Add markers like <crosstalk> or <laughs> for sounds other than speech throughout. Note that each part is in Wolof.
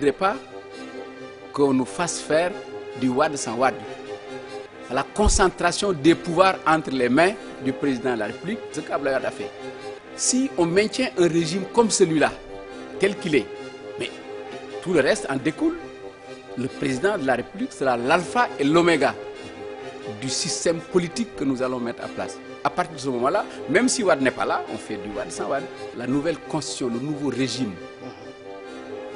voudrais pas qu'on nous fasse faire du Wade sans Wade. La concentration des pouvoirs entre les mains du président de la République, Si on maintient un régime comme celui-là, tel qu'il est, mais tout le reste en découle, le président de la République sera l'alpha et l'oméga du système politique que nous allons mettre en place. À partir de ce moment-là, même si Wade n'est pas là, on fait du Wade sans Wade. La nouvelle constitution, le nouveau régime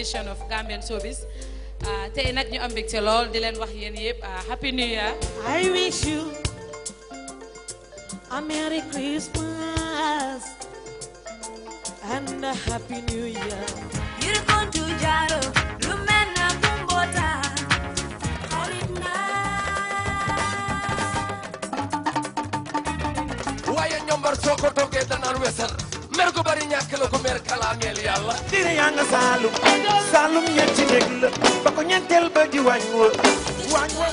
edition of Gambian Showbiz ah, tey nag ñu lool di leen wax yéen yëpp ah, happy new year. I wish you a merry Christmas and a happy new year. waaye ñoom bar soo ko toggee danaan wesal mer gu bari ñàkk la ko mer kalaameel yàlla diine yaa nga saalum saalum ñetti la ba ko ba di waañ wa waañ wa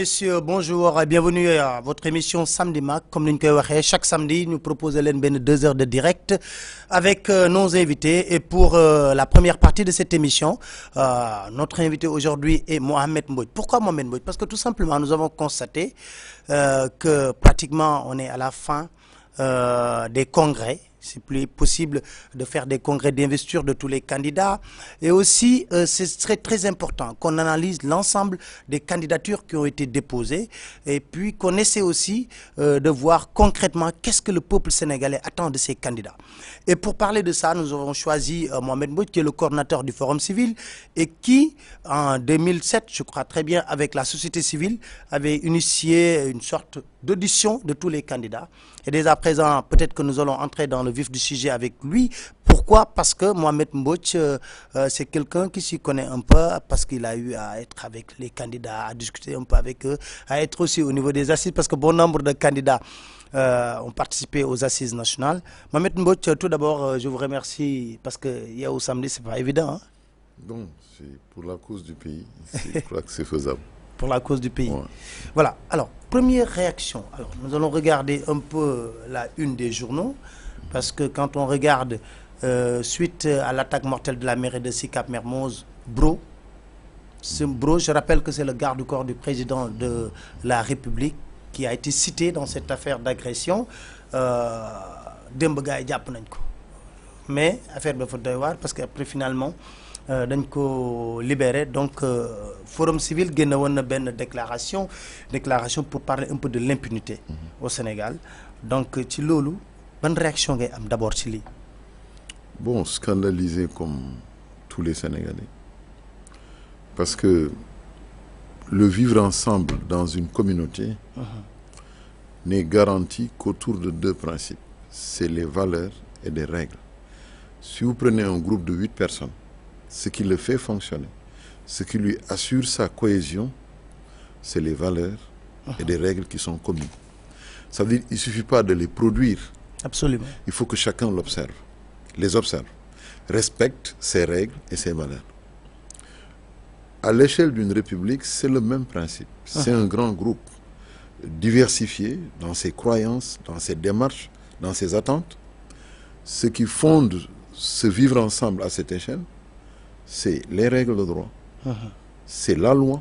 messieurs bonjour bienvenue à votre émission samedi mag comme ni ñu koy waxee chaque samedi ñu proposer leen benn deux heures de direct avec euh, nos invités et pour euh, la première partie de cette émission euh, notre invité aujourd'hui est Mohamed Mbodj pourquoi Mohamed Mbodj parce que tout simplement nous avons constaté que pratiquement on est à la fin des congrès c'est plus possible de faire des congrès d'investiture de tous les candidats. Et aussi, euh, ce très important qu'on analyse l'ensemble des candidatures qui ont été déposées et puis qu'on essaie aussi euh, de voir concrètement qu'est-ce que le peuple sénégalais attend de ces candidats. Et pour parler de ça, nous avons choisi euh, Mohamed Mbodj, qui est le coordinateur du Forum civil et qui, en je crois très bien, avec la société civile, avait initié une sorte d'audition de tous les candidats. Et dès à présent, peut-être que nous allons entrer dans le vif du sujet avec lui. Pourquoi Parce que Mohamed Mbouch, euh, c'est quelqu'un qui s'y connaît un peu, parce qu'il a eu à être avec les candidats, à discuter un peu avec eux, à être aussi au niveau des assises, parce que bon nombre de candidats euh, ont participé aux assises nationales. Mohamed Mbouch, tout d'abord, euh, je vous remercie, parce que hier au samedi, c'est pas évident. pour la cause pour la cause du pays. Ouais. Voilà. Alors, première réaction. Alors, nous allons regarder un peu la une des journaux, parce que quand on regarde, euh, suite à l'attaque mortelle de la mairie de Sicap Mermoz, Bro, Bro, je rappelle que c'est le garde-corps du président de la République qui a été cité dans cette affaire d'agression. Euh, démb gars yi jàpp nañ ko mais affaire bi dafa doy parce que après finalement Euh, dañ ko libéré donc euh, forum civil génne woon na benn déclaration déclaration pour parler un peu de l'impunité mhm. au Sénégal donc ci loolu ban réaction ngay am d'abord ci lii bon scandalisé comme tous les Sénégalais parce que le vivre ensemble dans une communauté uh mhm. -huh. n'est garanti qu'autour de deux principes c'est les valeurs et des règles si vous prenez un groupe de huit personnes ce qui le fait fonctionner, ce qui lui assure sa cohésion, c'est les valeurs et des règles qui sont communes. Ça veut dire qu'il ne suffit pas de les produire. Absolument. Il faut que chacun l'observe, les observe, respecte ses règles et ses valeurs. À l'échelle d'une république, c'est le même principe. Uh -huh. C'est un grand groupe diversifié dans ses croyances, dans ses démarches, dans ses attentes, ce qui fonde ce vivre ensemble à cette échelle, c'est les règles de droit c'est la loi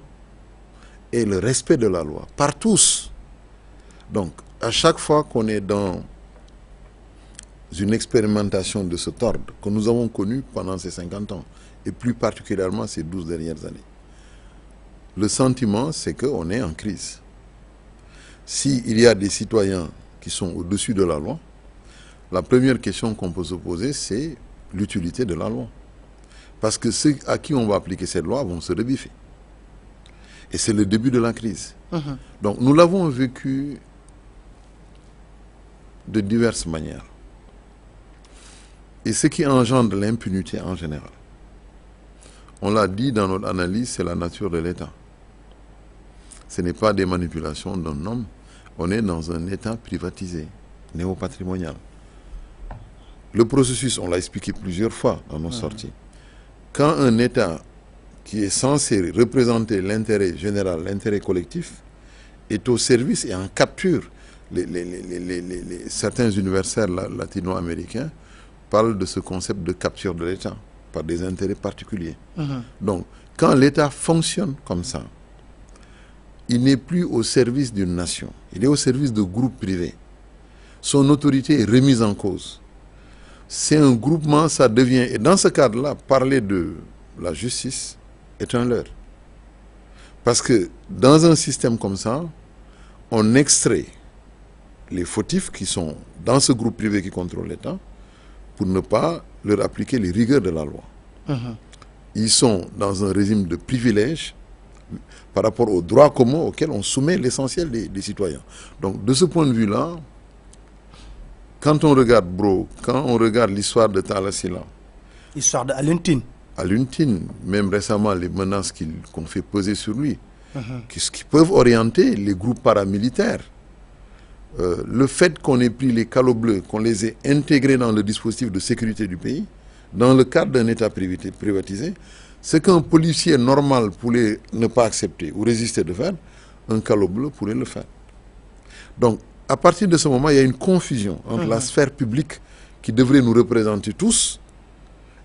et le respect de la loi par tous donc à chaque fois qu'on est dans une expérimentation de cet ordre que nous avons connue pendant ces cinquante ans et plus particulièrement ces douze dernières années le sentiment c'est qu'on est en crise si il y a des citoyens qui sont au-dessus de la loi la première question qu'on peut se poser c'est l'utilité de la loi Parce que ceux à qui on va appliquer cette loi vont se rebiffer. Et c'est le début de la crise. Mmh. Donc nous l'avons vécu de diverses manières. Et ce qui engendre l'impunité en général. On l'a dit dans notre analyse, c'est la nature de l'État. Ce n'est pas des manipulations d'un homme. On est dans un État privatisé, néopatrimonial. Le processus, on l'a expliqué plusieurs fois dans nos mhm. sorties. quand un État qui est censé représenter l'intérêt général, l'intérêt collectif, est au service et en capture les, les, les, les certains universels latino-américains parlent de ce concept de capture de l'État par des intérêts particuliers. Uh mm-hmm. -huh. Donc, quand l'État fonctionne comme ça, il n'est plus au service d'une nation, il est au service de groupes privés. Son autorité est remise en cause. c'est un groupement, ça devient... Et dans ce cadre-là, parler de la justice est un leurre. Parce que dans un système comme ça, on extrait les fautifs qui sont dans ce groupe privé qui contrôle l'État pour ne pas leur appliquer les rigueurs de la loi. Uh -huh. Ils sont dans un régime de privilèges par rapport aux droits communs auxquels on soumet l'essentiel des, des citoyens. Donc de ce point de vue-là, quand on regarde Bro quand l'histoire de Talla Sylla l'histoire de Alioune même récemment les menaces qu'il qu'on fait peser sur lui uh -huh. quest qui peuvent orienter les groupes paramilitaires euh, le fait qu'on ait pris les calots bleus qu'on les ait intégrés dans le dispositif de sécurité du pays dans le cadre d'un État privatisé ce qu'un policier normal pourrait ne pas accepter ou résister de faire un calot bleu pourrait le faire à partir de ce moment, il y a une confusion entre mmh. la mhm. sphère publique qui devrait nous représenter tous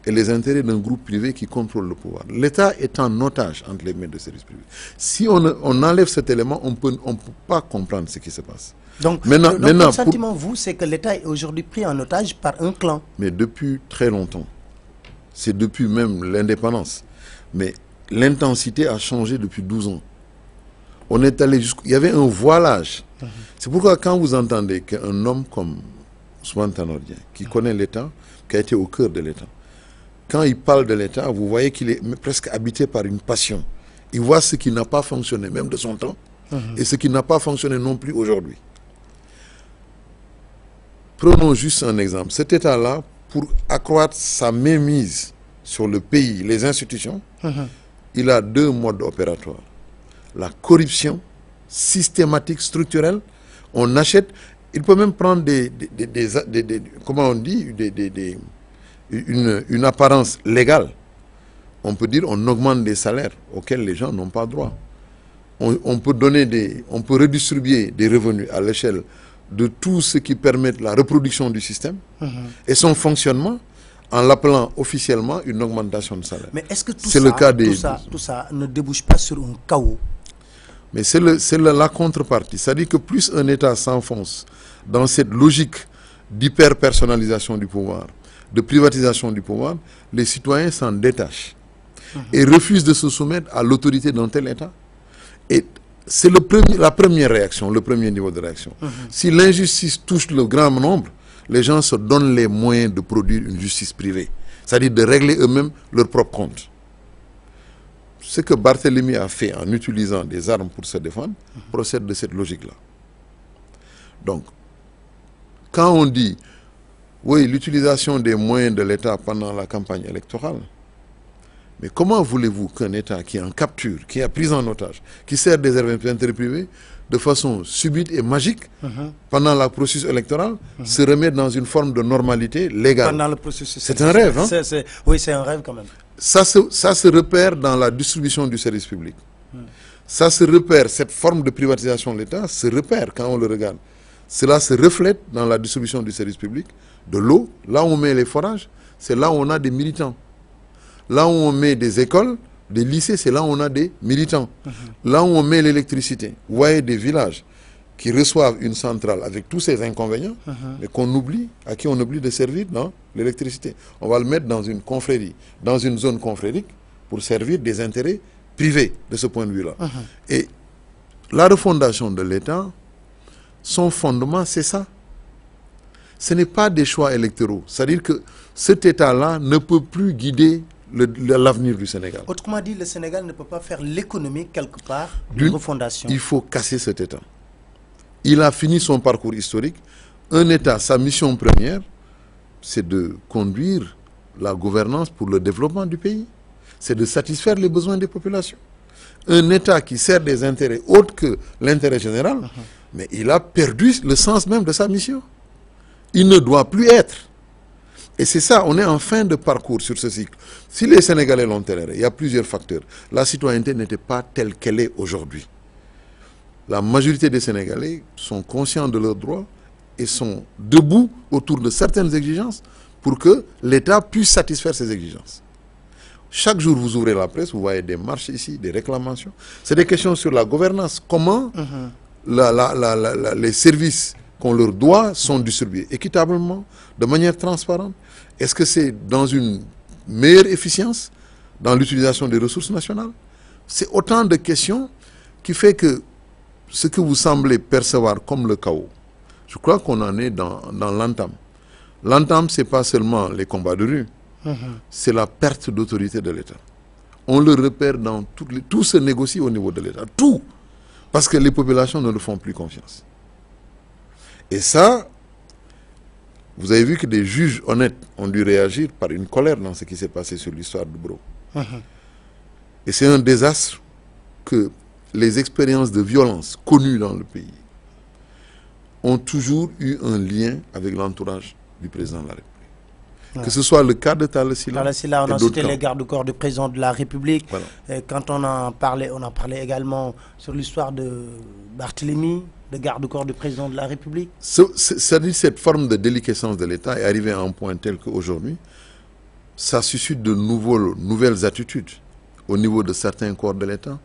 et les intérêts d'un groupe privé qui contrôle le pouvoir. L'État est en otage entre les mains de services privés. Si on, on, enlève cet élément, on peut, ne on peut pas comprendre ce qui se passe. Donc, maintenant, donc maintenant, votre sentiment, pour... vous, c'est que l'État est aujourd'hui pris en otage par un clan. Mais depuis très longtemps. C'est depuis même l'indépendance. Mais l'intensité a changé depuis 12 ans. On est allé jusqu'où Il y avait un voilage. Mm -hmm. C'est pourquoi quand vous entendez qu'un homme comme Ousmane qui mm. connaît l'État, qui été au cœur de l'État, quand il parle de l'État, vous voyez qu'il est presque habité par une passion. Il voit ce qui n'a pas fonctionné, même de son temps, mm-hmm. et ce qui n'a pas fonctionné non plus aujourd'hui. Prenons juste un exemple. Cet État-là, pour accroître sa mainmise sur le pays, les institutions, mm-hmm. il a deux modes opératoires la corruption systématique, structurelle. On achète, il peut même prendre des, des, des, des comment on dit, une, une, apparence légale. On peut dire on augmente des salaires auxquels les gens n'ont pas droit. On, on, peut donner des, on peut redistribuer des revenus à l'échelle de tout ce qui permet la reproduction du système mhm. et son fonctionnement en l'appelant officiellement une augmentation de salaire. Mais est le cas des... tout, ça, tout ne débouche pas sur un chaos Mais c'est le, c'est la contrepartie. C'est-à-dire que plus un État s'enfonce dans cette logique d'hyper-personnalisation du pouvoir, de privatisation du pouvoir, les citoyens s'en détachent mmh. et refusent de se soumettre à l'autorité d'un tel État. Et c'est premier, la première réaction, le premier niveau de réaction. Mmh. Si l'injustice touche le grand nombre, les gens se donnent les moyens de produire une justice privée, c'est-à-dire de régler eux-mêmes leur propre compte. Ce que Barthélemy a fait en utilisant des armes pour se défendre mhm. procède de cette logique-là. Donc, quand on dit, l'utilisation des moyens de l'État pendant la campagne électorale, mais comment voulez-vous qu'un État qui est en capture, qui a pris en otage, qui sert des intérêts privés, de façon subite et magique, uh mhm. -huh. pendant le processus électoral, uh mhm. -huh. se remette dans une forme de normalité légale. C'est un rêve, hein? c est, c Oui, c'est un rêve ça se, ça se repère dans la distribution du service public. Ça se repère, cette forme de privatisation de l'État se repère quand on le regarde. Cela reflète dans la distribution du service public, de l'eau. Là où on met les forages, c'est là où on a des militants. Là on met des écoles, des lycées, c'est là où on a des militants. Uh mhm. -huh. Là où on met l'électricité. Vous voyez des villages qui reçoivent une centrale avec tous ses inconvénients, uh qu'on oublie, à qui on oublie de servir, non l'électricité. On va le mettre dans une confrérie, dans une zone confrérique pour servir des intérêts privés de ce point de vue-là. Uh-huh. Et la refondation de l'État, son fondement, c'est ça. Ce n'est pas des choix électoraux. C'est-à-dire que cet État-là ne peut plus guider l'avenir du Sénégal. Autrement dit, le Sénégal ne peut pas faire l'économie quelque part d'une refondation. Il faut casser cet État. Il a fini son parcours historique. Un État, sa mission première, c'est de conduire la gouvernance pour le développement du pays. C'est de satisfaire les besoins des populations. Un État qui sert des intérêts autres que l'intérêt général, uh-huh. mais il a perdu le sens même de sa mission. Il ne doit plus être. Et c'est ça, on est en fin de parcours sur ce cycle. Si les Sénégalais l'ont toléré, il y a plusieurs facteurs. La citoyenneté n'était pas telle qu'elle est aujourd'hui. La majorité des Sénégalais sont conscients de leurs droits, et sont debout autour de certaines exigences pour que l'État puisse satisfaire ces exigences. Chaque jour, vous ouvrez la presse, vous voyez des marches ici, des réclamations. C'est des questions sur Comment mm la, la, la, les services qu'on leur doit sont distribués équitablement, de manière transparente Est-ce que c'est dans une meilleure efficience dans l'utilisation des ressources nationales C'est autant de questions qui fait que ce que vous semblez percevoir comme le chaos, Je crois qu'on en est dans, dans l'entame. L'entame, ce pas seulement les combats de rue, mm-hmm. c'est la perte d'autorité de l'État. On le repère dans toutes Tout se négocie au niveau de l'État. Tout Parce que les populations ne le font plus confiance. Et ça, vous avez vu que des juges honnêtes ont dû réagir par une colère dans ce qui s'est passé sur l'histoire de Bro. Mm-hmm. Et c'est un désastre que les expériences de violence connues dans le pays, ont toujours eu un lien avec l'entourage du président de la République. Que ce soit le cas de Talasila. Talasila, on a cité les gardes-corps du président de la République. Voilà. Et euh, quand on en parlait, on également sur l'histoire de Barthélemy, le garde-corps du président de la République. C'est-à-dire cette forme de déliquescence de l'État est arrivée à un point tel qu'aujourd'hui, ça suscite de nouveaux, nouvelles attitudes au niveau de certains corps de l'État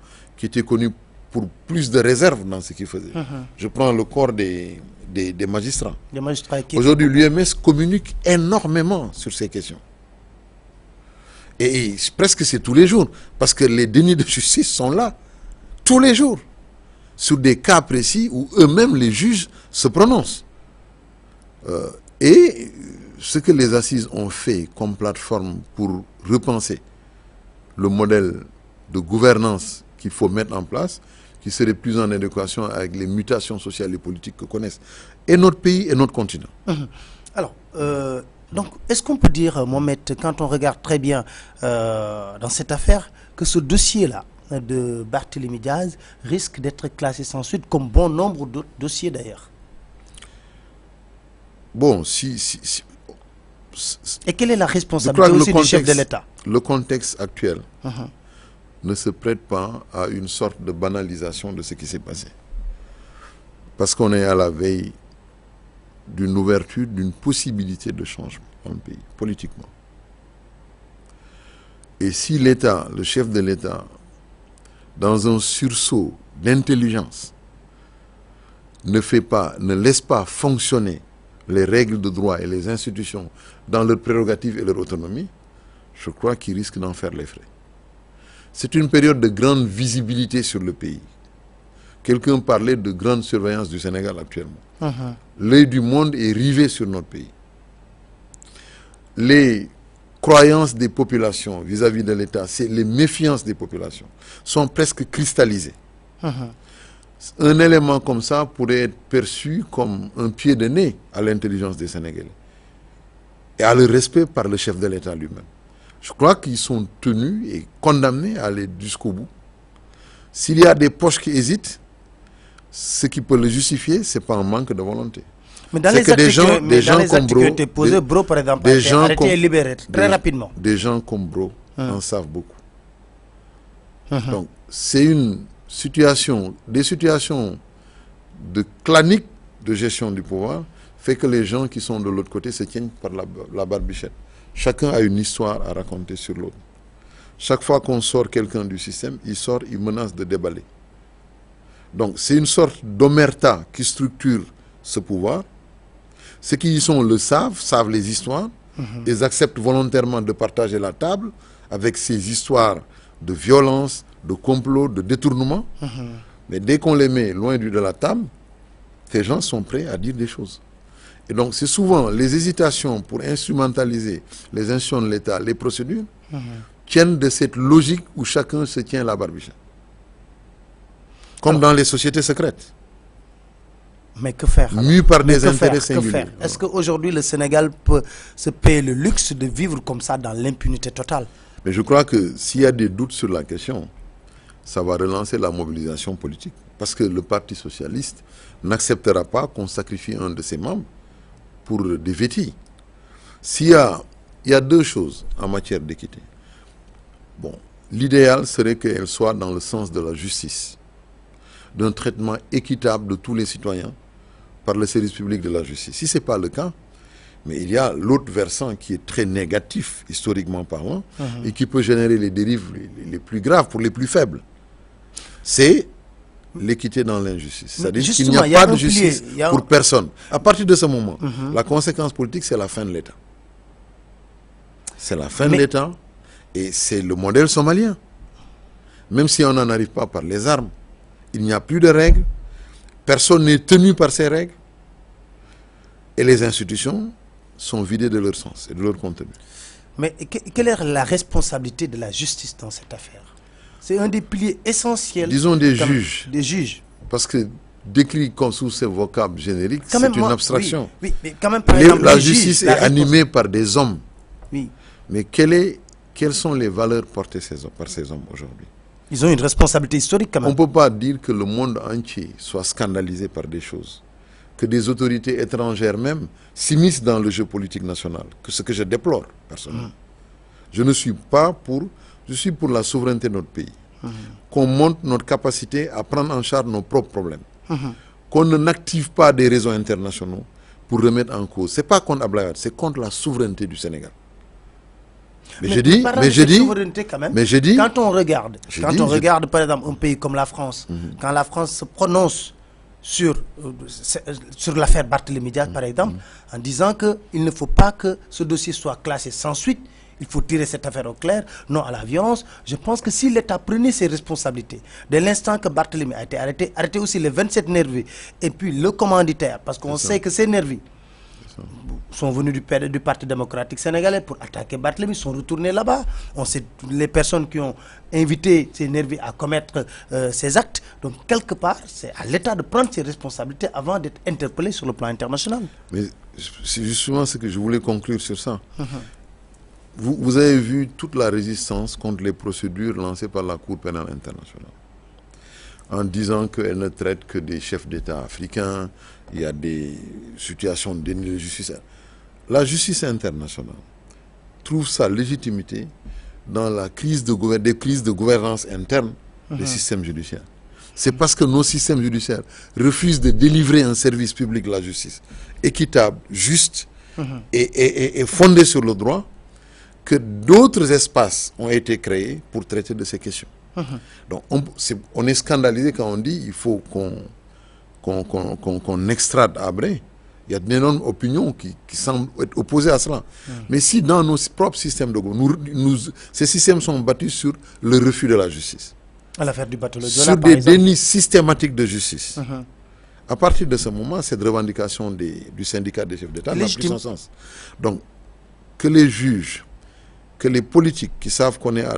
pour plus de réserve dans ce qu'il faisait. Mm -hmm. Je prends le corps des, des, des magistrats. magistrats Aujourd'hui, l'UMS communique énormément sur ces questions. Et, et presque c'est tous les jours, parce que les dénis de justice sont là, tous les jours, sur des cas précis où eux-mêmes, les juges, se prononcent. Euh, et ce que les assises ont fait comme plateforme pour repenser le modèle de gouvernance qu'il faut mettre en place, qui serait plus en adéquation avec les mutations sociales et politiques que connaissent et notre pays et notre continent. Mmh. Alors, euh, donc, est-ce qu'on peut dire, Mohamed, quand on regarde très bien euh, dans cette affaire, que ce dossier-là de Barthélémy Diaz risque d'être classé sans suite, comme bon nombre d'autres dossiers d'ailleurs Bon, si, si, si et quelle est la responsabilité aussi du chef de l'État Le contexte actuel uh mmh. -huh. ne se prête pas à une sorte de banalisation de ce qui s'est passé. Parce qu'on est à la veille d'une ouverture, d'une possibilité de changement dans le pays, politiquement. Et si l'État, le chef de l'État, dans un sursaut d'intelligence, ne fait pas, ne laisse pas fonctionner les règles de droit et les institutions dans leurs prérogatives et leur autonomie, je crois qu'il risque d'en faire les frais. C'est une période de grande visibilité sur le pays. Quelqu'un parlait de grande surveillance du Sénégal actuellement. Uh -huh. L'œil du monde est rivé sur notre pays. Les croyances des populations vis-à-vis de l'État, c'est les méfiances des populations, sont presque cristallisées. Uh -huh. Un élément comme ça pourrait être perçu comme un pied de nez à l'intelligence des Sénégalais et à le respect par le chef de l'État lui-même. Je crois qu'ils sont tenus et condamnés à aller jusqu'au bout. S'il y a des poches qui hésitent, ce qui peut le justifier, ce pas un manque de volonté. Mais dans les que des gens, comme Bro, par exemple, des gens arrêtés et libérés très des, rapidement. Des c'est une situation, de clanique de gestion du pouvoir fait que les gens qui sont de l'autre côté se tiennent par la barbichette. Chacun a une histoire à raconter sur l'autre. Chaque fois qu'on sort quelqu'un du système, il sort, il menace de déballer. Donc c'est une sorte d'omerta qui structure ce pouvoir. Ceux qui y sont le savent, savent les histoires. Mm Ils acceptent volontairement de partager la table avec ces histoires de violence, de complot, de détournement. Mm -hmm. Mais dès qu'on les met loin de la table, ces gens sont prêts à dire des choses. donc, c'est souvent les hésitations pour instrumentaliser les institutions de l'État, les procédures, mmh. tiennent de cette logique où chacun se tient la barbiche. Comme alors, dans les sociétés secrètes. Mais que faire Mû par mais des intérêts faire, singuliers. Est-ce qu'aujourd'hui le Sénégal peut se payer le luxe de vivre comme ça dans l'impunité totale Mais je crois que s'il y a des doutes sur la question, ça va relancer la mobilisation politique. Parce que le Parti socialiste n'acceptera pas qu'on sacrifie un de pour des vétis. S'il y a, il y deux choses en matière d'équité. Bon, l'idéal serait qu'elle soit dans le sens de la justice, d'un traitement équitable de tous les citoyens par le service public de la justice. Si ce pas le cas, mais il y a l'autre versant qui est très négatif, historiquement parlant, mhm. et qui peut générer les dérives les, plus graves pour les plus faibles. l'équité dans l'injustice. C'est-à-dire qu'il n'y a, a pas de justice plié, un... pour personne. À partir de ce moment, mm -hmm. la conséquence politique, c'est la fin de l'État. C'est la fin de l'État et c'est le modèle somalien. Même si on n'en arrive pas par les armes, il n'y a plus de règles, personne n'est tenu par ces règles et les institutions sont vidées de leur sens et de leur contenu. Mais quelle est la responsabilité de la justice dans cette affaire C'est un des piliers essentiels. Disons des comme, juges. Des juges. Parce que décrit comme sous ces vocables génériques, c'est une moi, abstraction. Oui, oui, mais quand même, par les, exemple, la justice juges, est la animée par des hommes. Oui. Mais quelle est, quelles sont les valeurs portées ces, par ces hommes aujourd'hui Ils ont une responsabilité historique quand même. On ne peut pas dire que le monde entier soit scandalisé par des choses que des autorités étrangères même s'immiscent dans le jeu politique national, que ce que je déplore personnellement. Mm. Je ne suis pas pour je suis pour la souveraineté de notre pays. Mmh. Qu'on monte notre capacité à prendre en charge nos propres problèmes. Qu'on n'active pas des réseaux internationaux pour remettre en cause. C'est pas contre Ablaïwad, c'est contre la souveraineté du Sénégal. Mais, mais je dis, mais je quand on regarde, par exemple un pays comme la France, mhm. quand la France se prononce sur euh, euh, l'affaire Barthélémy Diaz par mhm. exemple, en disant que ne faut pas que ce dossier soit classé sans suite il faut tirer cette affaire au clair non à la violence je pense que si l'État prenait ses responsabilités dès l'instant que Barthélemy a été arrêté arrêté aussi les 27 nervis et puis le commanditaire parce qu'on sait que ces nervis sont venus du PD du Parti démocratique sénégalais pour attaquer Barthélemy sont retournés là-bas on sait les personnes qui ont invité ces nervis à commettre euh, ces actes donc quelque part c'est à l'État de prendre ses responsabilités avant d'être interpellé sur le plan international mais c'est justement ce vous, vous avez vu toute la résistance contre les procédures lancées par la Cour pénale internationale en disant qu'elle ne traite que des chefs d'État africains, il y a des situations de justice. La justice internationale trouve sa légitimité dans la crise de, des de gouvernance interne des uh mhm. -huh. systèmes judiciaires. C'est parce que nos systèmes judiciaires refusent de délivrer un service public, la justice, équitable, juste mhm. et, et, et, et fondé sur le droit, que d'autres espaces ont été créés pour traiter de ces questions. Mmh. Donc on, est, on est scandalisé quand on dit il faut qu'on extrade Habré. Il y a d'énormes opinions qui qui semblent être à cela. Hmm. Mais si dans nos propres systèmes de nous, nous ces systèmes sont battus sur le refus de la justice. À l'affaire du sur des dénis systématiques de justice. Mmh. À partir de ce moment, cette revendication des du syndicat des chefs d'État Donc que les juges que les politiques qui savent qu'on est à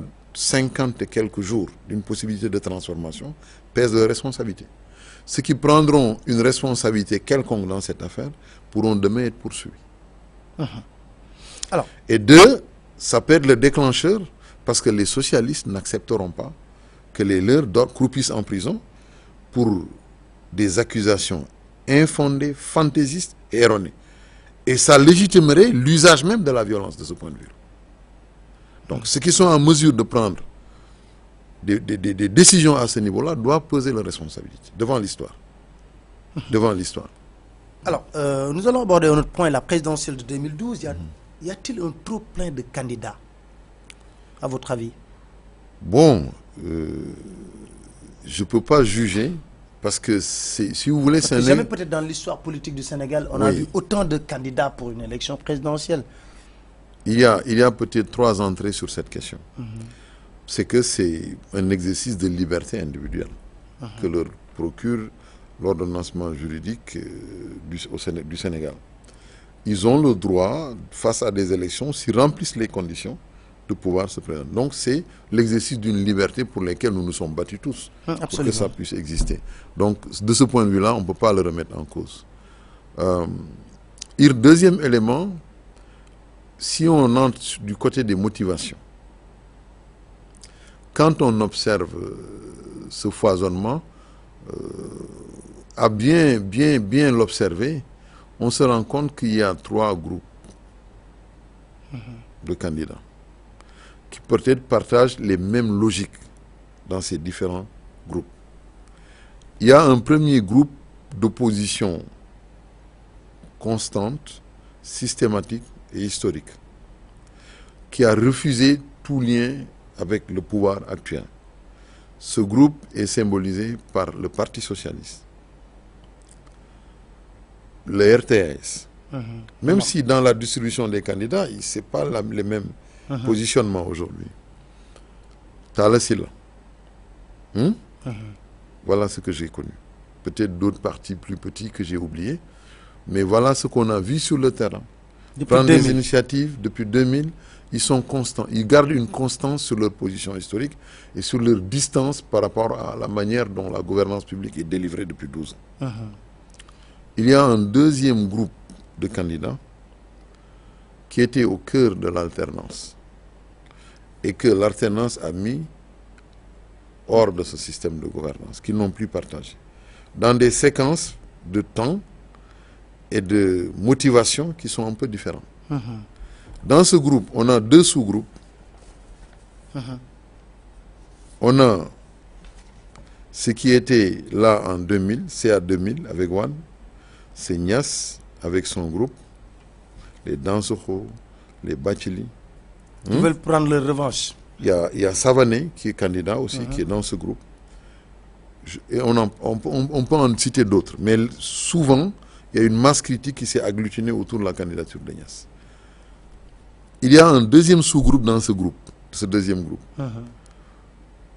et quelques jours d'une possibilité de transformation pèsent leurs responsabilités ceux qui prendront une responsabilité quelconque dans cette affaire pourront demain être poursuivis uh -huh. Alors, et deux ça peut être le déclencheur parce que les socialistes n'accepteront pas que les leurs croupissent en prison pour des accusations infondées, fantaisistes et erronées. Et ça légitimerait l'usage même de la violence de ce point Donc ceux qui sont en mesure de prendre des, des, des, des décisions à ce niveau-là doivent peser leur responsabilité devant l'histoire. <laughs> Devant l'histoire. Alors, euh, nous allons aborder un autre point, la présidentielle de 2012. Y a-t-il mmh. un trop plein de candidats, à votre avis Bon, euh, je ne peux pas juger, parce que si vous voulez... Parce que jamais peut-être dans l'histoire politique du Sénégal, on oui. a vu autant de candidats pour une élection présidentielle. il y a il y a peut-être trois entrées sur cette question. Mm -hmm. C'est que c'est un exercice de liberté individuelle mm -hmm. que leur procure l'ordonnancement juridique euh, du au Séné, du Sénégal. Ils ont le droit face à des élections s'ils remplissent les conditions de pouvoir se présenter. Donc c'est l'exercice d'une liberté pour laquelle nous nous sommes battus tous Absolument. Ah, pour que ça puisse exister. Donc de ce point de vue-là, on ne peut pas le remettre en cause. Euh, et deuxième élément si on entre du côté des motivations, quand on observe euh, ce foisonnement, euh, à bien, bien, bien l'observer, on se rend compte qu'il y a trois groupes mmh. de candidats qui peut-être partagent les mêmes logiques dans ces différents groupes. Il y a un premier groupe d'opposition constante, systématique, et historique, qui a refusé tout lien avec le pouvoir actuel. Ce groupe est symbolisé par le Parti socialiste, le RTS. Mmh. Même mmh. si dans la distribution des candidats, ce n'est pas la, les mêmes mmh. positionnements aujourd'hui. Talasila. Hum? Mmh? Voilà ce que j'ai connu. Peut-être d'autres partis plus petits que j'ai oubliés, mais voilà ce qu'on a vu sur le terrain. depuis prendre 2000. des initiatives depuis 2000. Ils sont constants. Ils gardent une constance sur leur position historique et sur leur distance par rapport à la manière dont la gouvernance publique est délivrée depuis 12 ans. Uh-huh. Il y a un deuxième groupe de candidats qui était au cœur de l'alternance et que l'alternance a mis hors de ce système de gouvernance, qu'ils n'ont plus partagé. Dans des séquences de temps et de motivation qui sont un peu différents. Dans ce groupe, on a deux sous-groupes. On a ce qui était là en 2000, CA 2000 avec Wan, c'est Nias avec son groupe, les Dansoho, les Bachili. Ils hmm? veulent prendre leur revanche. Il y a, il qui est candidat aussi, qui est dans ce groupe. on, peut en citer d'autres, mais souvent, il y a une masse critique qui s'est agglutinée autour de la candidature de Il y a un deuxième sous-groupe dans ce groupe, deuxième groupe. Uh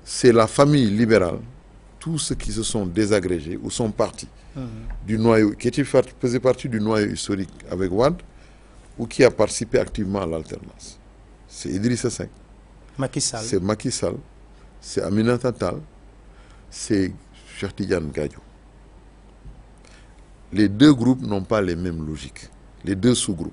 C'est la famille libérale, tout ceux qui se sont désagrégés ou sont partis uh -huh. du noyau, qui étaient, faisaient partie du noyau historique avec Wad ou qui a participé activement à l'alternance. C'est Idrissa Seck. Macky Sall. C'est Macky C'est Aminata Tal. C'est Cheikh Tidiane les deux groupes n'ont pas les mêmes logiques les deux sous-groupes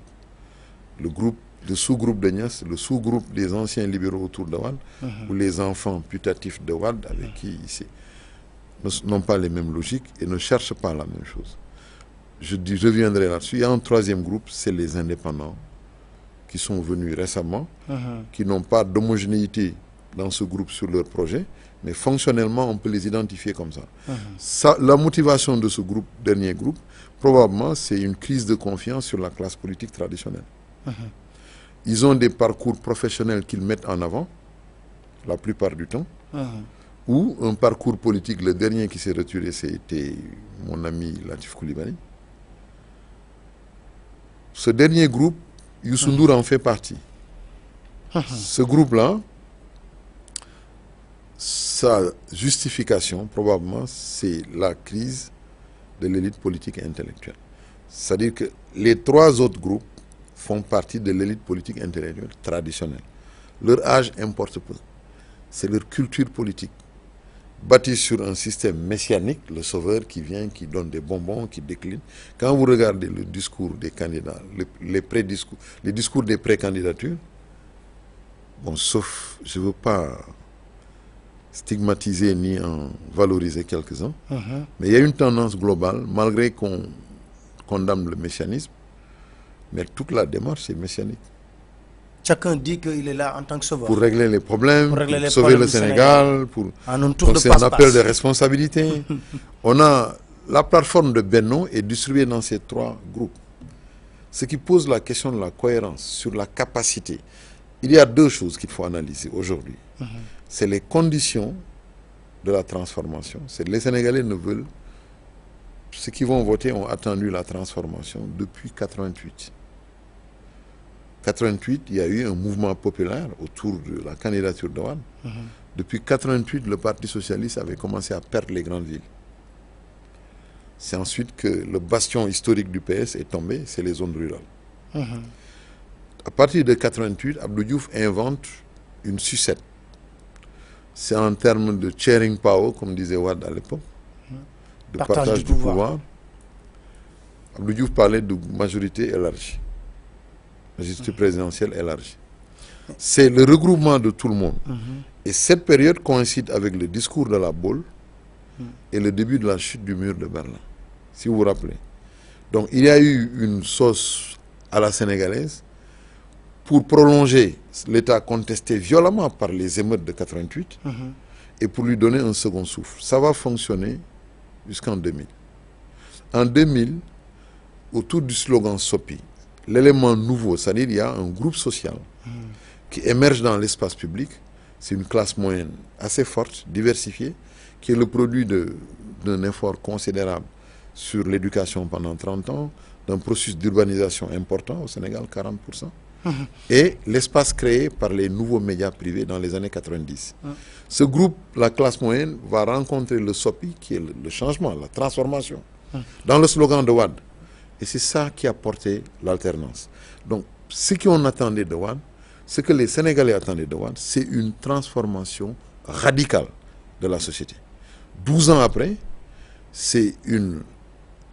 le sous-groupe de Niass le sous-groupe des anciens libéraux autour de Wade uh mhm. -huh. ou les enfants putatifs de Wade avec uh mhm. -huh. qui ici n'ont pas les mêmes logiques et ne cherchent pas la même chose je dis là-dessus il un troisième groupe c'est les indépendants qui sont venus récemment mhm. qui n'ont pas d'homogénéité dans ce groupe sur leur projet mais fonctionnellement on peut les identifier comme ça. ça la de groupe dernier groupe probablement c'est une crise de confiance sur la classe politique traditionnelle. Uh Ils ont des parcours professionnels qu'ils mettent en avant, la plupart du temps, uh ou un parcours politique, le dernier qui s'est retiré, c'était mon ami Latif Koulibaly. Ce dernier groupe, Youssou uh-huh. en fait partie. Ce groupe-là, sa justification, probablement, c'est la crise de l'élite politique et intellectuelle. C'est-à-dire que les trois autres groupes font partie de l'élite politique et intellectuelle traditionnelle. Leur âge importe peu. C'est leur culture politique, bâtie sur un système messianique, le sauveur qui vient, qui donne des bonbons, qui décline. Quand vous regardez le discours des candidats, les, pré -discours, les discours des pré sauf, je ne veux pas stigmatiser ni en valoriser quelques-uns. Uh -huh. Mais il y a une tendance globale, malgré qu'on condamne le mécanisme, mais toute la démarche est mécanique. Chacun en tant que sauveur. Pour régler les problèmes, pour, sauver le Sénégal, Sénégal, pour. En un appel de responsabilité. <laughs> On a. La plateforme de Benno est distribuée dans ces trois groupes. Ce qui pose la question de la cohérence, sur la capacité. Il y a deux choses qu'il faut analyser aujourd'hui. Uh-huh. c'est les conditions de la transformation. C'est les Sénégalais ne veulent la transformation depuis 88. 88, il y a eu un mouvement populaire autour de la candidature de mhm. le Parti socialiste avait commencé à perdre les le bastion historique du PS les zones rurales. Mm -hmm. À partir de 88, Abdou c'est en termes de sharing power, comme disait Wade à l'époque, de partage, du, du, pouvoir. pouvoir. Abdou Diouf parlait de majorité élargie, majorité mm-hmm. présidentielle élargie. C'est le regroupement de tout le monde. Mmh. Et cette période coïncide avec le discours de la boule mmh. et le début de la chute du mur de Berlin, si vous vous rappelez. il y a eu une sauce à la sénégalaise pour prolonger l'État contesté violemment par les émeutes de 88 mmh. et pour lui donner un second souffle. Ça va fonctionner jusqu'en En 2000, autour du slogan SOPI, l'élément nouveau, c'est-à-dire il un groupe social mmh. qui émerge dans l'espace public, c'est une classe moyenne assez forte, diversifiée, qui est le produit d'un effort considérable sur l'éducation pendant 30 ans, d'un processus d'urbanisation important au Sénégal, 40%, et l'espace créé par les nouveaux médias privés dans les années 90. Ah. Ce groupe, la classe moyenne, va le SOPI, qui la transformation, ah. dans le a porté l'alternance. Donc, ce qu'on attendait de WAD, ce une transformation de la société. 12 après, c'est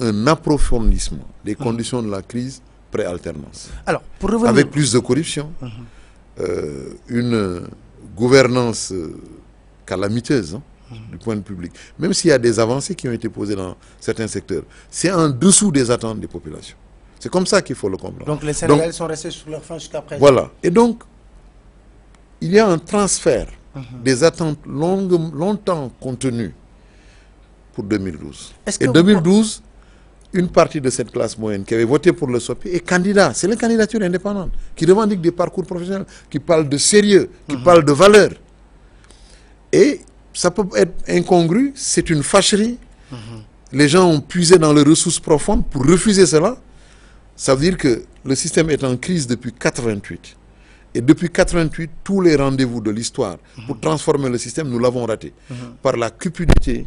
un approfondissement des ah. de la crise pré-alternance. Alors, pour revenir... Avec plus de corruption, mmh. euh, une gouvernance euh, calamiteuse mhm. du point de vue public. Même s'il y a des avancées qui ont été posées dans certains secteurs, c'est en dessous des attentes des populations. C'est comme ça qu'il faut le comprendre. Donc les Sénégalais sont restés sur leur faim jusqu'à Et donc, il y a un transfert mhm. des attentes longtemps contenues pour une partie de cette classe moyenne qui avait SOPI est candidat. C'est les candidatures indépendantes qui revendiquent des parcours professionnels, qui parlent de sérieux, qui mm -hmm. parlent Les gens ont puisé dans leurs ressources pour refuser cela. Ça veut dire que le système est en crise depuis 88. Et depuis 88, tous les rendez-vous de l'histoire mm -hmm. pour transformer le système, nous mhm. la cupidité,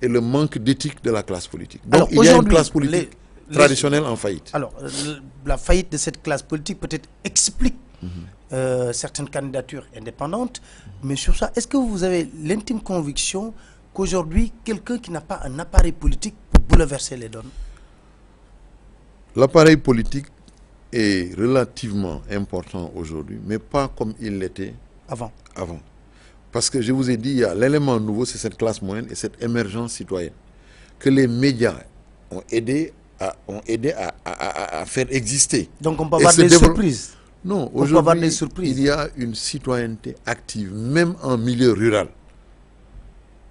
et le manque d'éthique de la classe politique. Donc alors, il y a une classe politique les, traditionnelle les, en faillite. Alors, la faillite de cette classe politique peut-être explique mm -hmm. euh, certaines candidatures indépendantes, mais sur ça, est-ce que vous avez l'intime conviction qu'aujourd'hui, quelqu'un qui n'a pas un appareil politique peut bouleverser les donnes L'appareil politique est relativement important aujourd'hui, mais pas comme il l'était avant. avant. Parce que je vous ai dit, l'élément nouveau, c'est cette classe moyenne et cette émergence citoyenne que les médias ont aidé à, faire exister. on peut Non, aujourd'hui, il y a une citoyenneté active, même en milieu rural.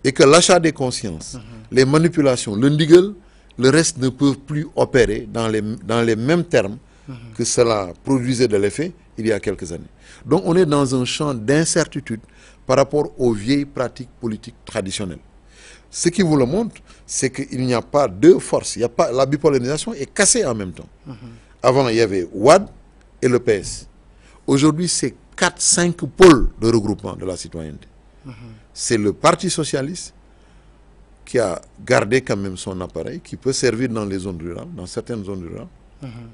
Et que l'achat des consciences, mhm. les manipulations, le niggle, le reste ne peuvent plus opérer dans les, dans les mêmes termes mm -hmm. que cela produisait de l'effet il y a quelques années. on est dans un champ d'incertitude par rapport aux vieilles pratiques politiques traditionnelles. Ce qui vous le montre, c'est qu'il n'y a pas deux forces. Il y a pas, la bipolarisation est cassée en même temps. Mm-hmm. Avant, il y avait WAD et le PS. Aujourd'hui, c'est 4-5 pôles de regroupement de la citoyenneté. Mm C'est le Parti socialiste qui a gardé quand même son appareil, qui peut servir dans les zones rurales, dans certaines zones rurales. Mm -hmm.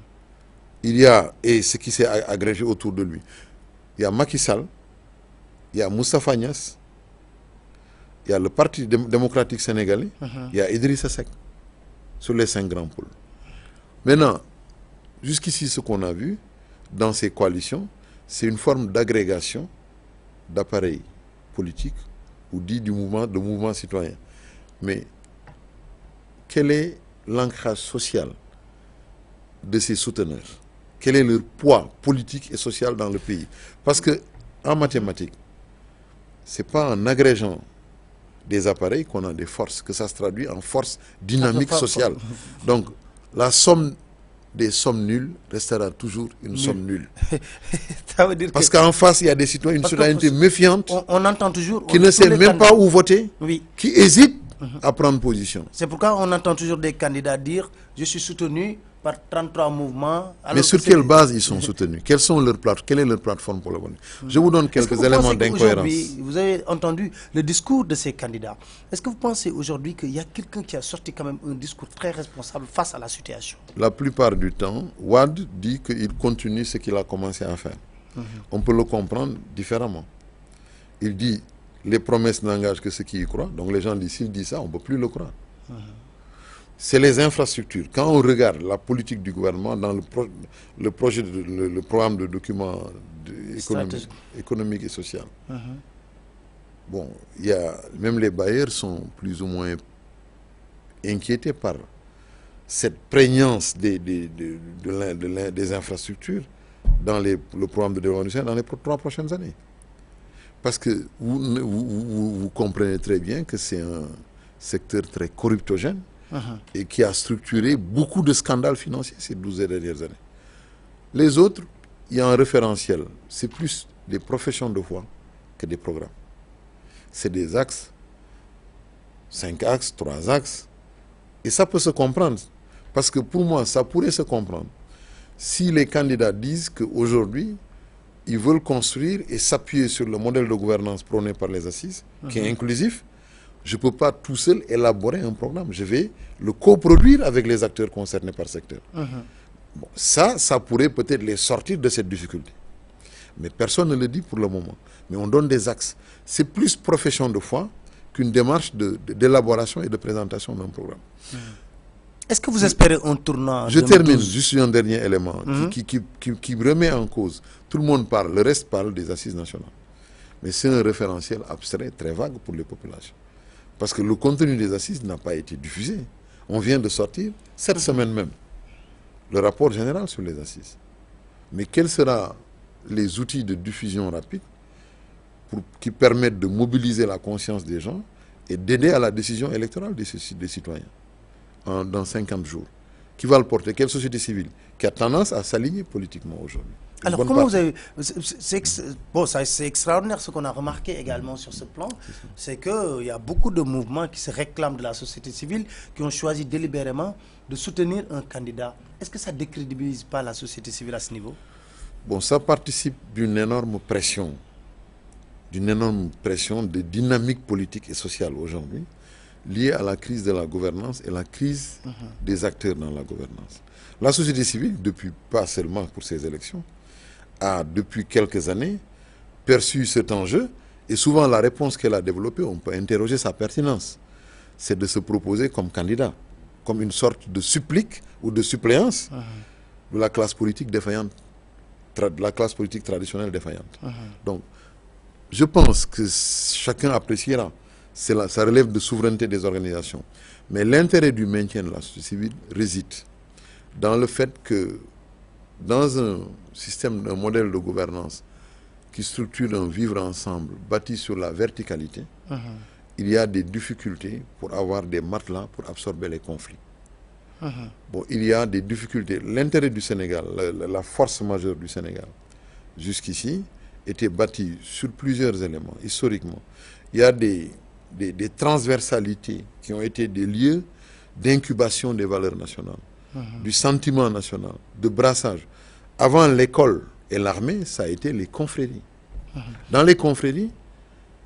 Il y a, et ce qui s'est agrégé autour de lui, il y a Macky y a Moustapha Niass le parti démocratique sénégalais. Uh-huh. y a Idrissa Seck sur les cinq grands pôles. maintenant jusqu'ici ce qu'on a vu dans ces coalitions c'est une forme d'agrégation d'appareils politiques ou dit du mouvement de mouvement citoyen mais quel est l'ancrage social de ces souteneurs quel est leur poids politique et social dans le pays parce que en mathématiques c'est pas en agrégeant des appareils qu'on a des forces, que ça se traduit en force dynamique ah, sociale. Donc, la somme des sommes nulles restera toujours une Nul. somme nulle. <laughs> ça veut dire Parce qu'en qu face, il y a des citoyens, une citoyenneté méfiante. On, on, entend toujours. Qui on ne sait même candidats. pas où voter. Oui. Qui hésite mm -hmm. à prendre position. C'est pourquoi on entend toujours des candidats dire Je suis soutenu par 33 mouvements. Alors Mais sur quelle base ils sont soutenus Quelle est leur plateforme pour l'abonnement Je vous donne quelques éléments d'incohérence. Qu vous avez entendu le discours de ces candidats. Est-ce que vous pensez aujourd'hui qu'il y a quelqu'un qui a sorti quand même un discours très responsable face à la situation La plupart du temps, Wad dit qu'il continue ce qu'il a commencé à faire. Mhm. On peut le comprendre différemment. Il dit les promesses n'engagent que ceux qui y croient. Donc c'est les infrastructures. Quand on regarde la politique du gouvernement dans le, pro, le projet, de, le, le, programme de documents de, économique, économique, et social, uh -huh. bon, y a, même les bailleurs sont plus ou moins inquiétés par cette prégnance des, des, des, de, des infrastructures dans les, le programme de développement social dans les trois prochaines années. Parce que vous, vous, vous, vous comprenez très bien que c'est un secteur très corruptogène, Uh-huh. et qui a structuré beaucoup de scandales financiers ces douze dernières années les autres il y a un référentiel c'est plus des professions de foi que des programmes c'est des axes cinq axes trois axes et ça peut se comprendre parce que pour moi ça pourrait se comprendre si les candidats disent qu'aujourd'hui ils veulent construire et s'appuyer sur le modèle de gouvernance prôné par les assises qui est uh-huh. inclusif je peux pas tout seul élaborer un programme je vais le coproduire avec les acteurs concernés par secteur mmh. bon peut-être les sortir de cette difficulté mais personne ne le dit pour le moment mais on donne des axes c'est plus profession de foi qu'une démarche de d'élaboration et de présentation d'un programme mmh. Est-ce que vous espérez un tournant Je termine un dernier élément mhm. qui, remet en cause. Tout le monde parle, le reste parle des assises nationales. Mais c'est un référentiel parce que le contenu des assises n'a pas été diffusé. On vient de sortir, cette mhm. semaine même, le rapport général sur les assises. Mais quels seront les outils de diffusion rapide pour, qui permettent de mobiliser la conscience des gens et d'aider à la décision électorale des, des citoyens en, dans 50 jours Qui va le porter Quelle société civile qui a tendance à s'aligner politiquement aujourd'hui comment c'est extraordinaire a remarqué également sur ce plan, c'est que euh, il y a beaucoup de mouvements qui se réclament de la société civile qui ont choisi délibérément de soutenir un candidat. Est-ce que ça décrédibilise pas la société civile à ce niveau? Bon, participe d'une énorme pression, d'une énorme pression de dynamique politique et sociale aujourd'hui liée à la crise de la gouvernance et la crise uh mhm. -huh. des la gouvernance. La société civile, depuis pas seulement pour ces élections, a, depuis quelques années, perçu cet enjeu et souvent la réponse qu'elle a développée, on peut interroger sa pertinence. C'est de se proposer comme candidat, comme une sorte de supplique ou de suppléance uh ah. -huh. de la classe politique défaillante, de la classe politique traditionnelle défaillante. Uh ah. -huh. Donc, je pense que chacun appréciera. La, ça relève de souveraineté des organisations. Mais l'intérêt du maintien de la société civile réside dans le fait que dans un système, un modèle de gouvernance qui structure un vivre ensemble bâti sur la verticalité, uh -huh. il y a des difficultés pour avoir des matelas pour absorber les conflits. Uh -huh. Bon, il y a des difficultés. L'intérêt du Sénégal, la, force majeure du Sénégal, jusqu'ici, était bâti sur plusieurs éléments historiquement. Il y a des, des, des transversalités qui ont été des lieux d'incubation des valeurs nationales, uh-huh. du sentiment national, de brassage. avant l'école et l'armée, ça a été les confréries. Dans les confréries,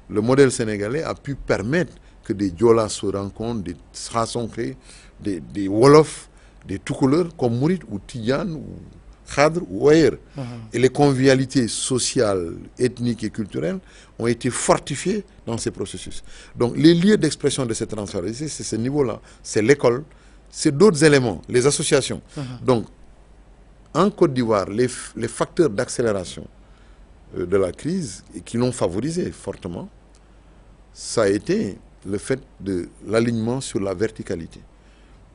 le modèle sénégalais a pu permettre que des Diolas se rencontrent, des Srasonkhe, des, des Wolofs, des tout couleurs, comme Mourit ou Tidjane ou Khadr ou ailleurs. Uh -huh. Et les convivialités sociales, ethniques et culturelles ont été fortifiées dans ces processus. Donc les lieux d'expression de ces transferts, c'est ce niveau-là, c'est l'école, c'est d'autres éléments, les associations. Uh-huh. en Côte d'Ivoire, les, les, facteurs d'accélération euh, de la crise qui l'ont favorisé fortement, ça été le fait de l'alignement sur la verticalité.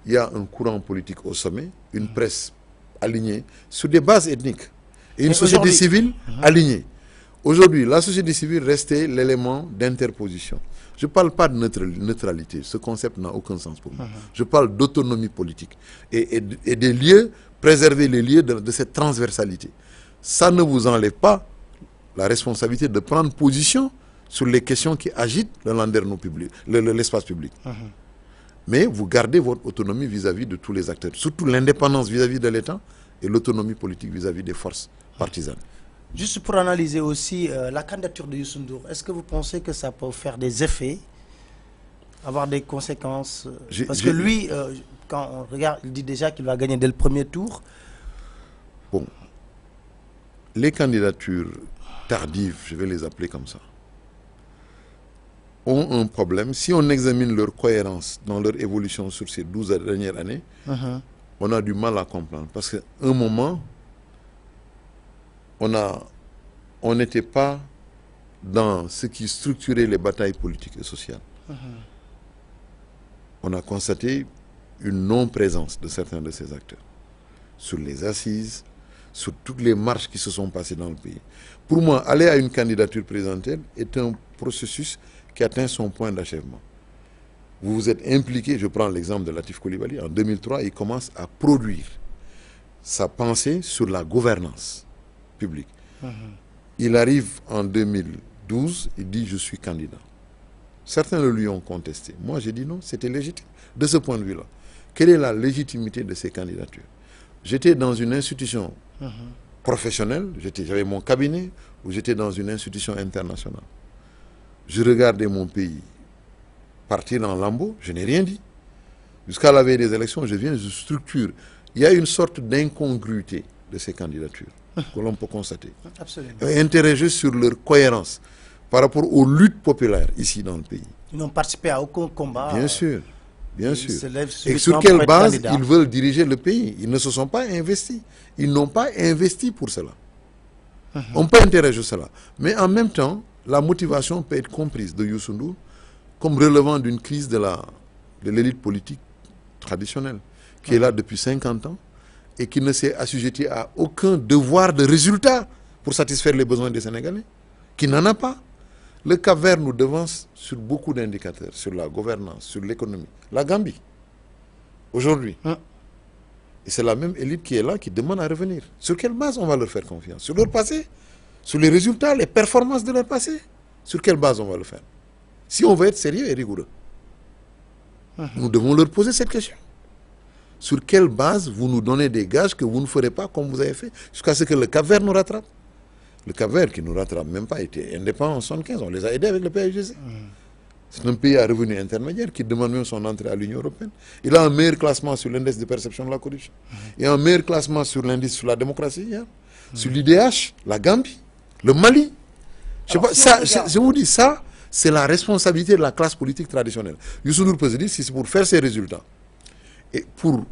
Il y a un courant politique au sommet, une mmh. presse alignée sur des bases ethniques et une Mais société civile mmh. alignée. Aujourd'hui, la société civile restait l'élément d'interposition. Je ne parle pas de neutralité, ce concept n'a aucun sens pour moi. Mmh. Je parle d'autonomie politique et, et, et des lieux préserver les lieux de, de cette transversalité. Ça ne vous enlève pas la responsabilité de prendre position sur les questions qui agitent le landerneau public, l'espace public. Mmh. Mais vous gardez votre autonomie vis-à-vis -vis de tous les acteurs, surtout l'indépendance vis-à-vis de l'État et l'autonomie politique vis-à-vis -vis des forces partisanes. Juste pour analyser aussi euh, la candidature de Youssou est-ce que vous pensez que ça peut faire des effets, avoir quand on regarde, il dit déjà qu'il va gagner dès le premier tour. Bon, les candidatures tardives, je vais les appeler comme ça, ont un problème. Si on examine leur cohérence dans leur évolution sur ces 12 dernières années, uh -huh. on a du mal à comprendre. Parce qu'à un moment, on a on n'était pas dans ce qui structurait les batailles politiques et sociales. Uh -huh. On a constaté une non-présence de certains de ces acteurs sur les assises, sur toutes les marches qui se sont passées dans le pays. Pour moi, aller à une candidature présidentielle est un processus qui atteint son point d'achèvement. Vous vous êtes impliqué, je prends l'exemple de Latif Koulibaly, en 2003, il commence à produire sa pensée sur la gouvernance publique. Mm-hmm. Il arrive en 2012, il dit je suis candidat. Certains le lui ont contesté. Moi, j'ai dit non, c'était légitime de ce point quelle est la légitimité de ces candidatures j'étais dans une institution professionnelle j'étais j'avais mon cabinet ou j'étais dans une institution internationale je regardais mon pays partir en lambeaux je n'ai rien dit jusqu'à la veille des élections je viens je structure il y a une sorte d'incongruité de ces candidatures que l'on peut constater absolument interroger sur leur cohérence par rapport aux luttes populaires ici dans le pays ils n'ont participé à aucun combat bien sûr bien sûr et sur quelle base candidat. ils veulent diriger le pays ils ne se sont pas investis ils n'ont pas investi pour cela uh -huh. on peut interroger cela mais en même temps la motivation peut être comprise de Youssou Ndour comme relevant d'une crise de la de l'élite politique traditionnelle qui uh -huh. est là uh-huh. depuis cinquante ans et qui ne s'est assujetti à aucun devoir de résultat pour satisfaire les besoins des Sénégalais qui n'en a pas Le Cap Vert nous devance sur beaucoup d'indicateurs, sur la gouvernance, sur l'économie. La Gambie, aujourd'hui. Et c'est la même élite qui est là, qui demande à revenir. Sur quelle base on va leur faire confiance Sur leur passé Sur les résultats, les performances de leur passé Sur quelle base on va le faire Si on veut être sérieux et rigoureux, nous devons leur poser cette question. Sur quelle base vous nous donnez des gages que vous ne ferez pas comme vous le caverne Le Cap-Vert qui nous rattrape même pas était indépendant on les a aidés avec le PAIGC. C'est un pays à revenu intermédiaire qui demande même son entrée à l'Union européenne. Il a un meilleur classement sur l'indice de perception de la corruption. Mm-hmm. Il a un meilleur classement sur l'indice sur la démocratie hier. Mm-hmm. Sur l'IDH, la Gambie, le Mali. Je sais pas, ça, ça c'est la responsabilité de la classe politique traditionnelle. Youssou Ndour peut pour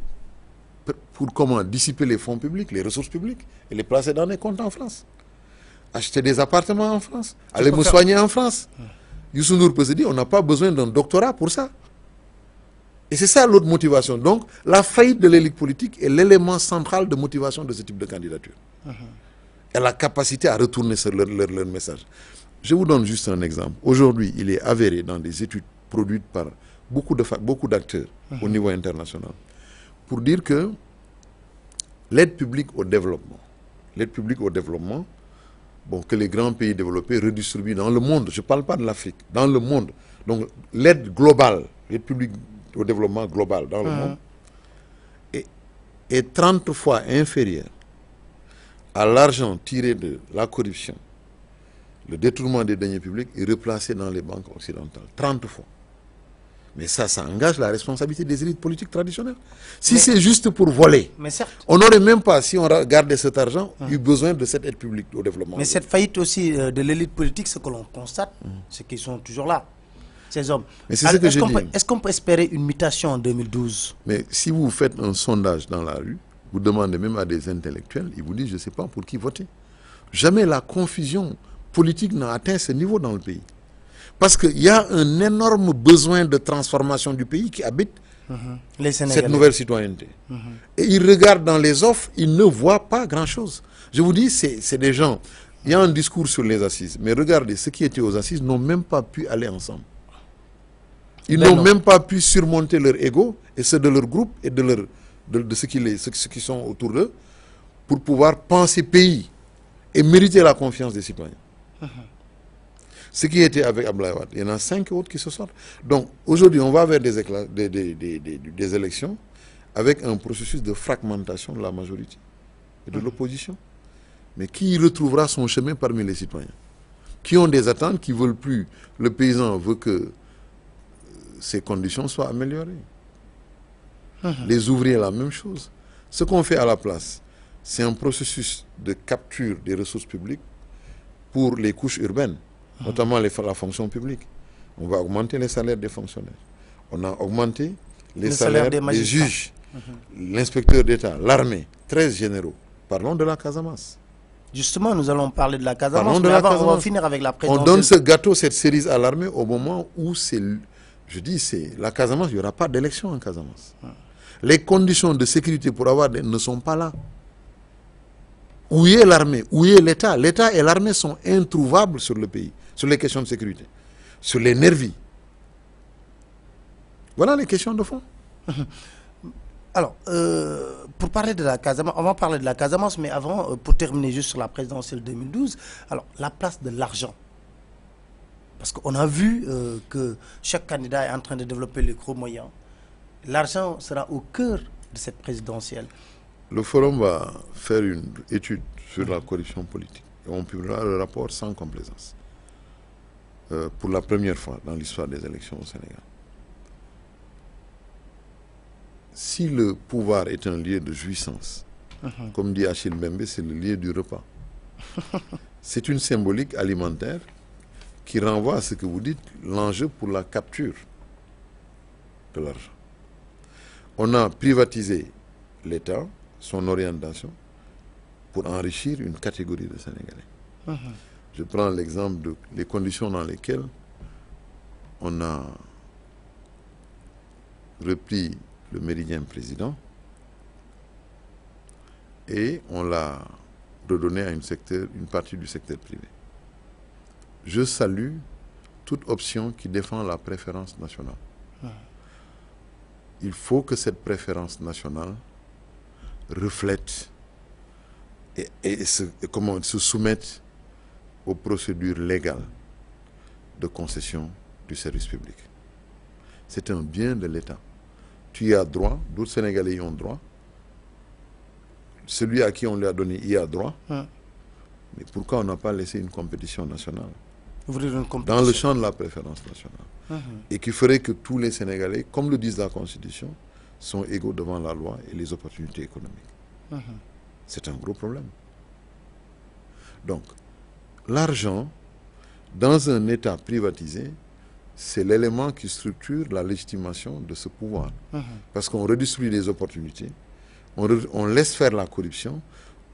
pour pour comment dissiper les fonds publics, les ressources publiques et les placer acheter des appartements en France, aller me soigner en France. Youssou Ndour on n'a pas besoin d'un doctorat pour ça. Et c'est ça l'autre motivation. Donc, la faillite de l'élite politique est l'élément central de motivation de ce type de candidature. Uh-huh. Et la capacité à retourner sur leur, leur, message. Je vous donne juste un exemple. Aujourd'hui, il est avéré dans des études produites par beaucoup d'acteurs beaucoup uh -huh. au uh-huh. niveau international pour dire que l'aide publique au développement, l'aide publique développement, bon, que les grands pays développés redistribuent dans le monde. Je ne parle pas de l'Afrique, dans le monde. Donc l'aide globale, l'aide au développement global dans le monde, est, est fois inférieure à l'argent tirer de la corruption, le détournement des deniers publics est replacé dans les banques occidentales. 30 fois. Mais ça, ça engage la responsabilité des élites politiques traditionnelles. Si c'est juste pour voler, mais certes, on n'aurait même pas, si on gardait cet argent, hum. eu besoin de cette aide publique au développement. Mais cette faillite aussi euh, de l'élite politique, ce que l'on constate, hum. c'est qu'ils sont toujours là, ces hommes. Mais c'est ce que est-ce qu'on peut, est qu peut espérer une mutation en 2012 Mais si vous faites un sondage dans la rue, vous demandez même à des intellectuels, ils vous disent, je ne sais pas pour qui voter. Jamais la confusion politique n'a atteint ce niveau dans le pays. parce que y a énorme besoin de transformation du pays qui habite mm-hmm. cette nouvelle citoyenneté mm-hmm. et ils regardent dans les offres ils ne voient pas grand-chose je vous dis c'est des gens il y a un discours sur les assises mais regardez ceux qui étaient aux assises n'ont même pas pu aller ensemble ils n'ont même pas pu surmonter leur ego et ceux de de leur de, de ce qui les ceux, ceux sont autour d'eux pour pouvoir penser pays et mériter la confiance des citoyens. Mm-hmm. Ce qui était avec Abdoulaye Wade, il y en a cinq autres qui se sortent. Donc aujourd'hui, on va vers des, éclats, des, des, des, des, élections avec un processus de fragmentation de la majorité et de ah. l'opposition. Mais qui retrouvera son chemin parmi les citoyens Qui ont des attentes, qui veulent plus. Le paysan veut que ces euh, conditions soient améliorées. Ah. Les ouvriers, la même chose. Ce qu'on fait à la place, c'est un processus de capture des ressources publiques pour les couches urbaines. notamment les, la fonction publique. On va augmenter les salaires des fonctionnaires. On a augmenté les salaires salaire des, des, juges, mmh. l'inspecteur d'État, l'armée, 13 généraux. Parlons de la Casamance. Justement, nous allons parler de la Casamance, Parlons de mais la on la On donne ce gâteau, cette cerise à l'armée au moment où c'est... Je dis, c'est la Casamance, il n'y aura pas d'élection en Casamance. Les conditions de sécurité pour avoir des, ne sont pas là. Où est l'armée Où est l'État L'État et l'armée sont introuvables sur le pays, sur les questions de sécurité, sur les nervis. Voilà les questions de fond. <laughs> Alors, euh, pour parler de la Casamance, on va parler de la Casamance, mais avant, euh, pour terminer juste sur la présidentielle 2012, la place de l'argent. Parce qu'on a vu euh, que chaque candidat est en train de développer les gros moyens. L'argent sera au cœur de cette présidentielle. Le forum va faire une étude sur la corruption politique et on publiera le rapport sans complaisance euh, pour la première fois dans l'histoire des élections au Sénégal. Si le pouvoir est un lieu de jouissance, uh -huh. comme dit Achille Mbembe, c'est le lieu du repas. <laughs> c'est une symbolique alimentaire qui renvoie à ce que vous dites, l'enjeu pour la capture de l'argent. On a privatisé l'État, son orientation pour enrichir une catégorie de Sénégalais. Mmh. Je prends l'exemple de les conditions dans lesquelles on a repris le méridien président et on l'a redonné à une, secteur, une partie du secteur privé. Je salue toute option qui défend la préférence nationale. Uh-huh. Il faut que cette préférence nationale reflètent et, et, se, et comment, se aux procédures légales de concession du service public. C'est un bien de l'État. Tu y as droit, d'autres Sénégalais y ont droit. Celui à qui on lui a donné y a droit. Mais pourquoi on n'a pas laissé une compétition nationale Vous une compétition. Dans le champ de la préférence nationale. Hum. Et qui ferait que tous les Sénégalais, comme le disent la Constitution, sont égaux devant la loi et les opportunités économiques. Uh C'est un gros problème. Donc, l'argent, dans un État privatisé, c'est l'élément qui structure la légitimation de ce pouvoir. Uh -huh. Parce qu'on redistribue les opportunités, on, on, laisse faire la corruption,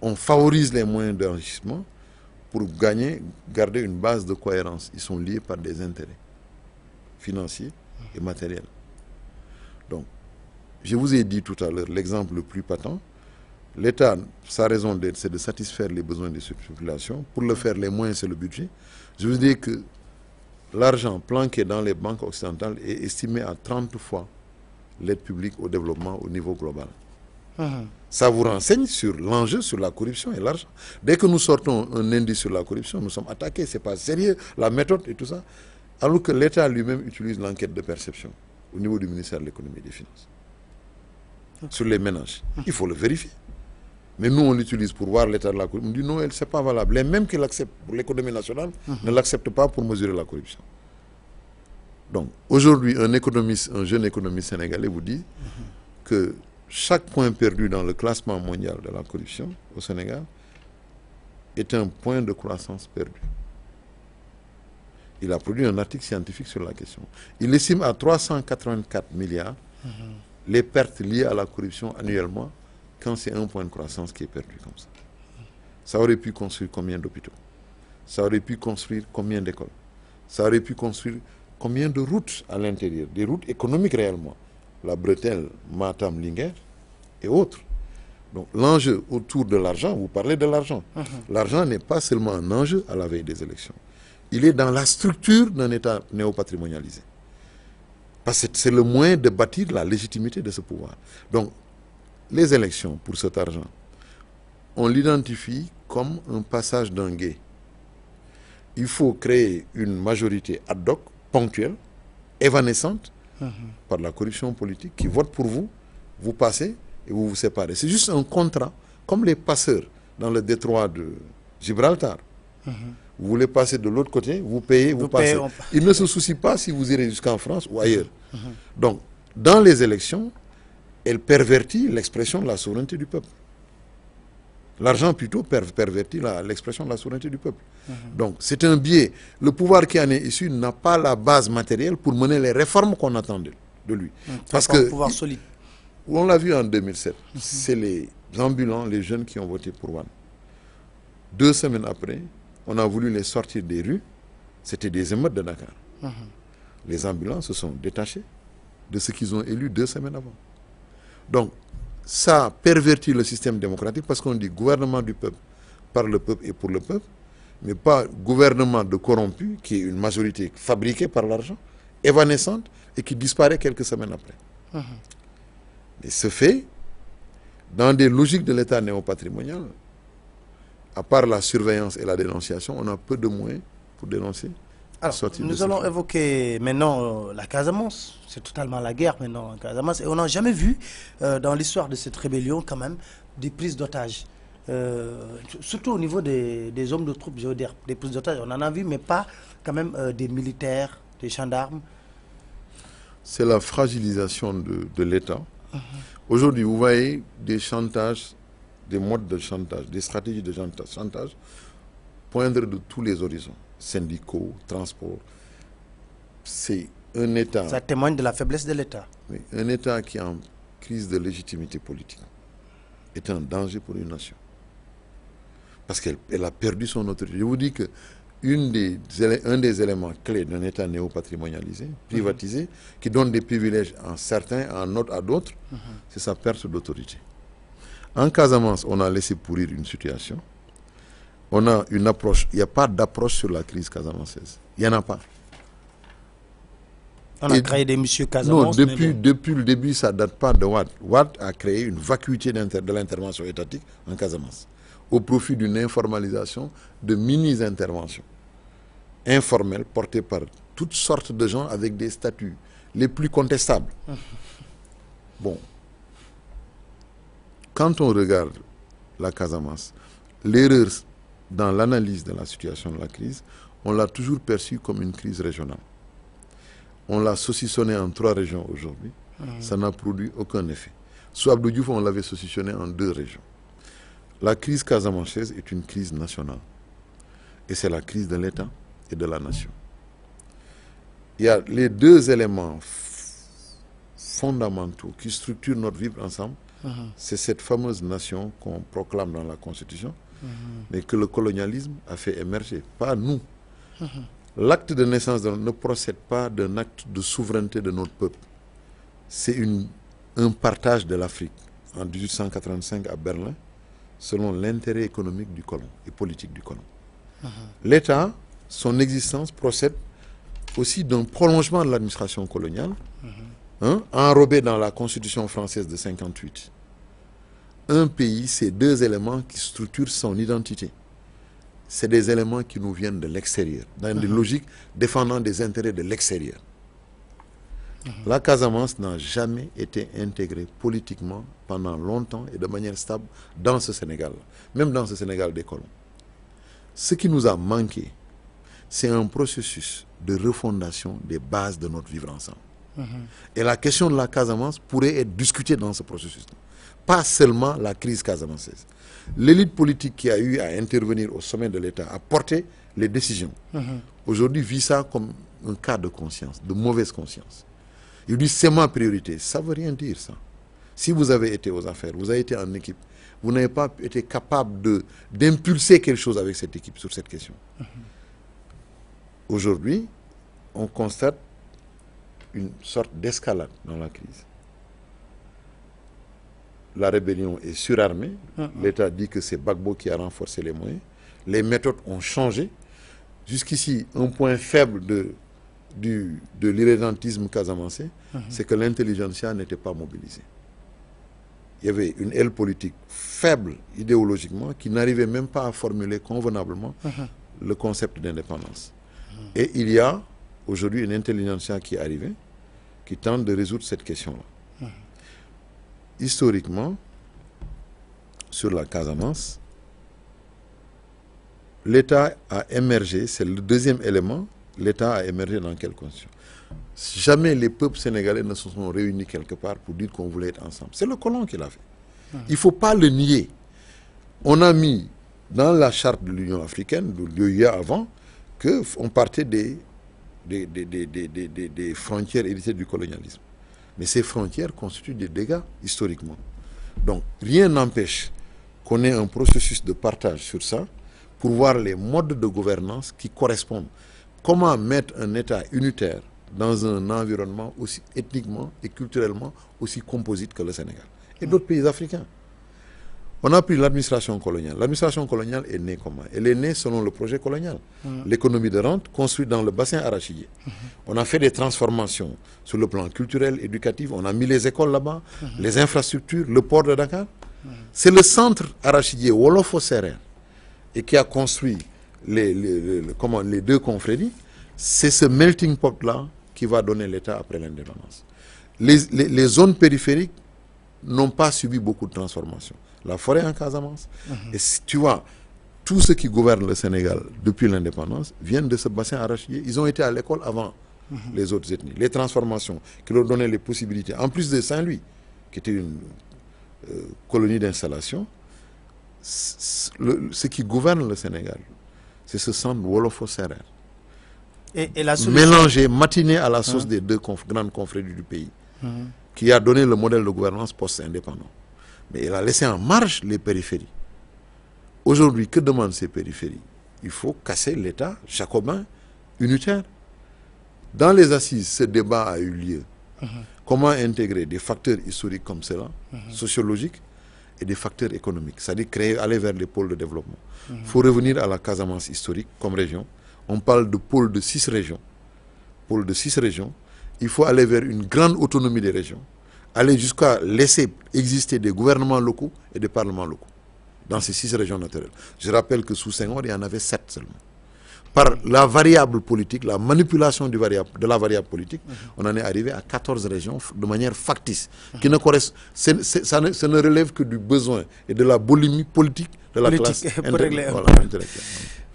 on favorise les moyens d'enrichissement pour gagner, garder une base de cohérence. Ils sont liés par des intérêts financiers et matériels. Je vous ai dit tout à l'heure l'exemple le plus patent. L'État, sa raison d'être, c'est de satisfaire les besoins de cette population. Pour le faire, les moyens, c'est le budget. Je vous dis que l'argent planqué dans les banques occidentales est estimé à 30 fois l'aide publique au développement au niveau global. Mmh. Ça vous renseigne sur l'enjeu, sur la corruption et l'argent. Dès que nous sortons un indice sur la corruption, nous sommes attaqués, c'est pas sérieux, utilise l'enquête de perception au niveau du ministère de sur les ménages. Il faut le vérifier. Mais nous, on l'utilise pour voir l'état de la corruption. On dit non, ce n'est pas valable. Les mêmes qui l'acceptent pour l'économie nationale mhm. ne l'acceptent pas pour mesurer la corruption. Donc, aujourd'hui, un jeune économie sénégalais vous dit mhm. que chaque point perdu dans le classement mondial de la corruption au Sénégal est un point de croissance perdu. Il a produit un article scientifique sur la question. Il estime à 384 milliards mmh. les pertes liées à la corruption annuellement quand c'est un point de croissance qui est perdu comme ça. Ça aurait pu construire combien d'hôpitaux Ça aurait pu construire combien d'écoles Ça aurait pu construire combien de routes à l'intérieur Des routes économiques réellement. La bretelle, Matam, Linger et autres. Donc l'enjeu autour de l'argent, vous parlez de l'argent. Uh mmh. -huh. L'argent n'est pas seulement un enjeu à la veille des élections. Il est dans la structure d'un État néopatrimonialisé. Parce que c'est le moyen de bâtir la légitimité de ce pouvoir. Donc, les élections pour cet argent, on l'identifie comme un passage d'un Il faut créer une majorité ad hoc, ponctuelle, évanescente, uh mm-hmm. -huh. par la corruption politique, qui vote pour vous, vous passez et vous vous séparez. C'est juste un contrat, comme les passeurs dans le détroit de Gibraltar. Uh vous voulez passer de l'autre côté, vous payez, vous, vous passez. ne se soucient pas si vous irez jusqu'en France ou ailleurs. Mhm. Mhm. Donc, dans les élections, elle pervertit l'expression de la souveraineté du peuple. L'argent plutôt per pervertit l'expression de la souveraineté du peuple. Mhm. Donc, c'est un biais. Le pouvoir qui en est issu n'a pas la base matérielle pour mener les réformes qu'on attendait de lui. Parce que... Un pouvoir l'a vu en 2007. C'est les ambulants, les jeunes Deux semaines après, on a voulu les sortir des rues c'était des émeutes de Dakar mmh. les ambulants se sont détachés de ce qu'ils ont élu deux semaines avant donc ça pervertit le système démocratique parce qu'on dit gouvernement du peuple par le peuple et pour le peuple mais pas gouvernement de corrompus qui est une majorité fabriquée par l'argent évanescente et qui disparaît quelques semaines après mais mhm. ce fait dans des logiques de l'État néopatrimonial à part la surveillance et la dénonciation, on a peu de moyens pour dénoncer. Alors, nous allons évoquer maintenant euh, la Casamance. C'est totalement la guerre maintenant en Casamance. Et on n'a jamais vu euh, dans l'histoire de cette rébellion quand même des prises d'otages. Euh, surtout au niveau des, des, hommes de troupes, je veux dire, des prises d'otages, on en a vu, mais pas quand même euh, des militaires, des gendarmes. C'est la fragilisation de, de l'État. Uh mhm. -huh. Aujourd'hui, vous voyez des chantages des modes de chantage, des stratégies de chantage, poindre de tous les horizons, syndicaux, transports. C'est un État... Ça témoigne de la faiblesse de l'État. Oui, un État qui est en crise de légitimité politique est un danger pour une nation. Parce qu'elle a perdu son autorité. Je vous dis que une des, un des éléments clés d'un État néo mhm. privatisé, qui donne des privilèges à certains, à d'autres, à d'autres, mhm. c'est sa perte d'autorité. En Casamance, on a laissé pourrir une situation. On a une approche. Il n'y a pas d'approche sur la crise casamanceaise. Il n'y a pas. des messieurs Casamance. Non, depuis, mais... depuis le début, ça ne date pas de Watt. Watt a une vacuité de l'intervention étatique en Casamance au profit d'une informalisation de mini-interventions informelles portées par toutes sortes de gens avec des statuts les plus contestables. <laughs> Bon, quand on regarde la Casamance, l'erreur dans l'analyse de la situation de la crise, on l'a toujours perçue comme une crise régionale. On l'a saucissonnée en trois régions aujourd'hui. Mmh. Ça n'a produit aucun effet. Sous Abdou Diouf, on l'avait saucissonnée en deux régions. La crise casamanchaise est une crise nationale. Et c'est la crise de l'État et de la nation. Il y a les deux éléments fondamentaux qui structurent notre vivre ensemble, Uh -huh. C'est cette fameuse nation la Constitution, uh-huh. a fait émerger, pas nous. Uh -huh. L'acte de naissance ne de souveraineté de notre un partage de l'Afrique en 1885 à Berlin, selon l'intérêt économique du colon et politique du colon. Uh-huh. L'État, son existence procède aussi d'un prolongement de hein, enrobé dans la Constitution française de 58. Un pays, c'est deux éléments qui structurent son identité. C'est des éléments qui nous viennent de l'extérieur, dans uh -huh. des logiques défendant des intérêts de l'extérieur. Uh -huh. La Casamance n'a jamais été intégrée politiquement pendant longtemps et de manière stable dans ce Sénégal, même dans ce Sénégal des colons. Ce qui nous a manqué, c'est un processus de refondation des bases de notre vivre ensemble. Et la question de la Casamance pourrait être discutée dans ce processus. Pas seulement la crise casamanceuse. L'élite politique qui a eu à intervenir au sommet de l'État a porté les décisions. Mhm. Aujourd'hui, vit ça comme un cas de conscience, de mauvaise conscience. Il dit c'est ma priorité. Ça veut rien dire Si vous avez été aux affaires, vous avez été en équipe, vous n'avez pas été capable de d'impulser quelque chose avec cette équipe sur cette question. Mhm. on une sorte d'escalade dans la crise. La rébellion est surarmée. Ah, ah. L'État dit que c'est Bagbo qui a renforcé les moyens. Les méthodes ont changé. Jusqu'ici, un point faible de, du, de l'irrédentisme casamancé, ah, ah, c'est que l'intelligentsia n'était pas mobilisée. Il y avait une aile politique faible idéologiquement qui n'arrivait même pas à formuler convenablement le concept d'indépendance. Et il y a aujourd'hui une intelligentsia qui est qui tentent de résoudre cette question-là. Historiquement, sur la Casamance, l'État a émergé, c'est le deuxième élément, l'État a émergé dans quelle condition Jamais les peuples sénégalais ne se sont réunis quelque part pour dire qu'on voulait être ensemble. C'est le colon qui l'a fait. Il ne faut pas le nier. On a mis dans la charte de l'Union africaine, de l'UIA avant, qu'on partait des des, des, des, des, frontières héritées du colonialisme. Mais ces frontières constituent des dégâts historiquement. Donc rien n'empêche qu'on ait un processus de partage sur ça pour voir les modes de gouvernance qui correspondent. Comment mettre un État unitaire dans un environnement aussi ethniquement et culturellement aussi composite que le Sénégal et d'autres mmh. pays africains On a pris l'administration coloniale. L'administration coloniale est née comment Elle est née selon le projet colonial. Mmh. L'économie de rente construite dans le bassin arachidier. Mmh. On a fait des transformations sur le plan culturel, éducatif. On a mis les écoles là-bas, mhm. les infrastructures, le port de Dakar. C'est le centre arachidier wolofo et qui a construit les, les, les, les comment, les deux confréries. C'est ce melting pot-là qui va donner l'État après l'indépendance. les zones périphériques n'ont pas subi beaucoup la forêt en Casamance. Mmh. Et si tu vois, tous ceux qui gouvernent le Sénégal depuis l'indépendance viennent de ce bassin arachidier. Ils ont été à l'école avant mmh. les autres ethnies. Les transformations qui leur donnaient les possibilités, en plus de Saint-Louis, qui était une euh, colonie d'installation, ce qui gouverne le Sénégal, c'est ce centre Wolofo-Sérère. Et, et la solution... à la sauce mmh. des deux conf... grandes confréries du pays, qui a donné le modèle de gouvernance post-indépendant. mais il a laissé en marche les périphéries aujourd'hui que demandent ces périphéries il faut casser l'état jacobin unitaire dans les assises ce débat a eu lieu uh-huh. comment intégrer des facteurs historiques comme cela uh -huh. sociologiques et des facteurs économiques c'est-à-dire créer aller vers les pôles de développement uh-huh. faut revenir à la Casamance historique comme région on parle de pôle de six régions pôle de six régions il faut aller vers une grande autonomie des régions aller jusqu'à laisser exister des gouvernements locaux et des parlements locaux dans ces six régions naturelles. Je rappelle que sous Senghor, il y en avait sept seulement. Par la variable politique, la manipulation du variable, de la variable politique, mm -hmm. on en est arrivé à 14 régions de manière factice, qui ne correspondent, ça, ne, relève que du besoin et de la boulimie politique de la classe <laughs> intellectuelle.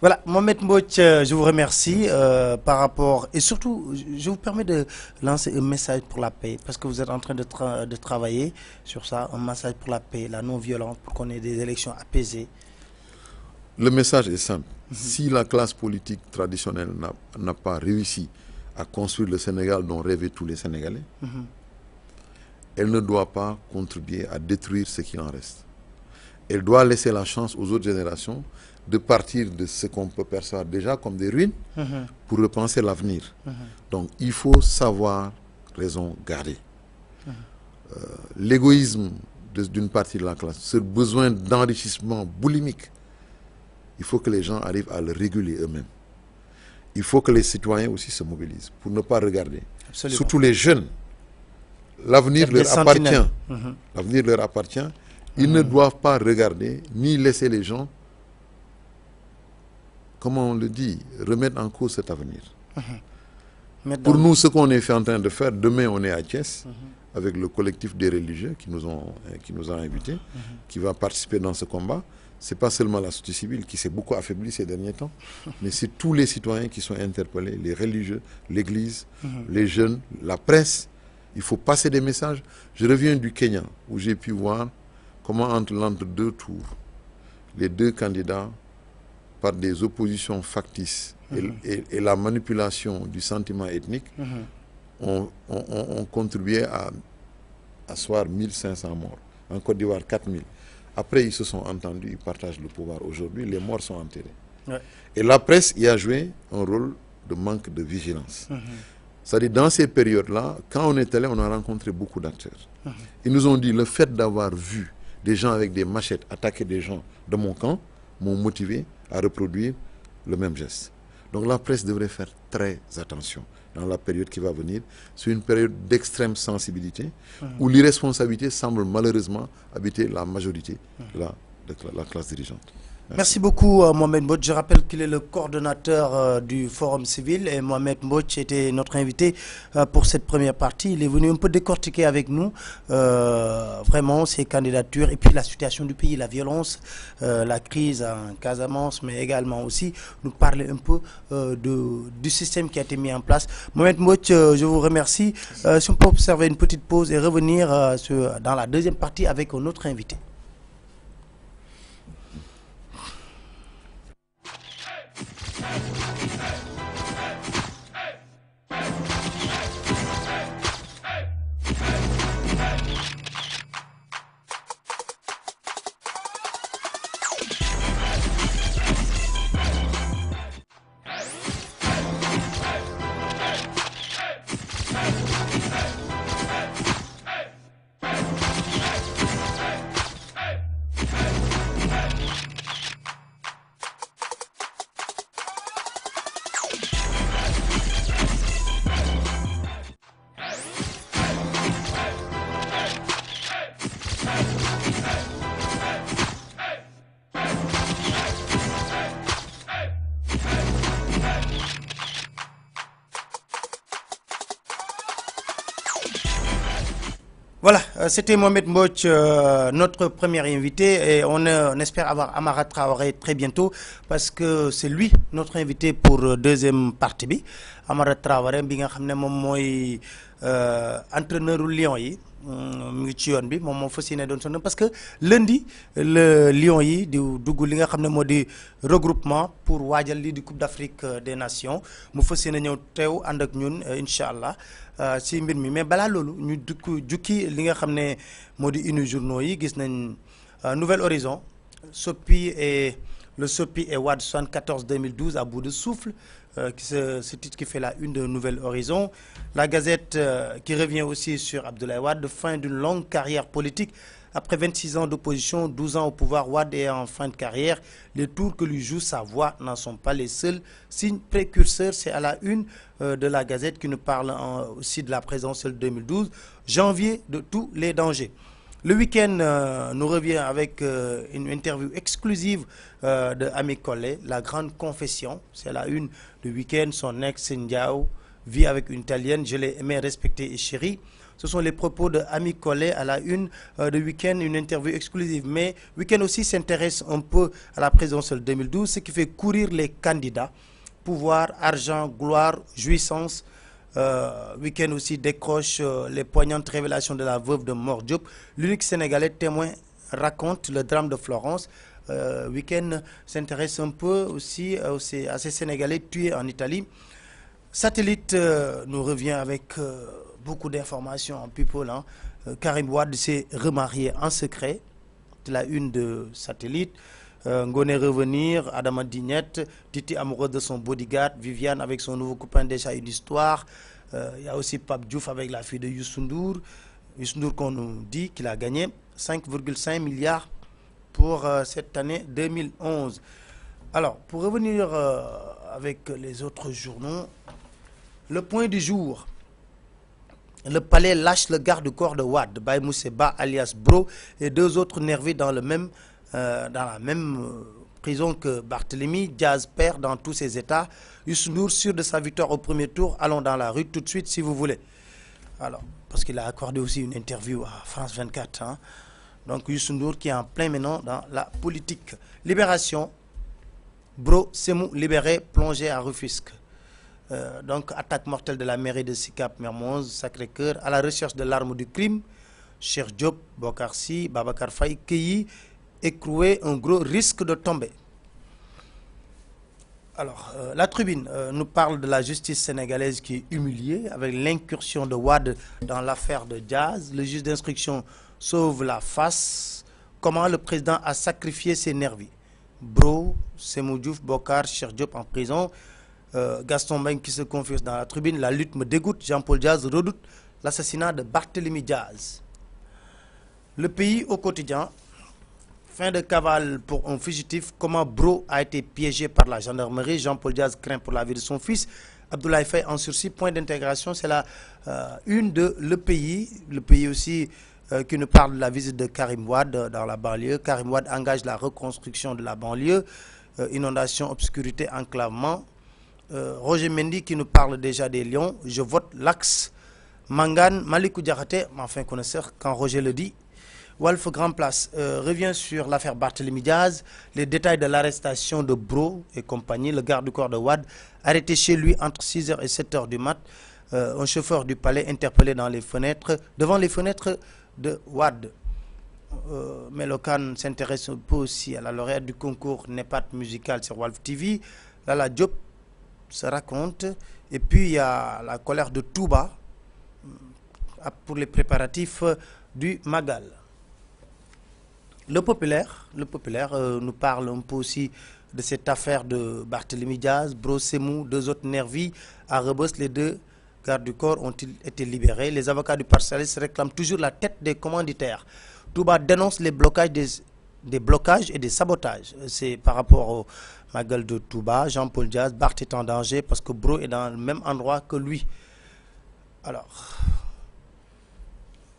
Voilà, Mohamed Mbouch, je vous remercie euh, par rapport, et surtout, je vous permets de lancer un message pour la paix, parce que vous êtes en train de, tra de travailler sur ça, message pour la paix, la non-violence, pour qu'on ait des élections apaisées. Le message est simple. Mm Si la classe politique traditionnelle n'a pas réussi à construire le Sénégal dont rêvaient tous les Sénégalais, mhm. elle ne doit pas contribuer à détruire ce qui en reste. Elle doit laisser la chance aux autres de partir de ce qu'on peut percevoir déjà comme des ruines mm-hmm. pour repenser l'avenir. Mm -hmm. Donc il faut savoir raison garder. Mm -hmm. L'égoïsme d'une partie de la classe, ce besoin d'enrichissement boulimique, il faut que les gens arrivent à le réguler eux-mêmes. Il faut que les citoyens aussi se mobilisent pour ne pas regarder. Surtout les jeunes. L'avenir leur, leur mm-hmm. L'avenir leur appartient. Ils mm-hmm. ne doivent pas regarder ni laisser les gens comment on le dit, remettre en cause cet avenir. Uh-huh. Pour nous, ce qu'on est en train de faire, demain on est à Thiès, uh-huh. avec le collectif des religieux qui nous, ont, euh, qui nous a invités, mmh. qui va participer dans ce combat. Ce n'est pas seulement la société civile qui s'est beaucoup affaiblie ces derniers temps, <laughs> mais c'est tous les citoyens qui sont interpellés, les religieux, l'Église, les jeunes, la presse. Il faut passer des messages. Je reviens du Kenya, où j'ai pu voir comment entre l'entre-deux par des oppositions factices mm et, la manipulation du sentiment ethnique mm -hmm. ont, ont, ont, contribué à asseoir 1500 morts. En Côte d'Ivoire, Après, ils se sont entendus, ils partagent le pouvoir. Aujourd'hui, les morts sont enterrés. Et la presse y a joué un rôle de manque de vigilance. Mm -hmm. C'est-à-dire, dans ces périodes-là, quand on est allé, on a rencontré beaucoup d'acteurs. Mm-hmm. Ils nous ont dit, le fait d'avoir vu des gens avec des machettes attaquer des gens de mon camp, m'ont motivé à reproduire le même geste. Donc la presse devrait faire très attention dans la période qui va venir. C'est une période d'extrême sensibilité mmh. où l'irresponsabilité semble malheureusement habiter la majorité de la, de la classe dirigeante. Merci beaucoup euh, Mohamed Mbodj. Je rappelle qu'il est le coordonnateur euh, du Forum civil et Mohamed Mbodj était notre invité euh, pour cette première partie. Il est venu un peu décortiquer avec nous euh, vraiment ces candidatures et puis la situation du pays, la violence, euh, la crise en Casamance, mais également aussi nous parler un peu de, du système qui a été mis en place. Mohamed Mbodj, je vous remercie. Si on peut observer une petite pause et revenir dans la deuxième partie avec un c'était Mohamed Mbodj, euh, notre premier invité, et on, euh, on, espère avoir Amara Traoré très bientôt, parce que c'est lui notre invité pour euh, deuxième partie. Amara Traoré, bien euh, entraîneur yi mu ngi ci yoon bi moom moo fas yéene doon sonn parce que lundi le Lions yi di dugg li nga xam ne moo di regroupement pour waajal lii di Coupe d'Afrique euh, des Nations mu fas yéene ñëw teew ànd ak ñun euh, incha allah si euh, mbir mi mais balaa loolu ñu dukk jukki li nga xam ne moo di une journaux yi gis nañ Nouvel Horizon Sopi et le Sopi et Wade 74 2012 à bout de souffle. Euh, qui se, ce titre qui fait la une de Nouvel Horizon. La Gazette euh, qui revient aussi sur Abdoulaye Wade, fin d'une longue carrière politique. Après 26 ans d'opposition, 12 ans au pouvoir, Wade est en fin de carrière. Les tours que lui joue sa voix n'en sont pas les seuls. Signe précurseur, c'est à la une euh, de la Gazette qui nous parle en, aussi de la présidentielle 2012, janvier de tous les dangers. Le week-end euh, nous revient avec euh, une interview exclusive de Ami Collet, La Grande Confession. C'est la une Le week-end, son ex Ndiao vit avec une italienne, je l'ai aimé, respecté et chéri. Ce sont les propos de Collet à la une euh, de week-end, une interview exclusive. Mais week-end aussi s'intéresse un peu à la présidentielle 2012, ce qui fait courir les candidats. Pouvoir, argent, gloire, jouissance. Euh, week-end aussi décroche euh, les poignantes révélations de la veuve de Mort L'unique Sénégalais témoin raconte le drame de Florence. Euh, week-end s'intéresse un peu aussi euh, aussi à ces Sénégalais tués en Italie. Satellite euh, nous revient avec beaucoup d'informations en people hein. Karim Wade s'est remarié en secret de la une de Satellite. Euh, Ngoné Revenir, Adama Dignette, Titi amoureux de son bodyguard, Viviane avec son nouveau copain déjà une histoire. Il y a aussi Pape Diouf avec la fille de Youssou Ndour. Youssou Ndour qu'on nous dit qu'il a gagné milliards pour euh, cette année 2011. Alors, pour revenir euh, avec les autres journaux, le point du jour. Le palais lâche le garde-corps de Wad, Baye Mousseba alias Bro et deux autres nervés dans, le même, euh, dans la même euh, prison que Barthélemy Diaz perd dans tous ses états Youssou sûr de sa victoire au premier tour allons dans la rue tout de suite si vous voulez alors parce qu'il a accordé aussi une interview à France 24 hein donc Youssou Ndour qui est en plein maintenant dans la politique Libération Bro Semou libéré plongé à Rufisque euh, donc attaque mortelle de la mairie de Sicap Mermoz Sacré-Cœur à la recherche de l'arme du crime Cheikh Diop Bokar Sy Babacar Faye cueilli écroué un gros risque de tomber alors euh, la tribune euh, nous parle de la justice sénégalaise qui est humiliée avec l'incursion de Wade dans l'affaire de Diaz le juge d'instruction sauve la face comment le président a sacrifié ses nervis Bro Semou Diouf Bokar Cheikh Diop en prison euh, Gaston Mbengue qui se confie dans la tribune la lutte me dégoûte Jean-Paul Diaz redoute l'assassinat de Barthélémy Diaz le pays au quotidien fin de cavale pour un fugitif comment Bro a été piégé par la gendarmerie Jean-Paul Diaz craint pour la vie de son fils Abdoulaye Faye en sursis point d'intégration c'est la euh, une de le pays le pays aussi Euh, qui nous parle de la visite de Karim Wade dans la banlieue. Karim Wade engage la reconstruction de la banlieue, euh, inondation, obscurité, enclavement. Euh, Roger Mendy qui nous parle déjà des Lions. Je vote l'axe. Mangane, Malikou Diakhaté, enfin connaisseur, quand Roger le dit. Walf Grand Place euh, revient sur l'affaire Barthélémy Diaz, les détails de l'arrestation de Bro et compagnie, le garde du corps de Wad, arrêté chez lui entre 6h et 7 du mat, un chauffeur du palais les de Wade euh, Melokan s'intéresse un peu aussi à la lauréate du concours NEPAT musical sur Walf TV Lala Diop se raconte et puis il y a la colère de Touba euh, pour les préparatifs du Magal le populaire le populaire euh, nous parle un peu aussi de cette affaire de Barthélémy Diaz Bro Semou deux autres nervis à Rebeuss les gardes du corps ont-ils été libérés les avocats du parcelliste réclament toujours la tête des commanditaires Touba dénonce les blocages des des blocages et des sabotages c'est par rapport au Magal de Touba Jean-Paul Diaz Bart est en danger parce que Bro est dans le même endroit que lui alors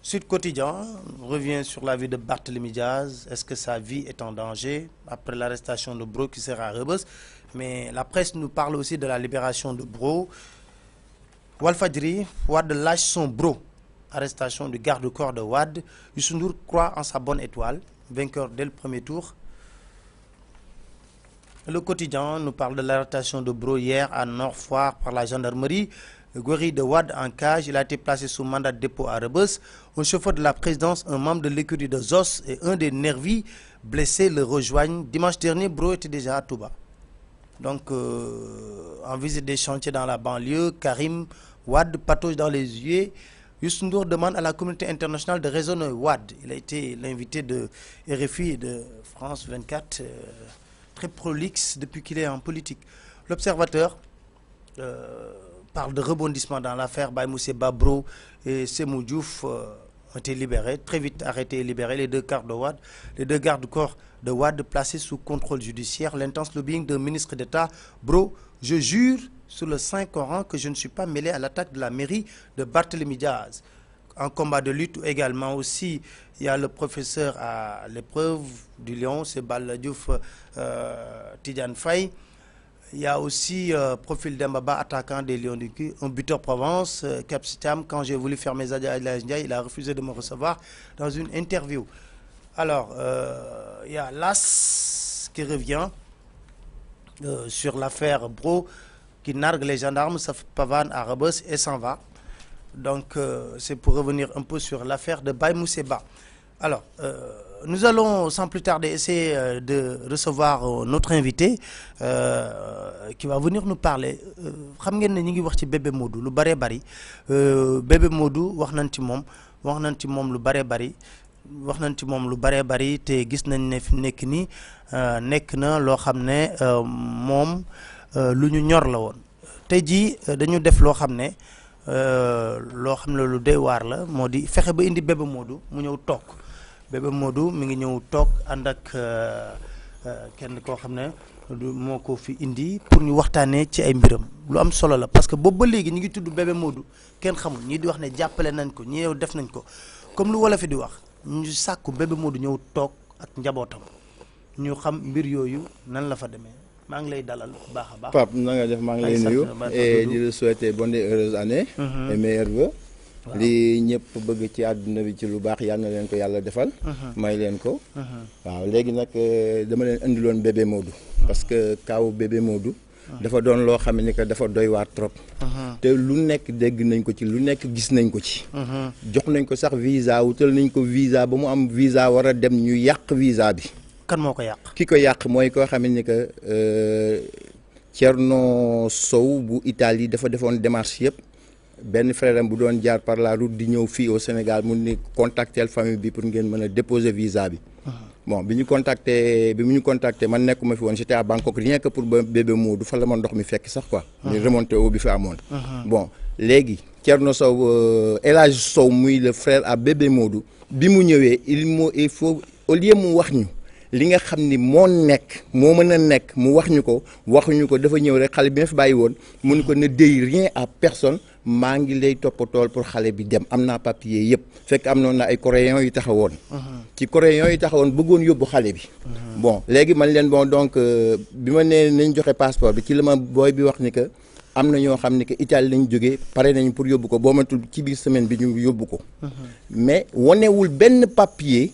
Sud Quotidien revient sur la vie de Barthélémy Diaz est-ce que sa vie est en danger après l'arrestation de Bro qui mais la presse nous parle aussi de la libération de Bro Walfadjri Wade lâche son bro arrestation du garde corps de Wade Youssou Ndour croit en sa bonne étoile vainqueur dès le premier tour le quotidien nous parle de l'arrestation de Bro hier à Nord-Foire par la gendarmerie Gorille de Wade en cage il a été placé sous mandat de dépôt à Rebeuss un chauffeur de la présidence un membre de l'écurie de Zoss et un des nervis blessés le rejoignent dimanche dernier Bro était déjà à Touba donc euh, en des chantiers dans la banlieue Karim Wade patauge dans les yeux Youssou demande la communauté internationale de raisonner Wade il a été de RFI de France 24 euh, très prolixe depuis qu'il en politique l'observateur euh, parle de rebondissement dans l'affaire Baye Moussé Babro et Semou Diouf euh, ont été libérés, très vite arrêtés et libérés, les deux gardes de Wad, les deux gardes-corps de Wad placés sous contrôle judiciaire, l'intense lobbying d'un ministre d'État. Bro, je jure sur le Saint-Coran que je ne suis pas mêlé à l'attaque de la mairie de Barthélemy Diaz. En combat de lutte également aussi, il y a le professeur à l'épreuve du Lion, c'est Balla Diouf euh, ya y a aussi euh, Profil Dembaba, attaquant des Lions du Cul, un buteur Provence, euh, Cap Sitam. Quand j'ai voulu faire mes adieux à El il a refusé de me recevoir dans une interview. Alors, euh, il a Las qui revient euh, sur l'affaire Bro, qui nargue les gendarmes, ça pavane à Rabos et s'en va. Donc, c'est pour revenir un peu sur l'affaire de Baye Mousseba. Alors, nous allons sans plus tarder essayer euh, de recevoir euh, notre invité euh, qui va venir parler euh, xam ngeen ne ñu ngi wax ci bébé modu lu bëree bëri bébé Modou wax nañ ci moom wax nañ ci moom lu bëree bari wax nañ ci moom lu bëree bëri te gis nañ ne fi mu nekk nii nekk na loo xam ne moom lu ñu ñor la woon tey jii dañu def loo xam ne loo xam ne lu doy waar la moo di fexe ba indi bébé Modou mu ñëw toog. bébé Modou mi ngi ñëw toog ànd ak euh, euh, kenn koo xam ne moo ko fi indi pour ñu waxtaanee ci ay mbiram lu am solo la parce que boobu ba léegi ñu ngi tudd bébé Modou kenn xamul ñii di wax ne jàppale nañ ko ñii yow def nañ ko comme lu wala fi di wax ñu sàkku bébé Modou ñëw toog ak njabootam ñu xam mbir yooyu nan la fa demee maa ngi lay dalal bu baax a baax. Pape na def maa ngi lay nuyu. et di la souhaiter bonne heureuse année. Mm-hmm. et meilleurs lii ñëpp bëgg ci àdduna bi ci lu baax yal na leen ko yàlla defal. Uh-huh. may leen ko. Uh-huh. waaw léegi nag euh, dama leen indiloon bébé Modou. Uh-huh. parce que kaawu bébé Modou. dafa doon loo xam ni que dafa doy waar trop. te lu nekk dégg nañ ko ci lu nekk gis nañ ko ci. jox nañ ko sax visa wutal nañ ko visa ba mu am visa war a dem ñu yàq visa bi. kan moo ko yàq. ki ko yàq mooy koo xam ni que euh, Thierno Sow bu Italie dafa defoon démarche yëpp. benn frère am bu doon jaar par la route di ñëw fii au Sénégal mu ni contactel famille bi pour ngeen mën a déposer visa bi. Ah. bon bi ñu contacté bi mu ñu contacté man nekkuma fi woon j'étais à Bangkok rien que pour bébé moo du fa la ma ndox mi fekk sax ko ñu ah. remonté au bi fi amoon. Ah. bon léegi Thierno Sow euh, El Hadj Sow muy la frère à bébé Modou bi mu ñëwee il mo il faut au lieu mu wax ñu. li nga xam ni moo nekk moo mën a nekk mu wax ñu ko waxuñu ko dafa ñëw rek xale bi ma fi bàyyi woon mu ko ne déy rien à personne maa ngi lay toppatool pour xale bi dem am naa papier yëpp fekk am noon na ay coréens yu taxawoon. Mhm. ci coréens yi taxawoon bëggoon yóbbu xale bi. Mhm. bon léegi man leen bon donc euh, bi ma nee nañ joxe passeport bi ci la ma booy bi wax ni que am na ñoo xam ni que Italie lañ jóge pare nañ pour yóbbu ko boo matul ci biir semaine bi ñu yóbbu ko. Mhm. mais wanewul benn papier.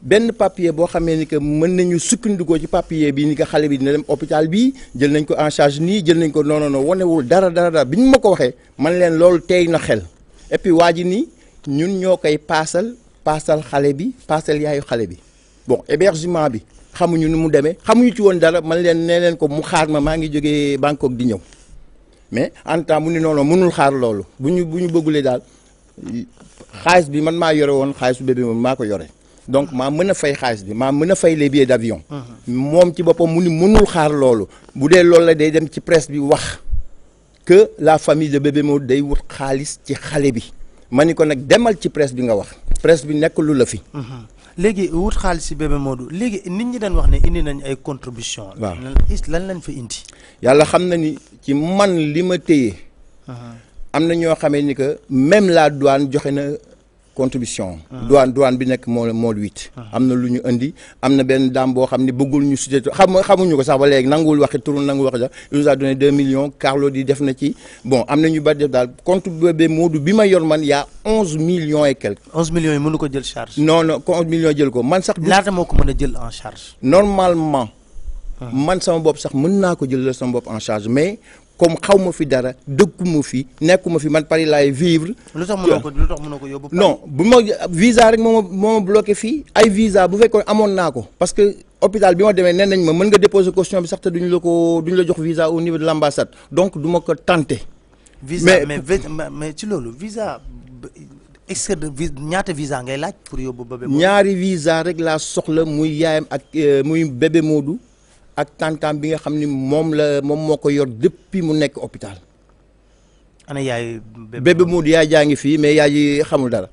benn papier boo xamee ni que mën nañu sukkandikoo ci papier bii ni nga xale bi dina dem hôpital bii jël nañ ko en charge nii jël nañ ko noonu non non wanewul dara dara dara bi ñu ma ko waxee man leen loolu tey na xel et puis waa ji nii ñun ñoo koy paasal paasal xale bi paasal yaayu xale bi bon hébergement bi xamuñu nu mu demee xamuñu ci woon dara man leen nee leen ko mu xaar ma maa ngi jógee Bangkok di ñëw mais en temps mu ni noonu mënul xaar loolu bu ñu bu ñu bëggulee daal xaalis bi man maa yore woon xaalisu bébé maa ko yore. donc maa mën a fay xaalis bi maa mën a fay les billets d'avion. moom ci boppam mu ni mënul xaar loolu. bu dee loolu la day dem ci presse bi wax que la famille de bébé Modou day wut xaalis ci xale bi ma ni ko nag demal ci presse bi nga wax presse bi nekk lu la fi. Mhm. léegi wut xaalis si bébé Modou léegi nit ñi daan wax ne indi nañ ay contribution waaw lan lañ fa indi. yàlla xam na ni ci man li ma téye. Mhm. am na ñoo xamee ni que même laa douane joxe na. contribution. Ah. douane douane bi nekk moo moo huit. Ah. am na lu ñu indi am na benn daam boo xam ne bëggul ñu sudee xam xamuñu ko sax ba léegi nanguwul waxi turu nangu wax ja il nous a donné deux millions Carlo di def na ci bon am na ñu bari def daal compte bébé Modou bi ma yor man y' a onze millions et quelque. onze million yi mënu ko jël charge. non non onze millions jël ko man sax. laata moo ko mën a jël en charge. normalement. Ah. man sama bopp sax mën naa ko jël sama bopp en charge mais. comme xaw ma fi dara dëkkuma fi nekkuma fi man Paris laay vivre. lu tax mënoo ko lu tax mënoo ko yóbbu. non bu ma visa rek moo ma moo ma bloqué fii ay visa bu fekkoon amoon naa ko parce que hôpital bi ma nee nañ ma mën nga déposer caution bi sax te duñu la ko duñu la jox visa au niveau de l' ambassade donc du ma ko tenté. visa mais mais ci loolu visa. est-ce que ñaata visa ngay laaj pour yóbbu bébé. ñaari visa rek laa soxla muy yaayam ak euh, muy bébé Modou. ak tantam bi nga xam ni moom la moom moo ko yor depuis mu nekk hôpital. ana yaay. bébé yaay jaa ngi fii mais yaay ji xamul dara.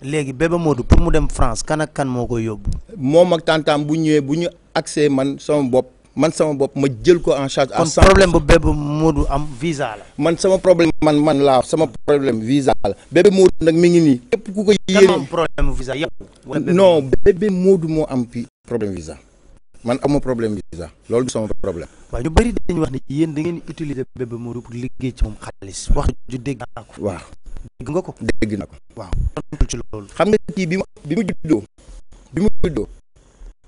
léegi bébé Modou pour mu dem France kan kan moo koy yóbbu. moom ak tantam bu ñëwee bu ñu accès man sama bopp man sama bopp ma jël ko en charge. à kon problème bu bébé Modou am visa la. man sama problème man man laa sama problème visa la bébé Modou nag mi ngi nii. képp ku ko yéene kan am problème visa yow. non bébé Modou moo am problème visa. man amoo problème visa loolu du sama problème. waaw ñu bëri dañuy wax ne yéen da ngeen utiliser Bébé Modou pour liggéey ci moom xaalis wax ju dégg naa ko. waaw dégg nga ko. dégg naa ko. waaw xam nga kii bi mu bi mu juddoo bi mu juddoo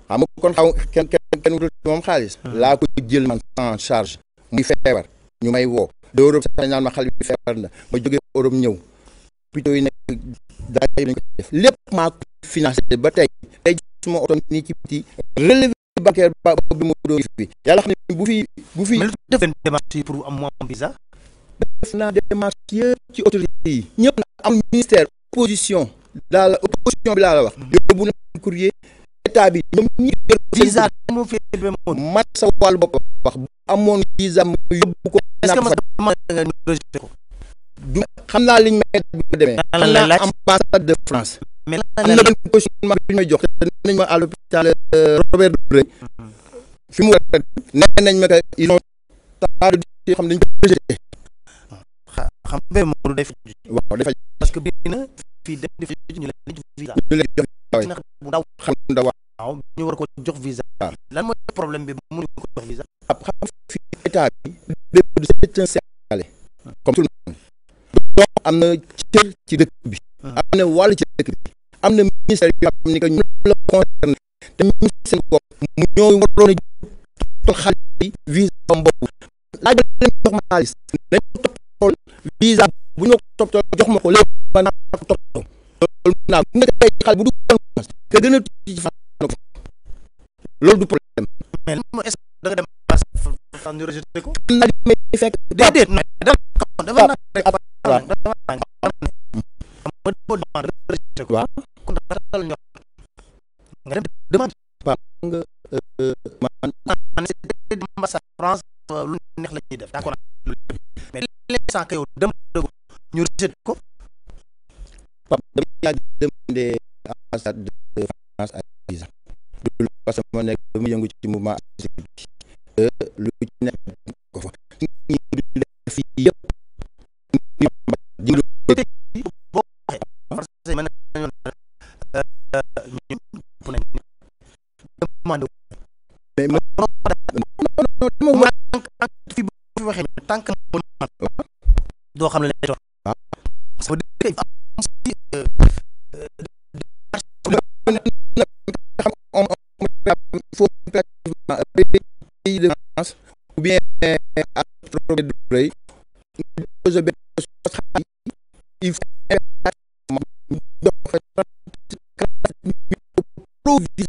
xam nga kon xaw kenn kenn kenn xaalis. Ah. laa ko jël man en charge muy feebar ñu may woo. de Europe sax naan ma xale bi feebar na ma jógee Europe ñëw hôpitaux yi nekk daay lañ ko def ba tey tey suma oto nii ci biti Babacar Ba bi mu doon fi yàlla xam ne bu fi bu fi. mais lu def leen démarche yi pour am am visa. def naa démarche yëpp ci autorités yi ñëpp nag am ministère opposition daal opposition bi laa la wax. Hmm. yóbbu na courrier état bi man sa wàllu bopp wax bu amoon visa mu yóbbu ko. est-ce que ma nga rejeté ko. du xam naa liñ am ambassade de France. mais am na benn cautionnement bi ñu may jox te nee nañ ma à l'hôpital euh, Robert Debré mm-hmm. fi mu rek nee nañ ma que ils ont tant de xam dañ ko rejeté xam nga Modou day faj parce que bii na fii dem di faj ñu leen jox visa ñu ndaw xam ndaw ko jox visa lan mooy problème bi mënuñu ko jox visa ab xam fii état bi début c'est un sénégalais mm. comme tout am na cër ci dëkk bi mm. am na wàll ci dëkk bi am na ministère yoo xam ne que ñu la concerné te ñun seen bopp ñoo waroon a xaalis bi visa boobu laaj leen jox ma ko bu ñu ko ma ko ba naa ko toppatoo loolu naa bu nga xale bu duggoon te gën loolu du problème. que te quoi kon daal ñor nga dem demande ba nga euh, man man c'est France euh, lu neex la ñuy def d'accord mais l'instant que ñu rejeté ko pap dama yàgg demandé ambassade de France à visa du parce que ma nekk dama yëngu euh, lu ci nekk ko fa ñi def yëpp mais man non non fi boo fi waxee tant que doo xam ne lay doon. waaw parce que dafa am ou bien à problème de rëy il faut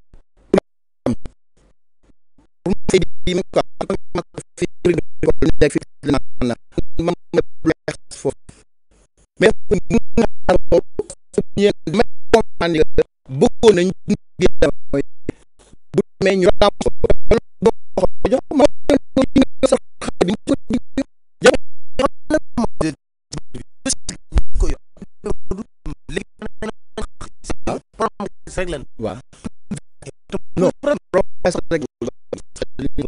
time kafin matakafiri kwa kulinda kifitili maana mambo ya sfo mais muna arbo sunye mekwa mani buko na nyingi ya moyo bu me nyora mo do yo mo ni sa khabi ko di ya mo de ko yo li sa reglan wa no pro sa reglan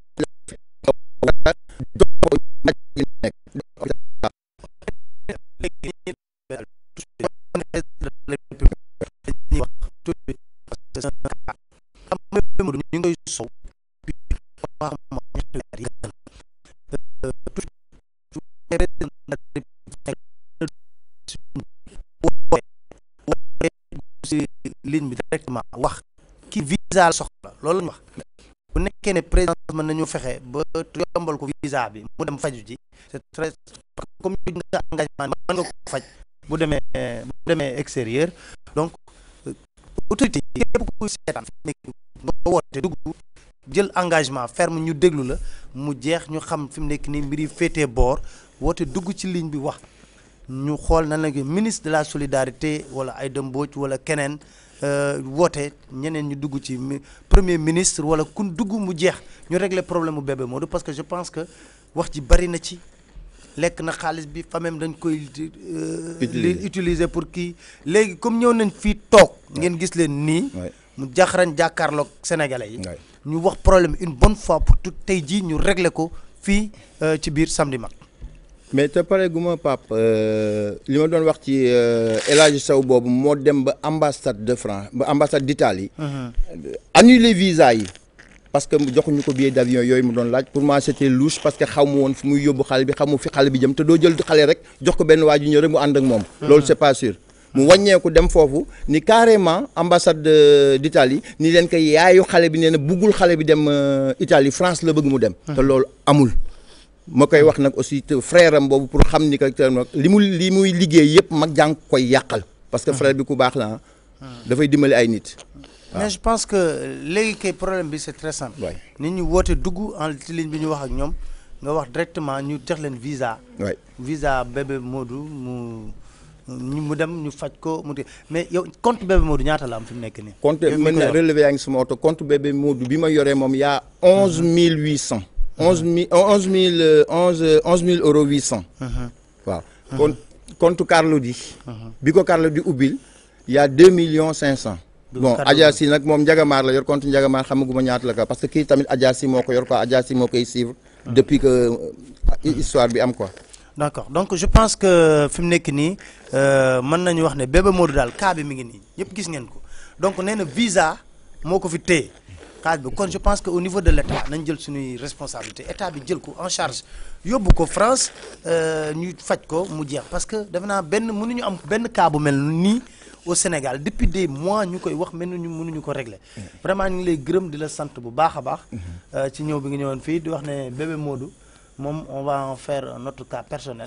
ligne bi directement wax ki visa la soxla loolu la ñu wax bu nekkee ne présidence mën nañu fexe ba yombal ko visa bi mu dem faju ji c'est très comme ñu nga engagement mën ko faj bu demee bu demee extérieur donc autorité yi képp kuy seetaan nga woote dugg jël engagement ferme ñu déglu la mu jeex ñu xam fi mu nekk nii mbir yi féetee boor woote dugg ci ligne bi wax ñu xool na la ministre de la solidarité wala ay Mbodj wala keneen Euh, woote ñeneen ñu dugg ci premier ministre wala kun dugg mu jeex ñu régler problème mu bébé Modou parce que je pense que wax ji bari na ci lekk na xaalis bi famem dañ koy euh, li utiliser pour kii léegi comme ñëw nañ fii toog ngeen gis leen nii mu jaxarañ jàkkaarloog sénégalais yi ñu wax problème une bonne fois pour tout tey jii ñu régle ko fii euh, ci biir samedi mais te pare gu ma Pape euh, li ma doon wax ci euh, El Hadj Sow boobu moo dem ba ambassade de France ba ambassade d'Italie. Uh-huh. annulé visa yi. parce que joxuñu ko billet d'avion yooyu mu doon laaj pour moi c'était louche parce que xaw xamu woon fu muy yóbbu xale bi xamu fi xale bi jëm te doo jël xale rek jox ko benn waa ju ñëw rek mu ànd ak moom. Uh-huh. loolu c'est pas sûr. mu wàññeeku dem foofu ni carrément ambassade d'Italie ni leen ko yaayu xale bi nee na buggul xale bi dem euh, Italie France la bëgg mu dem. Uh-huh. te loolu amul. moo koy wax nag aussi te frère mboobu pour xam ni que li mu li muy liggéey yëpp mag jàng koy yàqal. parce que frère bi ku baax la ah. dafay dimbali ay nit. mais je pense que léegi kay problème bi c'est très simple. nit ñu woote dugg en ci ligne bi ñu wax ak ñoom nga wax directement ñu jox leen visa. waay visa bébé Modou mu. mu dem ñu faj ko mu mais yow compte bébé Modou ñaata la am fi mu nekk nii. compte mën na relevé yaa ngi sama oto compte bi ma yoree moom yaa onze mille huit cent. Euh, onze mille euh, onze mille euh, onze onze mille euros huit cent. Uh-huh. Uh-huh. waaw kon compte Carlodi. Uh-huh. bi ko Carlodi ubbil y' a deux millions cinq cent. bon Adja Sy nag moom Njagamaar la yor compte Njagamaar xamaguma ñaata la ko parce que kii tamit Adja Sy moo ko yor quoi Adja Sy koy suivre. depuis histoire bi am ko d' accord donc je pense que fi mu nekk nii mën nañu wax ne Bébé Modou daal cas bi mi ngi nii ñëpp gis ngeen ko donc nee visa moo ko fi téye. xaalis bi je pense que au niveau de l' état nañ jël suñuy responsabilité état ko en charge yóbbu ko France euh, ñu faj ko mu jeex parce que defe naa benn mënuñu am benn cas mel nii au Sénégal depuis des mois ñu koy wax mel ni ñu mënuñu ko régler vraiment ñu ngi lay gërëm di la sant bu baax a baax. Euh, ci ñëw bi nga ñëwoon fii di wax ne bébé Modou. moom on va en faire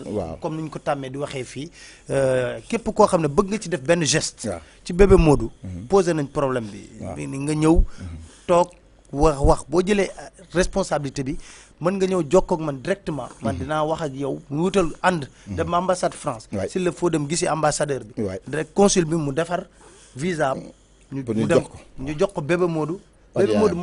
waaw comme ni ñu ko tàmmee di waxee fii euh, képp koo xam ne bëgg nga ci def benn gest ci bébé Modou. Mhm. posé nañ problème bi. nga ñëw. Mhm. toog wax wax boo jëlee euh, responsabilité bi mën nga ñëw jokkoo man directement man mhm. dinaa wax ak yow mu wutal ànd mhm. dem ambassade France si le faut dem gisi ambassadeur bi direct consul bi mu defar visa ñu dem ñu jox ko bébé moodu bébé Modou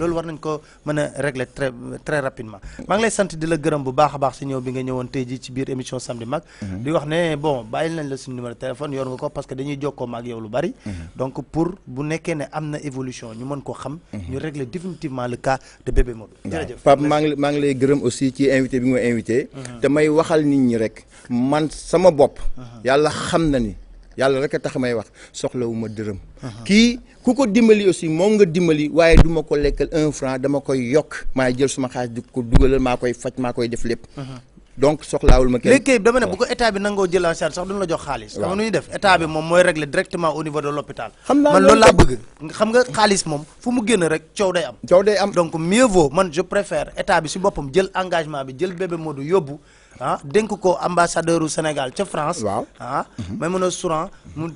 loolu war nañ ko mën a très rapidement maa lay sant di la gërëm bu baax baax si ñëw bi nga ñëwoon tey ci biir émission samedi mag mhm. di wax ne bon bàyyil nañ la suñu numéro téléphone yor nga ko parce que dañuy jokkoo maag yow lu bari mhm. donc pour bu nekkee ne am na évolution ñu mën ko xam mhm. ñu régler définitivement le cas de bébé Modou jërëjëf Pape maa lay gërëm aussi ci invité bi nga invité damay waxal nit ñi rek man sama bopp yàlla xam na ni yàlla rek a tax may wax soxlawu ma dërëm uh-huh. kii ku ko dimbali aussi moom nga dimbali waaye du ko lekkal un franc dama koy yokk maay jël suma xaalis di ko dugalal maa koy faj maa koy def lépp uh-huh. donc soxlaawul ma kenn léegi dama ne bu ko état la jox xaalis xam nu def bi moom mooy régler directement au niveau de l'hôpital xam naa man loolu laa bëgg xam nga xaalis moom fu mu génn rek coow day am coow day am donc mieux vaut man je préfère état bi si ah dénk ko ambassadeur u Sénégal ca France. waaw ah a Souran mu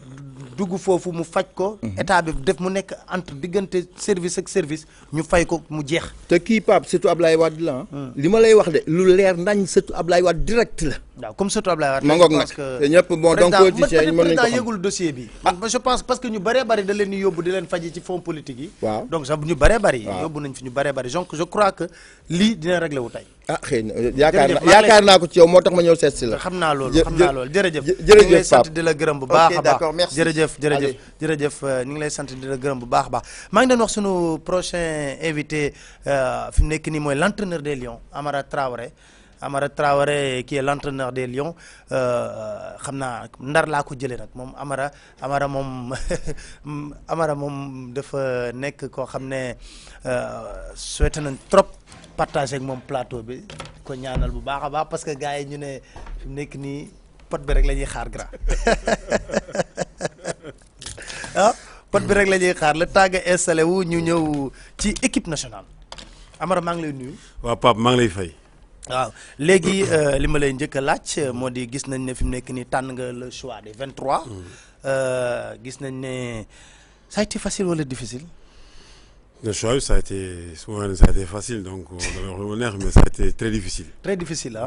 dugg foofu mu faj ko. Mhm. état bi def mu nekk entre diggante service ak service ñu fay ko mu jeex. te kii Pape surtout Ablaye Wade la ah. hmm. li ma lay wax de lu leer nañ surtout Ablaye Wade direct la. waaw comme surtout Ablaye Wade. ma ngoog nag te ñëpp bon donc politiciens yi dossier bi. Ah. je pense parce que ñu bëree bëri da leen yóbbu di leen faji ci fonds politique yi. waaw donc sax ñu bëree bëri. yóbbu ñu bëree bëri je crois que lii dina réglé wu tey. ah xëy na euh, yaakaar naa yaakaar naa ko ci yow moo tax ma ñëw seet si la. xam naa loolu xam naa loolu jërëjëf. jërëjëf euh, ñu ngi lay sant di la gërëm bu baax a baax jërëjëf jërëjëf jërëjëf ñu ngi lay sant di la gërëm bu baax baax maa ngi doon wax sunu prochain invité euh, fu mu nekk nii mooy l'entraîneur des Lions Amara traware Amara traware qui est l'entraîneur des Lions xam naa ndar laa ko jëlee nag moom Amara Amara moom <laughs> Amara moom dafa nekk koo xam ne souhaité nañ trop. partagé ak moom plateau bi ko ñaanal bu baax a baax parce que gars yi ñu ne fi nekk nii pot bi rek la ñuy xaar grand <laughs> ah pot bi rek la ñuy xaar le temps nga wu ñu ñëw ci équipe nationale Amara maa ngi lay nuyu. waaw Pape maa ngi lay fay. waaw léegi euh, li ma lay njëkk a laaj moo di gis nañ ne fi mu nekk nii tànn nga le choix des 23. Mm. Euh, gis nañ ne ça a été facile wala difficile. Le choix, a été a été facile donc dama wax lu ma neex mais ça a été très difficile.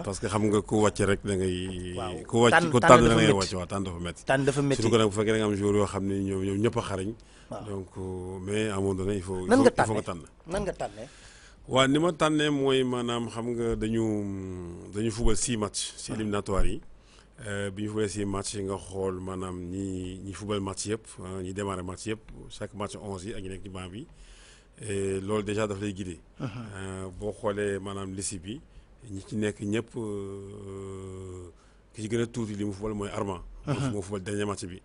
parce que xam nga ko wàcc rek da ngay. waaw ku wàcc ko tànn wàcc waaw tànn dafa métti. tànn dafa métti surtout que nag bu fekkee da nga am joueur yoo xam ne ñëpp a xarañ. donc euh, mais à un il faut. nan nga tànnee il faut nga tànn. nga tànnee. waaw ni ma tànnee mooy maanaam xam nga dañu dañu fubal six matchs. si ah. éliminatoires yi. Euh, bi ñu fubalee si match yi nga xool maanaam ñi ñi fubal match yëpp ah, ñi démarré match yëpp chaque match onze yi ak ñi nekk ci bi loolu déjà daf lay guider. Uh-huh. Euh, boo xoolee maanaam liste bi ñi ci nekk ñëpp euh, ki ci gën a tuuti li mu fubal mooy Armand. Uh-huh. moo fubal dernier match bi.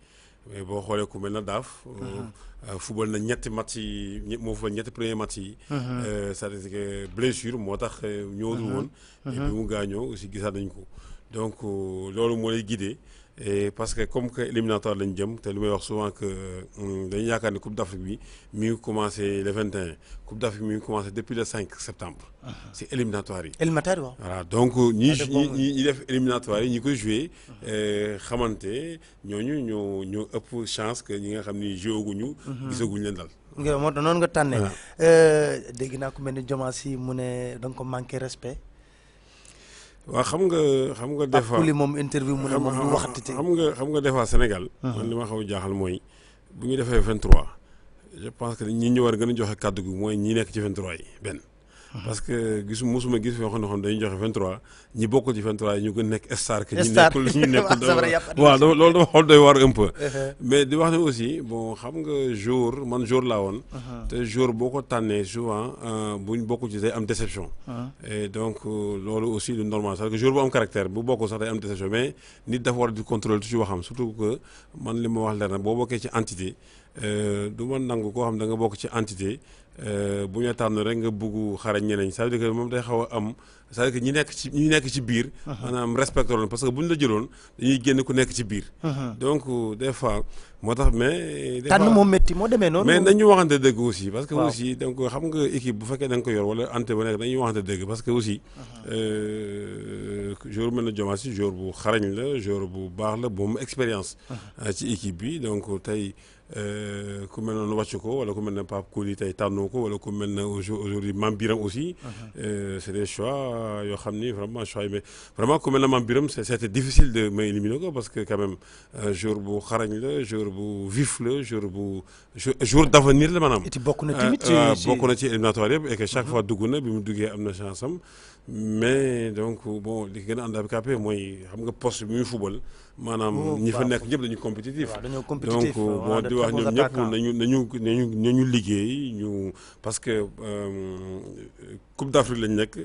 boo xoolee ku na daaf. Euh, uh-huh. fubal na ñetti match yi moo fubal ñetti premier match yi. c'est-à-dire que blessure moo tax ñëwul woon. bi mu gaañoo aussi gisaat nañ ko donc loolu moo lay guider. et parce que comme que éliminatoire lañ jëm te li may wax souvent que euh, dañu yaakaar ni coupe d' bi mi ngi commencé le 21 coupe d' afrique mi ngi commencé depuis le 5 septembre. Uh-huh. si éliminatoire yi. éliminatoire waaw. voilà donc ñi ñi ñi def éliminatoire yi ñi ko joué. Uh-huh. Euh, xamante ñooñu ñoo ñoo ëpp chance que ñi nga xam ni joué guñu. Uh-huh. gisaguñu leen dal. nga moo tax noonu nga tànnee. Euh, dégg naa ku mel ni Jomassi mu ne da nga manqué respect. waaw xam nga xam nga. des fois ak moom interview mu ne moom du waxati te xam nga xam nga des fois Sénégal. man li ma xaw jaaxal mooy bu ñu defee 23. je pense que ñi ñu war gën a joxe kàddu gi mooy ñi nekk ci 23 yi benn. parce que gisu mosuma gis yoo xam ne dañuy joxe 23 ñi bokkul ci 23 ñu gën nekk star que ñi nekkul ñu <laughs> nekkul waaw loolu dafa xool doy uh-huh. di wax ne aussi bon xam nga jour man jour laa woon uh-huh. te jour boo ko tànnee souvent euh, bu ñu ci day am déception e donc euh, loolu aussi lu normal c'est-à-dire que jour bu am caractère bu bokkul sax day am déception mais nit dafa war di contrôler tu ci waxam surtout que man li ma wax leer na boo bokkee ci entité euh, du ma nangu koo xam da nga bokk ci entité Euh, bu ñu tànn rek nga bugg xarañ ñeneen c'est-à-dire que moom day xaw a am cest à que ñi nekk ci ñi nekk ci biir. Uh-huh. maanaam respecté loon parce que bu ñu la jëloon dañuy génn ku nekk ci biir. Uh-huh. donc euh, des fois moo tax mais. des moom métti moo demee noonu. mais nañu waxante dëgg aussi. parce que aussi donc xam nga équipe bu fekkee da nga ko yor wala ante ba nekk dañuy waxante dëgg parce que aussi. Uh-huh. Euh, joueur bu mel ne Diomaye si joueur bu xarañ la joueur bu baax la bu am expérience. ci équipe bi donc tey. Euh, ku mel noonu wàcc ko wala ku mel ne Pape Kouli tey ko wala ku mel ne aujourd'hui Mame aussi. Uh-huh. Euh, c' est des choix yoo xam ni vraiment choix yi mais vraiment ku mel ne Mame Biram c' était difficile de may éliminer ko parce que quand euh, jour bu xarañ la jour bu vif la jour bu jour d' avenir la maanaam. it bokk na tamit bokk na ci éliminatoire yëpp et chaque uh-huh. fois dugg na bi mu duggee am na chance mais donc bon li gën a handicapé mooy xam nga poste mi muy maanaam oh, ñi fa nekk ñëpp dañu compétitif donc bon di wax ñoom ñëpp nañu nañu nañu nañu liggéey ñu parce que euh, Coupe d'Afrique lañ nekk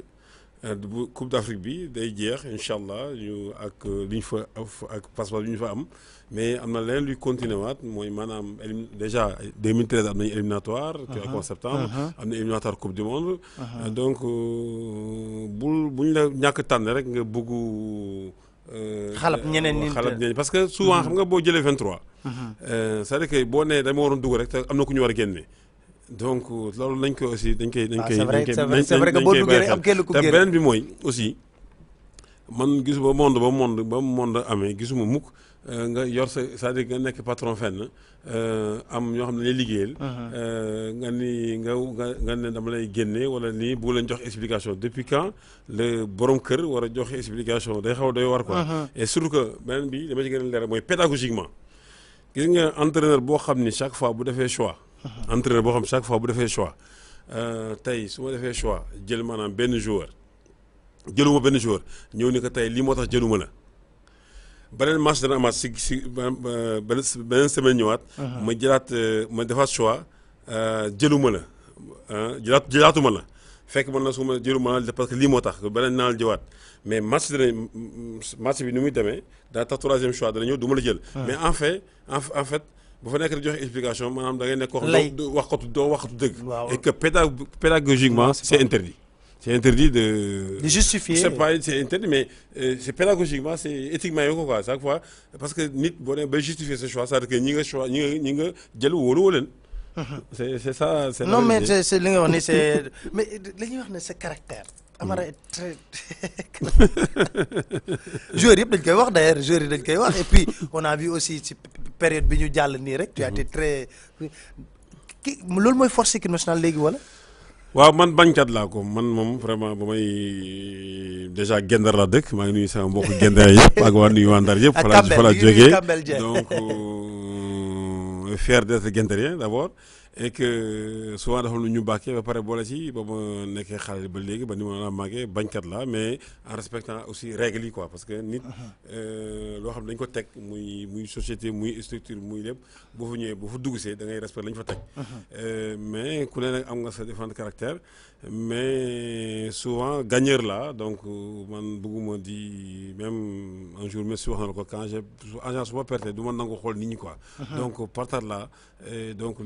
euh, bu Coupe d'Afrique bi day jeex incha allah ñu ak euh, li ñu fa ak passeport ñu fa am mais am na leneen luy continué waat mooy maanaam déjà 2013 am nañu éliminatoire en uh-huh. septembre uh-huh. am na éliminatoire coupe du monde uh-huh. donc bu ñu la ñàkk tànn rek nga bëggu Euh, xalab ñeneen ñi xalab ñeneen parce que souvent xam nga boo jëlee 23. Mhm. Euh, c'est-à-dire que boo nee dama waroon dugg rek te am na ku ñu war a génne. donc loolu nañ ko aussi dañ koy. dañ ah, koy dañ koy dañ koy bàyyi xel te beneen bi mooy aussi man gisuma monde ba monde ba monde amee gisuma mukk Euh, nga yor sa cest dire nga nekk patron fenn euh, am ñoo xam ne lay liggéeyal. Euh, nga ni nga nga ne dama lay génne wala nii bu leen jox explication depuis quand le borom kër war a joxe explication day xaw a doy war quoi. et surtout que beneen bi dama ci gën a leer mooy pédagogiquement gis nga entraîneur boo xam ni chaque fois bu defee choix. entraîneur boo xam chaque fois bu defee choix tey su ma defee choix jël maanaam benn joueur jëluma benn joueur ñëw ni ko tey lii moo tax jëluma la. beneen match dana amaat si si beneen semaine ñëwaat. Uh-huh. ma jëlaat euh, ma defaat choix euh, jëluma la jëlaat jëlaatuma la fekk man na su ma jëluma la parce que lii moo tax beneen naa la jëwaat mais match dana match bi nu muy demee daa tax troisième choix dana ñëw du ma la jël. Uh-huh. mais en fait en fait. bu fa nekk di joxe explication maanaam da ngay nekk. lay wax waxatu doo waxatu dëgg. et que pédag pédagogiquement c'est interdit. c'est interdit de. de justifier c'est pas c'est interdit mais euh, c'est pédagogiquement c'est éthiquement yoo ko quoi chaque fois parce que nit boo demee ba justifier ce choix c'est-à-dire que nga choix ñi nga ñi nga jël mm-hmm. non mais c'est c'est li nga wax <laughs> mais li ñuy wax ne c'est caractère. Amara mm-hmm. est très <laughs> joueurs dañ koy wax d'ailleurs joueurs yi dañ koy wax et puis on a vu aussi ci période bi ñu jàll nii rek. tu as mm-hmm. été très ki loolu mooy force équipe léegi wala. waaw man bañkat laa ko man moom vraiment ba may déjà gendar laa dëkk maa ngi nuyu sama mbokku gendar yëpp ak waa nuyu waa Ndar yëpp. <laughs> fa laa fa laa jógee donc euh, fier d'être gendarien d'abord. et que souvent dafa lu ñu bàkkee ba pare boole ci ba ma nekkee xale ba léegi ba ni ma la màggee bañkat la mais en respectant aussi règles yi quoi parce que nit uh-huh. euh, loo xam dañ ko teg muy muy société muy structure muy lépp boo fa ñëwee boo fa duggsee da ngay respect lañ fo teg uh-huh. euh, mais ku ne nag am nga sa défense de caractère mais souvent gagneur la donc euh, man bëgguma di même un jour messi wax na ko quand j'ai agence su ma perte du ma nangu xool nit ñi quoi uh-huh. donc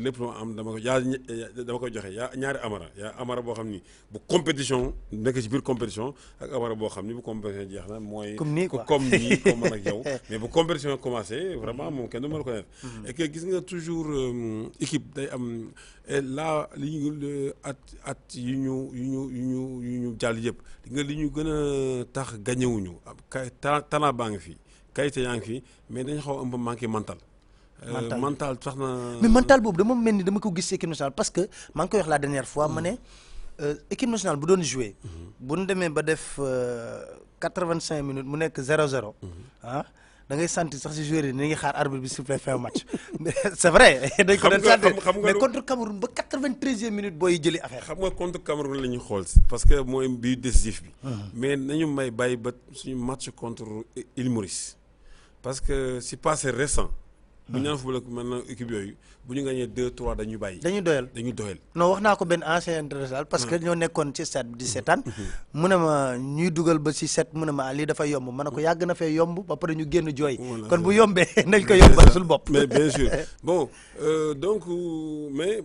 dama ko yaa eh, koy joxe yaa ñaari amara yaa amara boo xam ni bu compétition nekk si bir compétition ak amara boo xam ni bu compétition jeex na mooy. comme ni ko comme nii <laughs> comme man ak yow. mais bu compétition commencé vraiment moom kenn du ma la mm-hmm. et que gis nga toujours euh, équipe day am là li ñu at at yu ñu ñu ñu ñu jàll yëpp nga li ñu gën a tax gañewuñu kay talent baa ngi fi qualité yaa ngi fi mais dañu xaw a un peu manqué mental. Euh, mental sax na. mais mental boobu dama mel ni dama ko gis si équipe nationale parce que maa ngi koy wax la dernière fois ma ne mm. euh, équipe nationale bu doon jouer. Mm-hmm. bu ñu demee ba def euh, quatre-vingt-cinq minutes mu nekk zéro zéro. Mm-hmm. ah da ngay sentir sax si joueur ni ngi xaar arbitre bi siffler fin match <laughs> mais vrai. <laughs> dañ ko doon mais contre Cameroun ba quatre minute booy jëli affaire. xam nga contre Cameroun la xool parce que mooy bii décisif bi. Mm-hmm. mais nañu may bàyyi ba suñu match contre Île Maurice. parce que si passé récent. bu ñu naan football ak maintenant équipe yooyu bu ñu gagné 2 3 dañuy bàyyi. dañuy doyal dañuy wax naa ko benn ancien international parce que mm. ñoo nekkoon ci stade di mm-hmm. seetaan. Mm-hmm. mu ne ma ñuy dugal ba si set mu ne ma ah, lii dafa yomb ma ne ko mm. yàgg na fee yomb ba pare ñu génn jooy. kon bu yombee <laughs> nañ ko yombal suñu bopp. mais bien sûr <laughs> bon euh, donc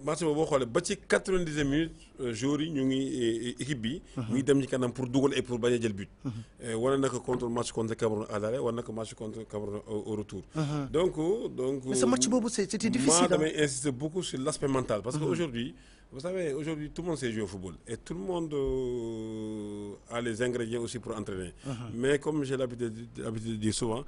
ba ci 90 minutes jours yi ñu ngi euh, équipe bi. Mm-hmm. ñu dem ci kanam pour dugal et pour bañ a jël but. wane na ko match contre Cameroun à l'aller wane match contre Cameroun au retour. Euh, damay insister beaucoup sur l'aspect mental parce que mhm. aujourd'hui vous savez aujourd'hui tout le monde sait jouer au football et tout le monde euh, a les ingrédients aussi pour entraîner mhm. mais comme j'ai l'habitude de dire souvent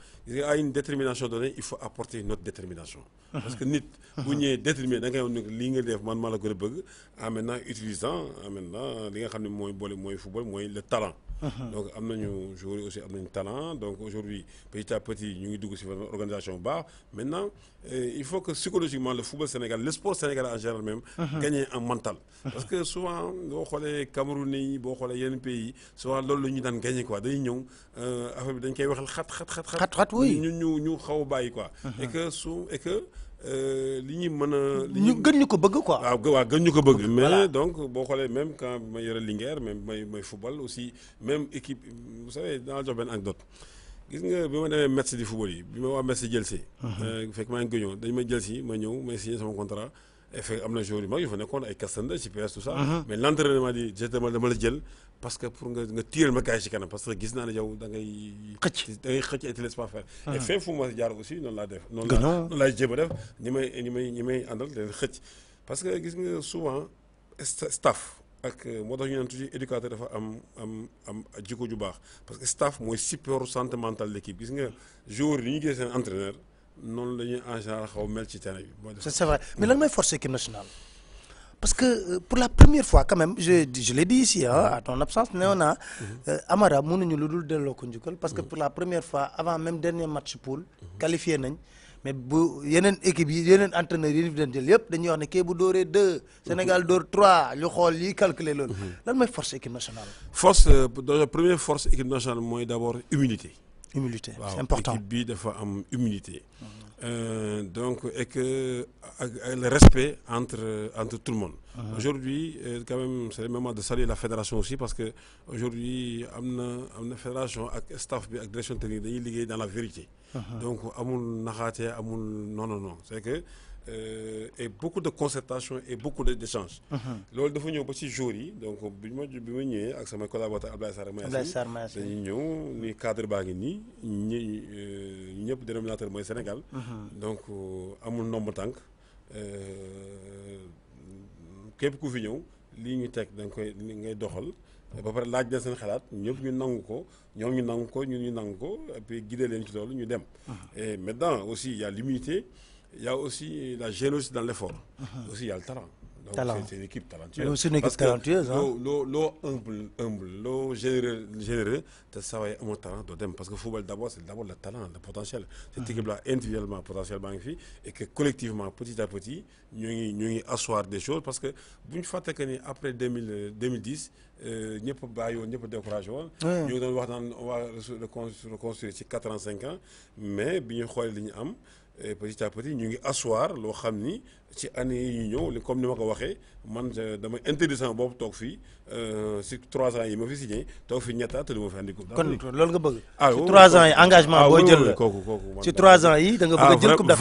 à une détermination donnée il faut apporter une détermination mhm. parce que nit bu ñëwee déterminé da ngay wax ne lii nga def man maa la gën a bëgg utilisant en maintenant li nga xam ne mooy boole mooy football mooy le talent <laughs> donc am na ñu yi aussi am nañu talent donc aujourd'hui petit à petit ñu ngi dugg si organisation bu baax maintenant euh, il faut que psychologiquement le football sénégal le sport sénégalais en général même <laughs> gagner en mental parce que souvent boo xoolee Cameroun yi boo xoolee yenn pays souvent loolu la ñu daan gagner quoi day ñëw euh, affaire bi dañ koy waxal xat xat xat xat xat ñu ñu ñu xaw a bàyyi quoi et que su et que Euh, li ñuy mën a. li ñu gën ñu ko bëgg ko waaw waaw gën ñu ko bëgg. mais donc boo xoolee même quand ma yore Linguère même may may football aussi même équipe vous savez dinaa jox benn anecdote gis nga bi ma demee Metz di football yi bi ma waa Metz jël si. Uh-huh. Euh, fekk maa ngi gëñoo dañ ma jël si ma ñëw may signé sama contrat. et fekk am na joueurs yu mag yu fa nekkoon ay Kastanda ci PS tout ça. Uh-huh. mais l'entraînement di dama la jël. parce que pour nga nga tiiral ma gars ci kanam parce que gis naa ne yow da ngay. xëcc da ngay xëcc et te laisse pas faire. Ah. et fépp fu ma jaar aussi noonu laa def. noonu laa noonu laa def ñi may ñi may ñi xëcc. parce que gis nga souvent staff ak euh, moo tax ñu naan toujours éducateur dafa am am am jikko ju baax parce que staff mooy support sentimental l'équipe gis nga joueur yi ñu gisee seen entraîneur noonu la ñuy en général xaw mel ci terrain bi. c'est vrai mais lan may forcer équipe nationale. parce que euh, pour la première fois quand même je je l'ai dit ici hein, mm-hmm. à ton absence néew naa mm-hmm. euh, Amara mënuñu lu dul delloo ko njukkal parce que mm-hmm. pour la première fois avant même dernier match poule qualifié nañ mais bu yeneen équipe yi yeneen entraîneurs yi ñu fi doon jël yëpp dañuy wax ne kii bu dóoree deux Sénégal dóor trois ñu xool yi calculer loolu lan mooy force équipe nationale force euh, la première force équipe nationale mooy d'abord humilité humilité c'est important équipe bi dafa am humilité Euh, donc, et que et respect entre, entre tout le monde. Uh -huh. Aujourd'hui, euh, quand même, c'est le moment de saluer la fédération aussi parce que aujourd'hui, la fédération avec staff et la direction technique, ils dans la vérité. Uh-huh. Donc, amul nahate, amul non, C'est que Euh, et beaucoup de concertation et beaucoup d'échanges. Mhm. loolu dafa ñëw ba ci jour yi donc bi ma bi ma ñëwee ak sama collaborateur Abdoulaye Sarr Mayassi. Abdoulaye Sarr Mayassi dañuy ñëw ni cadre baa ngi nii ñi euh, ñëpp dénominateur mooy Sénégal. Mhm. donc euh, amul nombre tànk képp ku fi ñëw lii ñu teg da nga koy ngay doxal. ba pare laaj leen seen xalaat ñëpp ñu nangu ko ñoom ñu nangu ko ñun ñu nangu ko et puis guider leen ci loolu ñu dem. Mhm. et maintenant aussi il y a l'immunité il aussi la générosité dans l'effort. Uh-huh. Aussi, il y le talent. Donc, c'est une équipe talentueuse. C'est une équipe talentueuse. L'eau humble, humble, l'eau généreux, généreux ça va être un talent d'Odem. Parce que le football, d'abord, c'est d'abord le talent, le potentiel. Cette mm -hmm. équipe-là, individuellement, potentiellement, et que collectivement, petit à petit, nous allons asseoir des choses. Parce que, une fois après 2000, 2010, euh, ñëpp bàyyiwoon ñëpp découragé woon. ñu ngi doon wax naan on va reconstruire ci 4 ans 5 ans mais bi ñu xoolee li ñu am. et petit à ñu ngi asseoir loo xam ni ci année yu ñëw comme ni ma ko waxee man euh, dama interdit sama toog fii euh, si trois ans yi ma fi signé toog fi ñetti at li fi andi coupe. loolu nga bëgg. ah trois ans yi engagement ah, boo jël la kooku kooku ci trois ans yi da ah, bëgg a jël coupe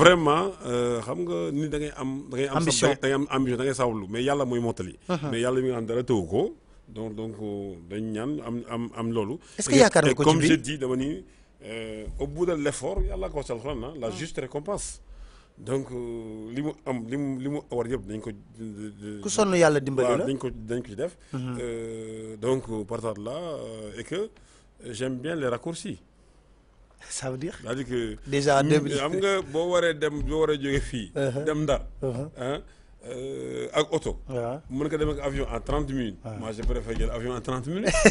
euh, xam nga ni da ngay am. da ngay am da ngay am ambition da ngay sawlu mais yàlla mooy mottali. Uh-huh. mais yàlla mi nga xam dara tëw ko donc donc loolu. est comme je dama ni. Euh, au bout de l'effort yàlla ko sal xol na ah, la juste récompense donc euh, li mu am li mu li mu war yëpp dañ ko. ku sonn yàlla dimbali la dañ ko dañ ko ci def. Mhm. Euh, donc par la e que j'aime bien les raccourcis. ça veut dire. cest à déjà am nga boo waree dem boo waree jóge fii. Uh-huh. dem ndar. Uh-huh. Ah, Euh, ak oto. waaw mën ko dem ak avion en trente minutes.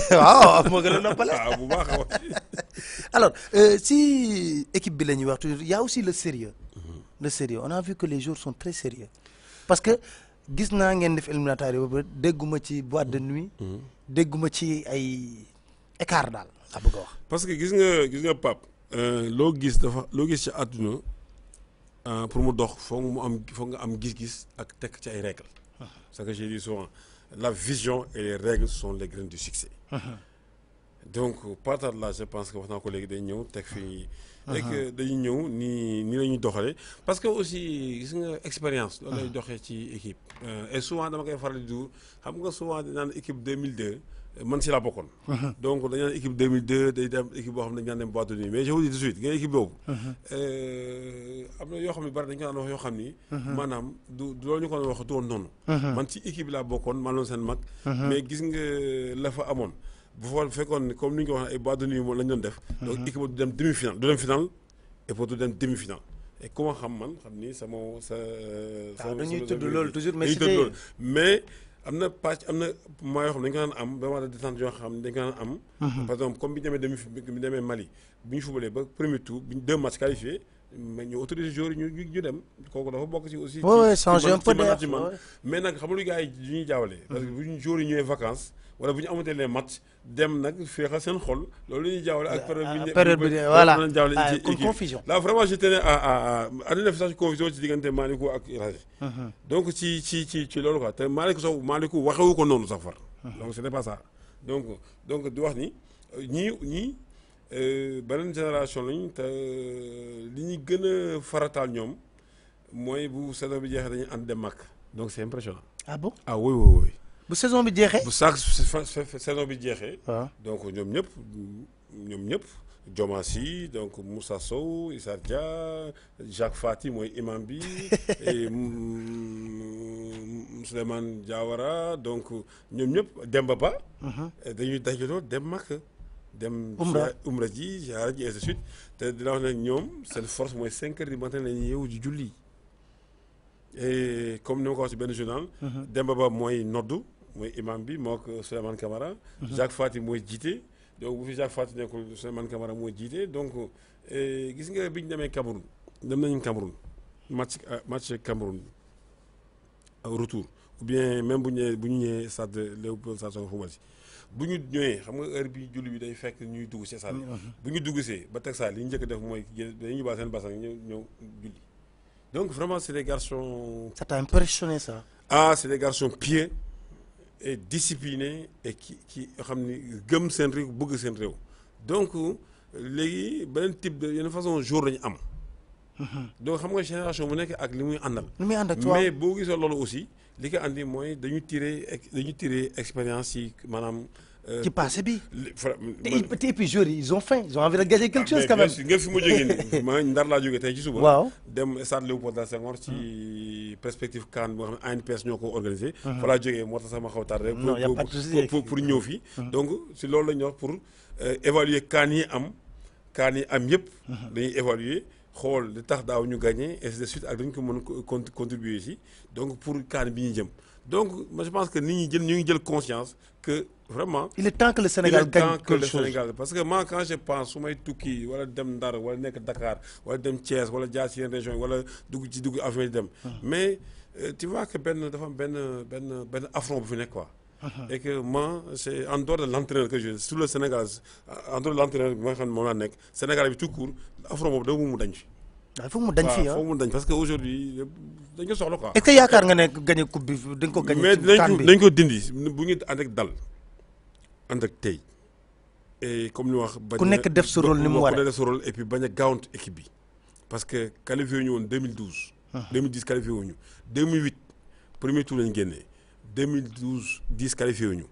<laughs> moo gën a noppale. waaw ah, bu baax a <laughs> alors euh, si équipe bi la ñuy wax toujours y a aussi le sérieux mhm. la sérieux on a vu que les jours sont très sérieux parce que gis naa ngeen def éliminatoire dégguma ci boîte de mhm. nuit. Mhm. dégguma ci ay écart daal a bëgg a wax. parce que gis nga gis nga Pape. Euh, loo gis dafa loo gis ci àdduna. Euh, pour mu dox foog mu am foog nga am gis-gis ak tekk ci ay règles. Ah. ce que j'ai la vision et les règles sont les graines du succès. Ah. donc partant de là je pense que wax naa ko léegi day ñëw teg fii. rek ah. dañuy ñëw nii nii la ñuy doxalee parce que aussi gis nga expérience. loolu lay doxee ci équipe. Euh, et souvent dama koy faral di du xam nga souvent di naan équipe 2002. man si laa bokkoon. Uh-huh. donc dañu naan équipe 2002 de nuit mais je vous dis boobu. Uh-huh. am na yoo xam ne bari dañu yoo xam ni. Uh-huh. maanaam du du loolu ñu ko doon wax du woon noonu. man ci équipe laa bokkoon man loon seen mag. mais gis nga la fa amoon. bu fa fekkoon comme ni ñu ko waxee ay boîte de nuit moom lañu doon def. donc équipe du dem demi finale du dem finale et pour du dem demi finale. et ku ma xam man xam ni sama sa. sa ah, sa dañuy tudd loolu toujours mais am na pàcc am na mois yoo xam ne ko naan am vraiment de détente yoo xam ne ko naan am. Mhm. par exemple comme bi ñu demee demi bi ñu demee Mali bi ñu fubalee ba premier tour bi ñu deux matchs mais ñu autorisé joueurs ñu ñu dem kooku dafa bokk ci aussi. oui oui changer un peu mais nag xam nga lu yi du ñuy jaawale. parce que mhm. bu ñu joueurs yi ñëwee wala bu ñu amatee les matchs dem nag féexal seen xol loolu la ñuy jaawale ak période bi voilà kon ah, confusion là vraiment je tenais à à à dina fi sax confusion ci diggante Maliku ak Irage mhm. donc ci ci ci ci loolu quoi te Maliku sax Maliku waxewu ko noonu sax far mhm. donc ce n'est pas ça donc donc di wax ni ñii ñii euh, beneen génération lañ te euh, li ñu gën a farataal ñoom mooy bu saison bi jeexee dañuy ànd dem mag donc c'est impressionnant ah bon ah bu saison bi jeexee. bu sax saison bi jeexee. waaw ah. donc ñoom ñëpp ñoom ñëpp. Diomassi donc Moussa Sow Issa Dia Jacques Fati mooy imam bi <laughs> et Souleymane Diawara donc ñoom ñëpp Demba Ba. Mhm. dañuy dajaloo dem Makka. dem umra umra ji ziara ji et de suite te dina wax ne ñoom seen force mooy cinq heures du matin la yeewu julli comme ni ma ko wax ci benn journal. Mhm. Demba Ba mooy noddu. mooy imam bi moo ko Souleymane Camara. Mhm. Jacques Fati mooy jiite. donc bu fi Jacques Fati nekkul Souleymane Camara mooy jiite donc euh, gis nga bi ñu demee Cameroun dem nañu Cameroun match euh, match Cameroun euh, retour ou bien même bu ñu ñëwee bu ñu ñëwee stade Léopold Sédar Senghor football si bu ñu ñëwee xam nga heure bi julli bi day fekk ñuy dugg si stade mm-hmm. bu ñu dugg see ba teg saa li ñu njëkk def mooy dañuy baal seen basang ñëw ñëw julli donc vraiment c'est des garçons. ça t'a impressionné ça. ah c'est des garçons pieux. et discipliné et qui xam ni gëm seen réew bugg seen réew donc léegi beneen type de yenn façon jour dañu am. donc xam nga génération bu nekk ak li muy àndal. li muy àndal mais boo gisee loolu aussi li ko andi mooy dañu tirer dañu tirer expérience yi maanaam. ci euh, passé bi. te et ils ont faim ils ont envie ah, <laughs> ndar laa jógee tey ci suba. waaw dem stade Léopold Senghor ci hmm. perspective CAN boo xam ne ANPS ñoo ko organisé. Hmm. fa laa jógee moo tax sama xaw tardé. pour pour ñëw fii. Hmm. donc si loolu la ñuy wax pour euh, évaluer CAN yi am CAN yi am yëpp. dañuy évaluer. xool li tax daaw ñu gagné et de suite ak dañ ko mën a contribuer si donc pour kaan bi ñu jëm donc je pense que nit ñi jël ñu vraiment il est temps que le Sénégal gagne quelque parce que moi quand je pense su may tukki wala dem Ndar wala nekk Dakar wala dem Thiès wala jaar ci yenn région yi wala dugg ci dugg avion yi dem. Ah. mais euh, benn dafa am benn benn benn affront bu fi nekk quoi. Ah. et que moi c'est en le Sénégal euh, en dehors de l'entraîneur bi nga xam ne moom bi tout court affront boobu dafa mu dañ fi. waaw ah, foog mu dañ fii parce que aujourd'hui dañ ko soxla quoi. est-ce que yaakaar nga ne gagné coupe ko gagné. ci tànn bi mais dañ dal. ànd ak tey et comme ni wax. ku nekk def sa rôle ni mu waree def sa rôle et puis bañ a gaawantu équipe bi parce que qualifié wu ñu woon 2012. 2010 ah. qualifié wu ñu 2008 premier tour lañ génnee 2012 10 wu ñu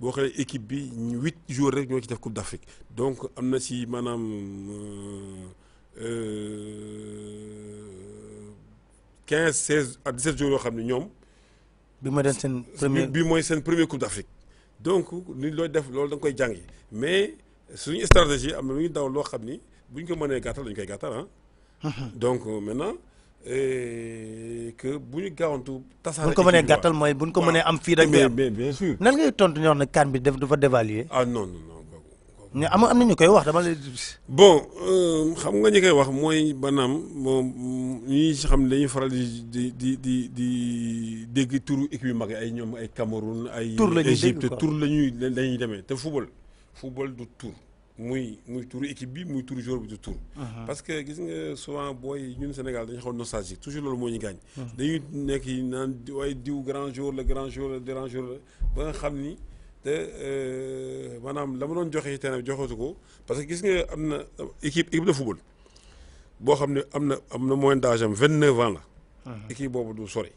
boo xoolee équipe bi huit jours rek ci def coupe d'Afrique donc am na si maanaam euh, euh, quinze seize à ah, dix sept yoo xam ne ñoom. bi ma dem seen premier bi mooy seen premier d'Afrique. donc ni looy def loolu danga nga koy jàngi mais suñu stratégie am na lu ñu daw loo xam ni bu ñu ko mënee gàttal lañu koy gàttal ah. <laughs> donc euh, maintenant euh, que bu ñu gaawantu tasaare. bu ñu ko mënee gàttal mooy bu ñu ko mënee am fii rek. mais bien sûr. nan ngay tontu ñoo xam ne kan bi daf dafa dévaluer ah non non non. mais am na ñu koy wax dama lay. bon euh, xam ñu koy wax mooy banaam moom ñi xam ne dañuy faral di di di di di dégg turu équipe yu mag ay ñoom ay Cameroun ay. tur la ñuy Égypte tur la ñuy dañuy demee te football. football du tur muy muy tour équipe bi muy turu joueur bi du tur. Uh-huh. parce que gis nga souvent booy ñun Sénégal dañu xaw nostalgique toujours loolu moo ñu gaañ. Uh-huh. dañuy nekk naan waaye diw grand joueur la grand joueur la grand joueur la ba xam ni. te euh, maanaam la ma doon joxe ci terrain bi joxatu ko parce que gis nga am na équipe équipe de football boo xam ne am na am na moyen am vingt neuf ans la. Mhm. équipe boobu du sori.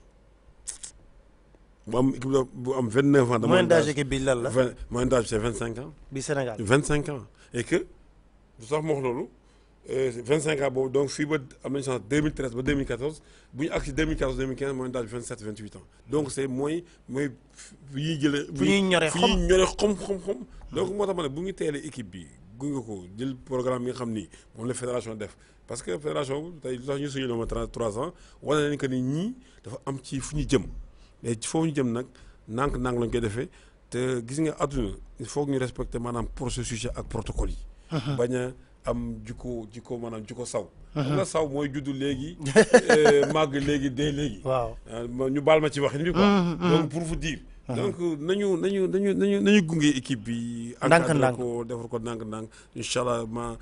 bu am équipe la bu am vingt neuf ans. moyen d'âge bi lan la. vingt moyen d'âge vingt cinq ans. bi Sénégal vingt cinq ans et que lu sax ma loolu. Euh, vingt cinq ans boobu donc fii ba am nañu chance 2013 ba 2014 bu ñu àgg si 2014 2015 mooy daal 27 28 ans donc c'est mooy mooy fi ñuy jëlee. fi ñuy ñoree xom fi ñuy ñoree xom xom donc moo tax ma ne bu ñu teelee équipe bi gunge ko jël programme bi nga xam ni moom la fédération def parce que fédération tey lu tax ñu suñu doon 33 ans wane nañu que ni ñii dafa am ci fu ñu jëm mais foofu ñu jëm nag nànk nànk lañ koy defee te gis nga àdduna il faut ñu respecter maanaam processus ak protocole yi. am jikko jikko maanaam jikko saw saw mooy juddu léegi <laughs> eh, màgg léegi dee léegi waaw ah, ñu baal ma ci waxin bi quoi donc nañu nañu nañu nañu nañu gunge équipe bi encadré ko defar ko ndànk-ndànk incha allah ma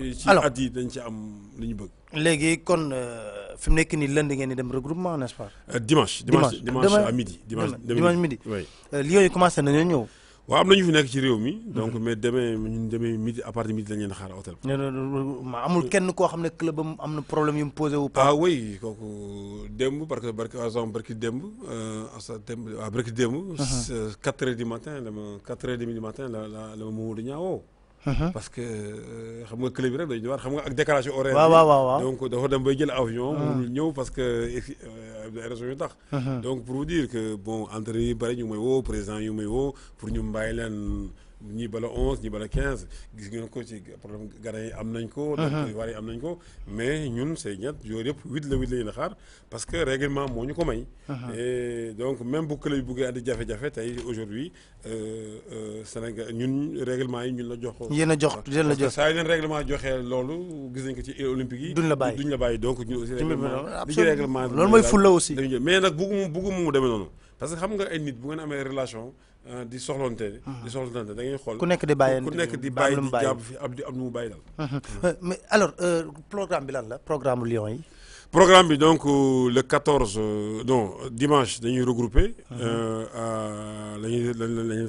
eh, ci at dañ ci am li ñu bëgg léegi kon euh, fi nekk nii lundi ngeen di dem regroupement n'est-ce pas euh, dimanche dimanche dimanche à midi dimanche dimanche midi euh, lions yi commencé nañu ñëw waaw am na ñu fi nekk ci réew mi. Mhm. donc mais demee ñun demee midi à partir midi la ñuy xaar hôtel. amul kenn koo xam ne club am am na problème yu mu posé wu. ah oui kooku démb par que barki asan barki démb euh, asa a ah, waaw barki démb. 4 mhm. heures du la ma 4 heures du matin la la la ma Mamadou Niang woo Uh-huh. parce que euh, xam nga club bi rek day ñëwaat xam nga ak déclaration horaire. donc dafa dem bay jël avion. Ah. mënul ñëw parce que euh, ay raison yu tax. Uh-huh. donc pour vous dire que bon entraîneur yu bari ñu may woo président yu may woo pour ñu bàyyi leen. ñii ba la onze ñii ba quinze gis ngeen ko ci problème garañ yi am nañ ko. waar yi am nañ ko mais ñun say ñett yooyu yëpp huit la huit la ñuy xaar parce que règlement moo ñu ko may. et donc même bu club yi buggee andi jafe-jafe tey aujourd'hui euh, euh, Sénégal ñun règlement yi ñun la jox. yéen a jox yéen loolu gis nañ ko ci olympique yi. duñ la bàyyi duñ la bugguma mu demee noonu parce que xam nga ay nit bu ngeen amee relation. Euh, di soxlante di mhm. soxlante da ngay xool. ku nekk di bàyyi ku nekk di bàyyi di jàpp fi am di am nu mu bàyyi daal. Mhm. Euh, euh, programme bi laal la programme Lions yi. programme bi donc le 14 non dimanche dañuy regrouper. Mhm. la ñuy la ñuy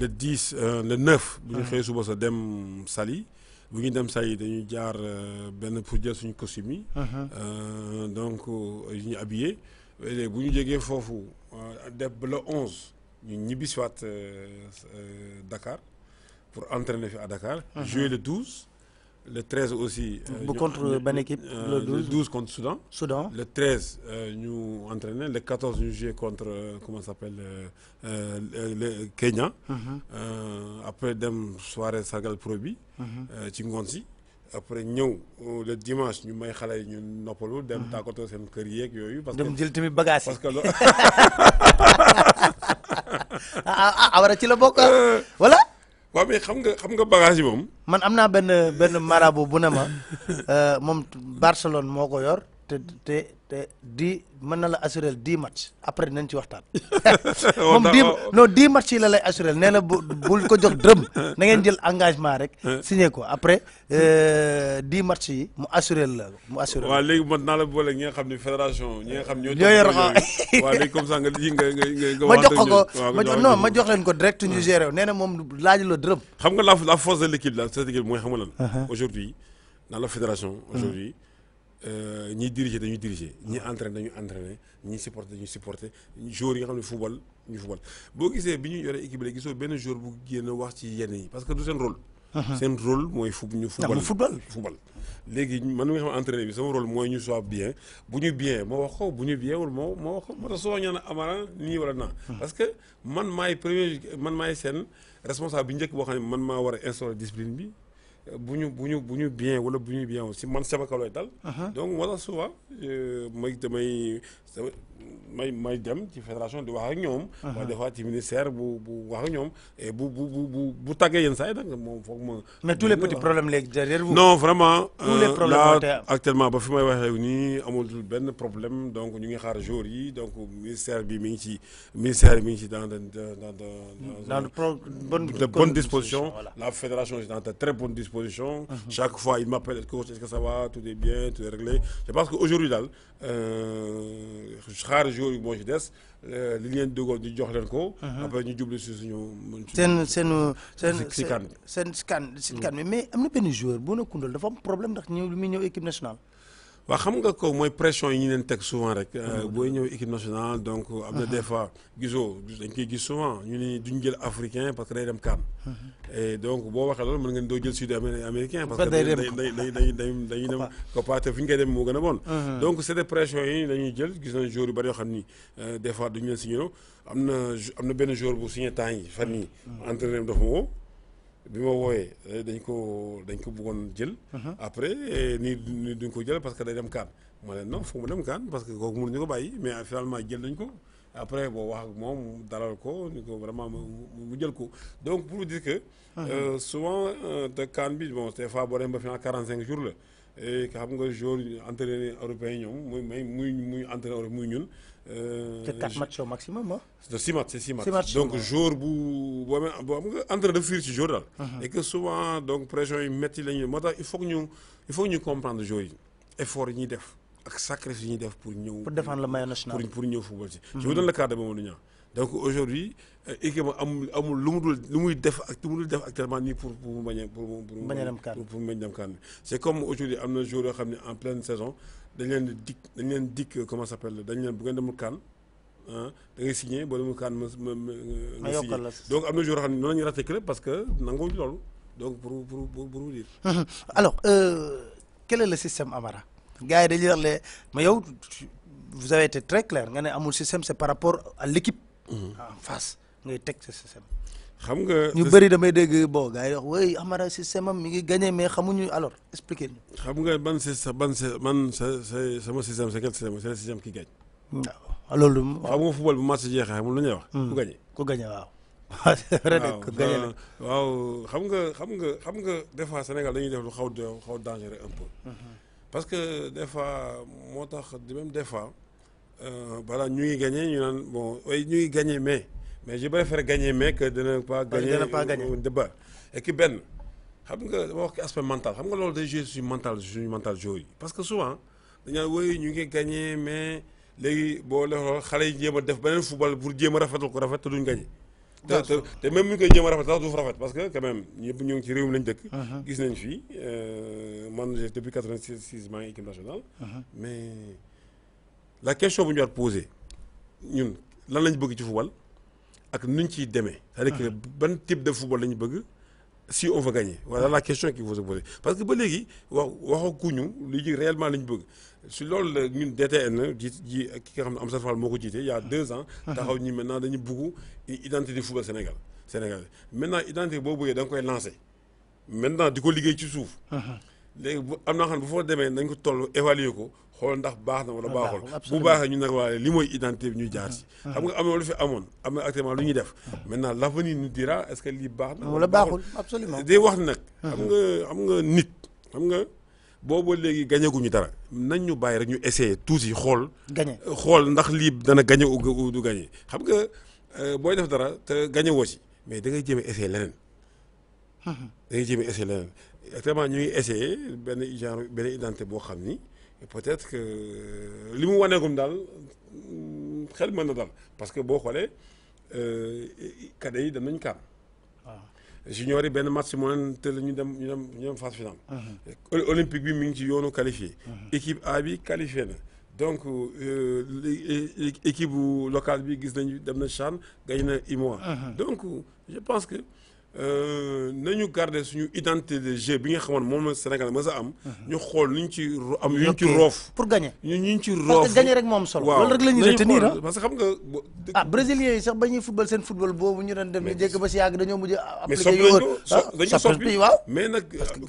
le 10 le 9. bu ñu xëyee suba sa dem sali bu ñu dem Saly dañuy jaar benn pour jël suñu costume donc yu ñu habillé. bu ñu jógee foofu def ba le 11. ñu ñibbi si waat euh, euh, Dakar pour entraîner fi à Dakar. Mhm. jouer le 12. le 13 aussi. bu euh, contre ban équipe. le 12 le 12 contre Soudan. Soudan le 13 ñu entraîner le 14 ñu jouer contre comment ça s'appelle le Kenya. Mhm. après dem soirée sargal pro mhm. ci ngoon après ñëw euh, le dimanche ñu may xale yi ñu noppalu. dem mhm. tàggatoo seen kër yeeg yooyu. parce que dem jël tamit bagage parce que loolu. <laughs> ah, ah awara ci la bokk wala. xam nga xam nga bagage yi moom. man am naa benn benn marabu bu ne ma euh, moom Barcelone moo ko yor te te. te di mën na la assuré dix match après dinañ ci waxtaan. <laughs> moom oh, dix non oh. di match yi la lay assuré nee na bu bul ko jox dërëm <laughs> na ngeen jël engagement rek. Eh. signé ko après euh, di match yi mu assuré la mu assuré. waaw léegi man naa la boole ñi nga xam ne fédération ñi nga xam ñoo. ñoo yor <laughs> waaw léegi ma jox ko ko ma jox ma jox leen ko direct ñu ah. géré wu nee na laaj laajuloo dërëm. xam nga la la force de l' équipe la cette équipe mooy xam nga lan. Uh-huh. aujourd'hui dans fédération. Uh-huh. aujourd'hui Euh, ñiy diriger dañuy diriger ñi entraîné dañuy entraîné ñi supporté dañuy supporté joueurs yi nga xam ne football ñu football boo gisee bi ñu yoree équipe la gisoo benn joueur bu génn wax ci yenn yi parce que du seen rôle. Uh-huh. seen rôle mooy fu ñu football football football léegi man mi nga xam ne entraîné bi sama rôle mooy ñu soit bien bu ñu bien moo wax ko bu ñu bien wala moo moo wax ko moo tax soo ñaan amara nii wala naa uh-huh. parce que man maay premier man maay seen responsable bi njëkk boo xam ne man maa war a instaurer bi bu ñu bu ñu bu ñu bien wala bu ñu bien aussi man sama kaw lay dal. Uh-huh. donc moo tax souvent euh, may damay sama may may dem ci fédération di wax ñoom. waaye des fois ministère bu bu wax ak ñoom et bu bu bu bu bu tàggee yenn saa yi nag moom foog ma. Ah. léegi derrière vous. non vraiment. tous les euh, ba fi may waxee nii amul benn problème donc ñu ngi xaar jour yi donc ministère bi mi ngi ci ministère mi ngi ci dans dans dans. dans de bonne disposition la fédération est dans de très bonne disposition. chaque fois il m'appelle est-ce que ça va tout est bien tout est réglé je pense que aujourd'hui daal. Euh, xaar jour yu moo ci des li ngeen duggoon ñu jox leen ko. après ñu jublu si suñu. seen seen seen seen seen scan seen scan mais am na benn joueur boo na kundal dafa am problème ndax ñëw li muy ñëw équipe nationale. waa xam nga ko mooy pression yi ñu leen teg souvent rek. Euh, booy ñëw équipe nationale donc. Euh, am na des fois gisoo dañ koy gis souvent ñu ne duñ jël africain parce que day dem CAN. et donc boo waxee loolu mën ngeen doo jël sud américain. parce que day day day day dañuy dem COPA te fi a bon. Uh-huh. donc c'est des pressions yi dañuy jël gis nañ joueurs yu bari yoo xam ni euh, des fois am na am na benn joueur bu signé temps yi fan yii. Uh-huh. entraîneur bi ma wooyee eh, dañ ko dañ ko buggoon jël. Uh-huh. après eh, nii nii duñ ko jël parce que day dem kaan ma leen non foog mu dem kaan parce que kooku mënuñu ko bàyyi mais finalement jël nañ ko après boo wax ak moom dalal ko ni ko vraiment mu jël ko donc pour dire que. Uh-huh. Euh, souvent euh, te kaan bi bon des fois boo dem ba final 45 jours la et xam nga jour entraîneur européen ñoom muy muy muy entraîneur muy ñun. Euh, te 4 matchs au maximum ah. de 6 matchs donc jour bu boo amee boo am nga en train de fuir ci jour daal. et souvent donc pression yi métti la ñu moo tax il faut ñu il faut ñu comprendre jour yi effort yi ñuy def ak sacrifice yi ñuy def pour ñëw. pour défendre le maillot national pour ñëw football si. Uh-huh. donc aujourd'hui euh, équipe am amul lu mu dul lu muy def ak lu mu dul def actuellement nii pour mu bañ a. pour mu bañ dem CAN c'est comme aujourd'hui am na jour yoo xam ne en pleine saison. dañ leen di dik dañ leen dikk comment ça s'appelle dañ leen bu ngeen demul kaan ah, da ngay signé boo demul kaan ma ma ma signé donc am na jour yoo xam ne noonu la ñuy raté parce que nanguwuñu loolu donc pour pour pour pour vous dire. <laughs> alors euh, système Amara. gars yi dañuy wax ne yow vous avez été très clair nga ne amul système c'est par rapport à l'équipe mm-hmm. en face ngay teg ce système. xam nga ñu bëri dégg bon gars yi wax mi ngi gagné mais xamuñu alors expliquer ñu. xam nga ban sa ban man sa sa sama système sa quel système c'est le système qui xam nga football bu match jeexee xamul lu ñuy wax. Hmm. ku gagné <laughs> de waaw xam nga xam nga xam nga des fois Sénégal dañuy def lu xaw a xaw dangereux hmm. parce que des fois moo tax même des fois euh, balaa ñu ngi gagné ñu naan bon way ñu ngi mais je préfère gagner mais que de pas gagner de ba benn xam nga dama wax ki aspect mental xam nga loolu day jouer suñu mental suñu mental joueur yi parce que souvent dañaa woy ñu ngi gagné mais léegi boo loolu xale yi jéem a def ba beneen football pour jéem a rafetal ko rafet te duñ gagné te te même bu ñu koy jéem a rafet sax duuf rafet parce que quand même ñëpp ñu ngi ci réew mi lañ dëkk uh-huh. gis nañ fii euh, man depuis 86 maa ngi équipe nationale uh-huh. mais la question bu ñu war posé ñun lan lañ bëgg ci football ak nuñ ciy demee. c'est-à-dire que ban type de football lañu bëgg si on veut gagner voilà la question qu'il faut se poser parce que ba léegi wax ñu lu ji réellement lañu bëgg si loolu la ñun DTN ji ji ki nga xam ne Amsa Fall moo ko jiite il a deux ans. taxaw ñi maintenant dañu buggu identité football Sénégal Sénégal maintenant identité boo bëggee da nga koy lancer maintenant di ko liggéey ci suuf. Uh-huh. léegi bu am na xam ne bu foo demee nañ ko toll évaluer ko. xool ndax baax na wala ah, baaxul bu baaxee ñu nag waaye li mooy identité bi ñu jaar si ah, ah. xam nga am lu fi amoon am na actuellement lu ñuy def maintenant l'avenir nous dira est-ce que lii baax wala baaxul absolument day wax nag xam nga xam nga nit xam nga booba léegi gañaguñu dara nañ ñu bàyyi rek ñu essayer tuuti xool gañe xool ndax lii dana gañe ou du gañe xam nga euh, booy def dara te gañe woo si mais da ngay jéem a leneen da ngay jéem a essayer leneen actuellement ñu ngi essayer benn genre benn identité boo xam ni peut-être que li mu waneegum daal xel mën na dal parce que boo xoolee kade euh, yi dem nañ kaam ah. junior yi benn match moo leen te ñu dem ñu dem ñu dem phase uh-huh. olympique bi mi ngi ci yoonu qualifié uh-huh. équipe A bi qualifié na donc euh, équipe bu locale bi gis nañ dem na CHAN gañ na IMOA uh-huh. donc je pense que Euh, nañu garder ñu identité de jeu bi nga xamoon moom la Sénégal mës a am. ñu xool ñu ci am ñu ci roof. pour gagner ñu ñu ci roof parce que moom solo. waaw loolu la ñuy ah. parce que xam nga. ah sax ba ñuy seen football boobu ñu doon dem ñu jékki ba si yàgg dañoo mujj. appliqué yu ëpp mais soppi mais nag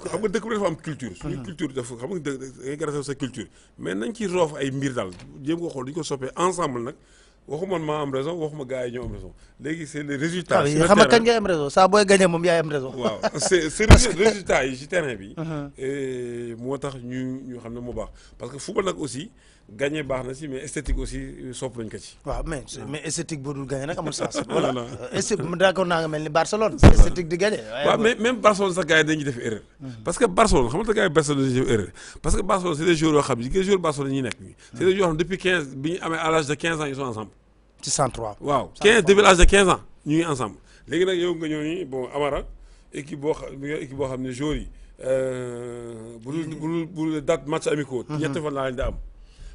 xam nga dëkk bi dafa am culture. suñu culture dafa xam nga dë da ngay sa culture mais nañ ci roof ay mbir daal jéem ko xool dañu ko soppee ensemble nag. waxuma man maa am raison waxuma gars yi ñoo am raison léegi c' est le résultat. sur le terrain xam nga kañ nga am moom yaay am raison. waaw c' est c' bi. <laughs> Uh-huh. moo tax ñu ñu xam ne moo baax parce que football nag aussi. gagné baax na si mais esthétique aussi euh, sopp nañ ko ci. waaw mais esthétique boo dul gagné nag amul sens. <laughs> voilà euh, esthétique d'accord naa nga mel ni Barcelone. esthétique di gagné. waaw mais même Barcelone sax gars yi dañuy def erreur. Mhm. parce que Barcelone xam nga gars yi Barcelone quinze bi ñu de quinze ans ils sont ensemble. ci 103. waaw 15 depuis l'âge de quinze ans ñu ngi ensemble léegi nag yow nga ñëw nii bon Amara équipe boo xam équipe boo ne joueurs yi euh, bu dul bu match amicaux. Mhm. ñetti fan laa leen di am.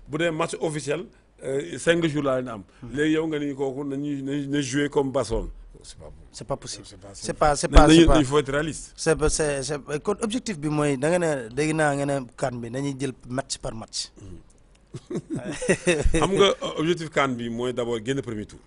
bu dee match officiel euh, cinq jours laa leen am. Hmm. léegi yow nga ni kooku na nañu jouer comme Barcelone. c'est pas possible c'est pas c'est pas c'est pas il faut être réaliste. c'est c'est c'est objectif bi mooy da nga ne dégg naa nga ne kan bi dañuy jël match par match. Hmm. <laughs> xam nga objectif kan bi mooy d'abord génn premier tour.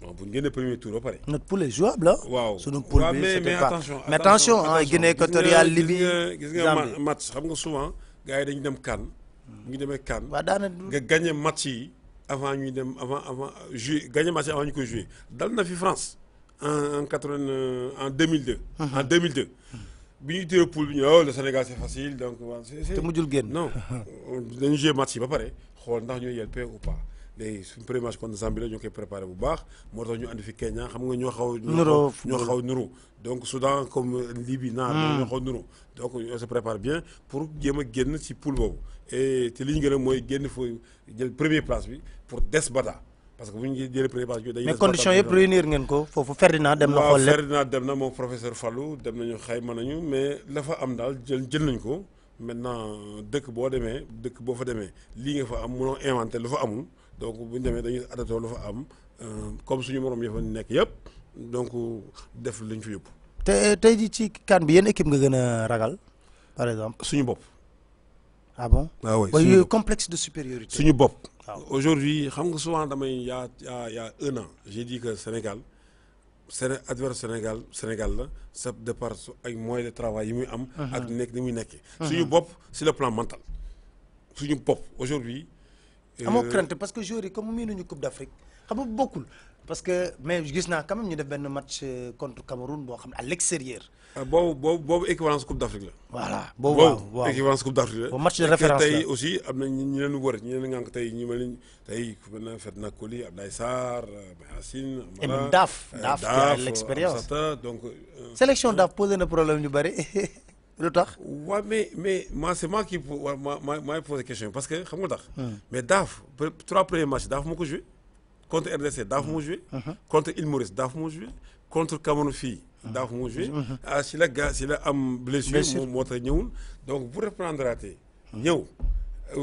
bon bu ñu génnee premier tour ba pare. notre poule est jouable ah. waaw sunu poule bi mais mais attention gis nga gis xam nga souvent gars yi dañu dem kan. mu ngi demee CAN. waaw daanaka nga gagné match yi avant ñuy dem avant avant joué gagné match yi avant ñu dal na fi France en en quatre euh, en deux mille deux. Uh-huh. en deux mille deux. bi ñuy téye poule bi ñu oh le Sénégal c'est facile donc. te mujjul génn non <laughs> dañu joué match yi ba pare xool ndax ñooy yelpe ou pas. léegi suñu premier match contre Zambie la ñoo koy préparé bu baax moo tax ñu andi fi Kenya xam nga ñoo xaw. nuroo ñoo xaw nuru donc Soudan comme Libye. naar hmm. ñoo xaw nuru donc on se prépare bien pour jéem génn ci poule boobu. et te li ñu gën a mooy génn fa jël premier place bi pour des bata parce que mu ñu jëlee premier place bi dañuy mais condition yëpp réunir ngeen ko foofu Ferdinand dem na xool lépp Ferdinand dem na moo professeur Fallou dem nañu xayma nañu mais la fa am daal jël jël nañ ko maintenant dëkk boo demee dëkk boo fa demee lii nga fa am mënoo inventé lu fa amul donc bu ñu demee dañuy adapté lu fa am euh, comme suñu morom ya fa nekk yëpp donc def liñ fi yëpp te tey jii ci kan bi yéen équipe nga gën a ragal par exemple. suñu bopp. ah bon ah oui suñu de supériorité suñu bopp. Ah aujourd'hui xam nga souvent damay y a y a un an j'ai dit que Sénégal Sénégal la sa départ su ay moyens de travail yi muy am. Uh-huh. ak nekk ni muy nekkee. Uh-huh. suñu bopp si le plan mental suñu bopp aujourd'hui euh, amoo crainte parce que joueurs yi comme miinuñu Coupe d'Afrique xam nga bokkul parce que mais gis naa quand ñu def benn match euh, contre Cameroun boo xam ne à l'extérieur Euh, boobu boobu boobu équivalence coupe d' la. voilà boobu waaw boobu équivalence coupe d' afrique la. match de référence la tey aussi am na ñu leen wër ñu leen ngànk tey ñu mel ni tey ku mel ne Ferdinand Coly Abdoulaye Sarr Mahassine. et Daaf Daaf qui a l' donc. Euh, sélection Daaf posé na problème ñu bëri <laughs> lu tax. waaw mais mais ma c' est moi qui question parce que xam nga tax. Hmm. mais Daaf trois premiers matchs Daaf moo ko joué. contre RDC Daaf hmm. hmm. moo joué. contre Île Maurice Daaf moo fii. ndaaf moo joué si la gaa si la am blessure moom moo tax ñëwul donc bu reprendre aatee ñëw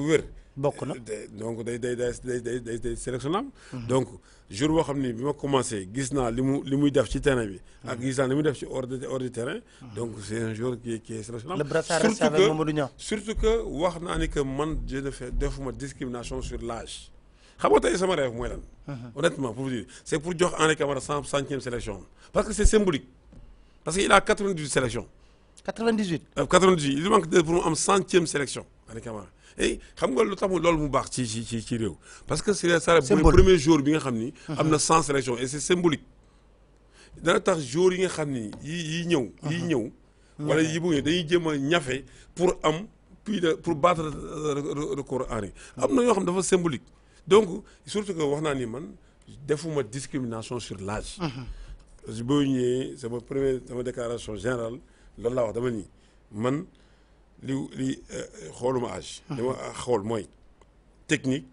wér bokk na donc day day day day day day sélectionnable donc jour boo xam ni bi ma commencé gis naa li mu li muy def ci terrain bi. ak gis naa li muy def ci hors de donc c' est un joueur qui est surtout que surtout que wax naa ni que man je ne fais defuma discrimination sur l' âge. xam nga tey sama rêve mooy lan. honnêtement pour vous dire c' est pour jox Henri Camara centième sélection parce que c' est parce que euh, il a 98 sélections. 98. 98 il manque deux pour mu am centième sélection Aliou Camara et xam nga loolu mu baax ci ci ci ci réew. parce que c'est ça le premier jour bi nga xam ni. Mm-hmm. am na 100 sélections et c'est symbolique. dana tax jour yi nga xam ni yi yi ñëw. yi mm-hmm. ñëw mm-hmm. wala yi bëgg dañuy jéem a ñafe pour am puis de pour battre record en yi am na yoo xam dafa symbolique donc surtout que wax naa ni man defuma discrimination sur l'âge parce que boo ñëwee sama premier sama déclaration générale loolu laa wax dama nii man li li euh, xooluma âge. li ah. ma mooy technique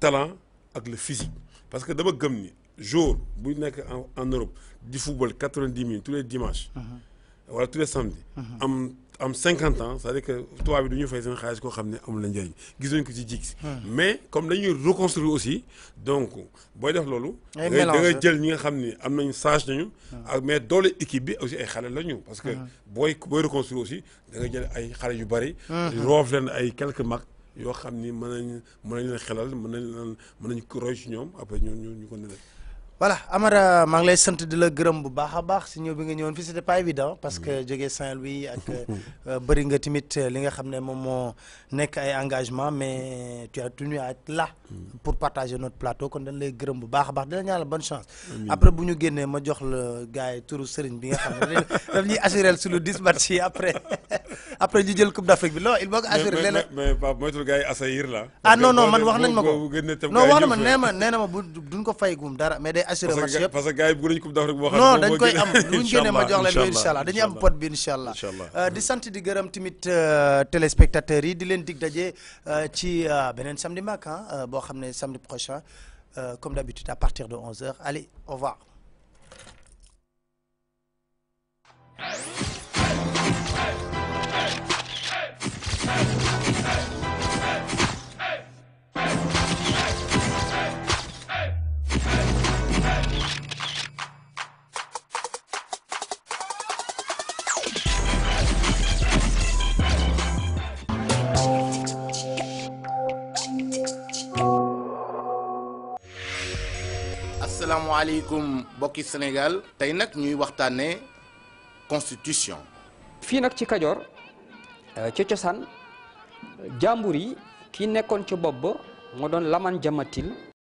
talent ak le physique parce que dama gëm ni jour buy nekk en Europe di football quatre-vingt-dix mille tous les dimanches. Ah. wala tous les samedis ah. am 50 ans cest à que tubaab bi du ñu fay seen xaalis koo xam ne amul la njëriñ gis nañ ko ci jig hmm. mais comme dañuy reconstruire aussi donc booy def loolu da nga jël ñi nga xam ni am nañu sage nañu hmm. ak mais doole équipe bi aussi ay xale la ñu parce que hmm. booy booy reconstruire aussi da nga jël ay xale yu bari roof leen ay quelques mag yoo xam ni mën nañ mën nañ leen xelal mën nañ leen mën nañ roy ci ñoom après ñu ñu ñu ko ne voilà Amara maa ngi lay sant di la gërëm bu baax a baax si ñëw bi nga ñëwoon fii c'était pas évident parce que jógee Saint-Louis ak <laughs> euh, bëri nga tamit li nga xam ne moom moo nekk ay engagement mais tu as tenu à être là pour partager notre plateau kon dañ lay gërëm bu baax a baax dina ñaanal bonne chance après bu ñu génnee ma jox la gars yi turu sëriñ bi nga xam ne daf <laughs> ñuy assuré su lu man wax nañ ma ko non wax na ma nee ma nee na ma bu duñ ko fay gum dara mais day assuré match yëpp parce que gars yi bëgg nañ coupe d'Afrique boo xam bu ñu génnee ma jox leen incha allah am pot bi incha euh, di sant di gërëm tamit euh, téléspectateurs yi leen dig daje euh, ci euh, beneen samedi mag euh, boo xam ne samedi prochain comme d'habitude à partir de 11h allez au asalaamaaleykum bokki Sénégal tey nag ñuy waxtaanee constitution. fii nag ci Kajoor euh, ci cosaan jàmbur yi ki nekkoon ca bopp ba moo doon Laman Jamatil.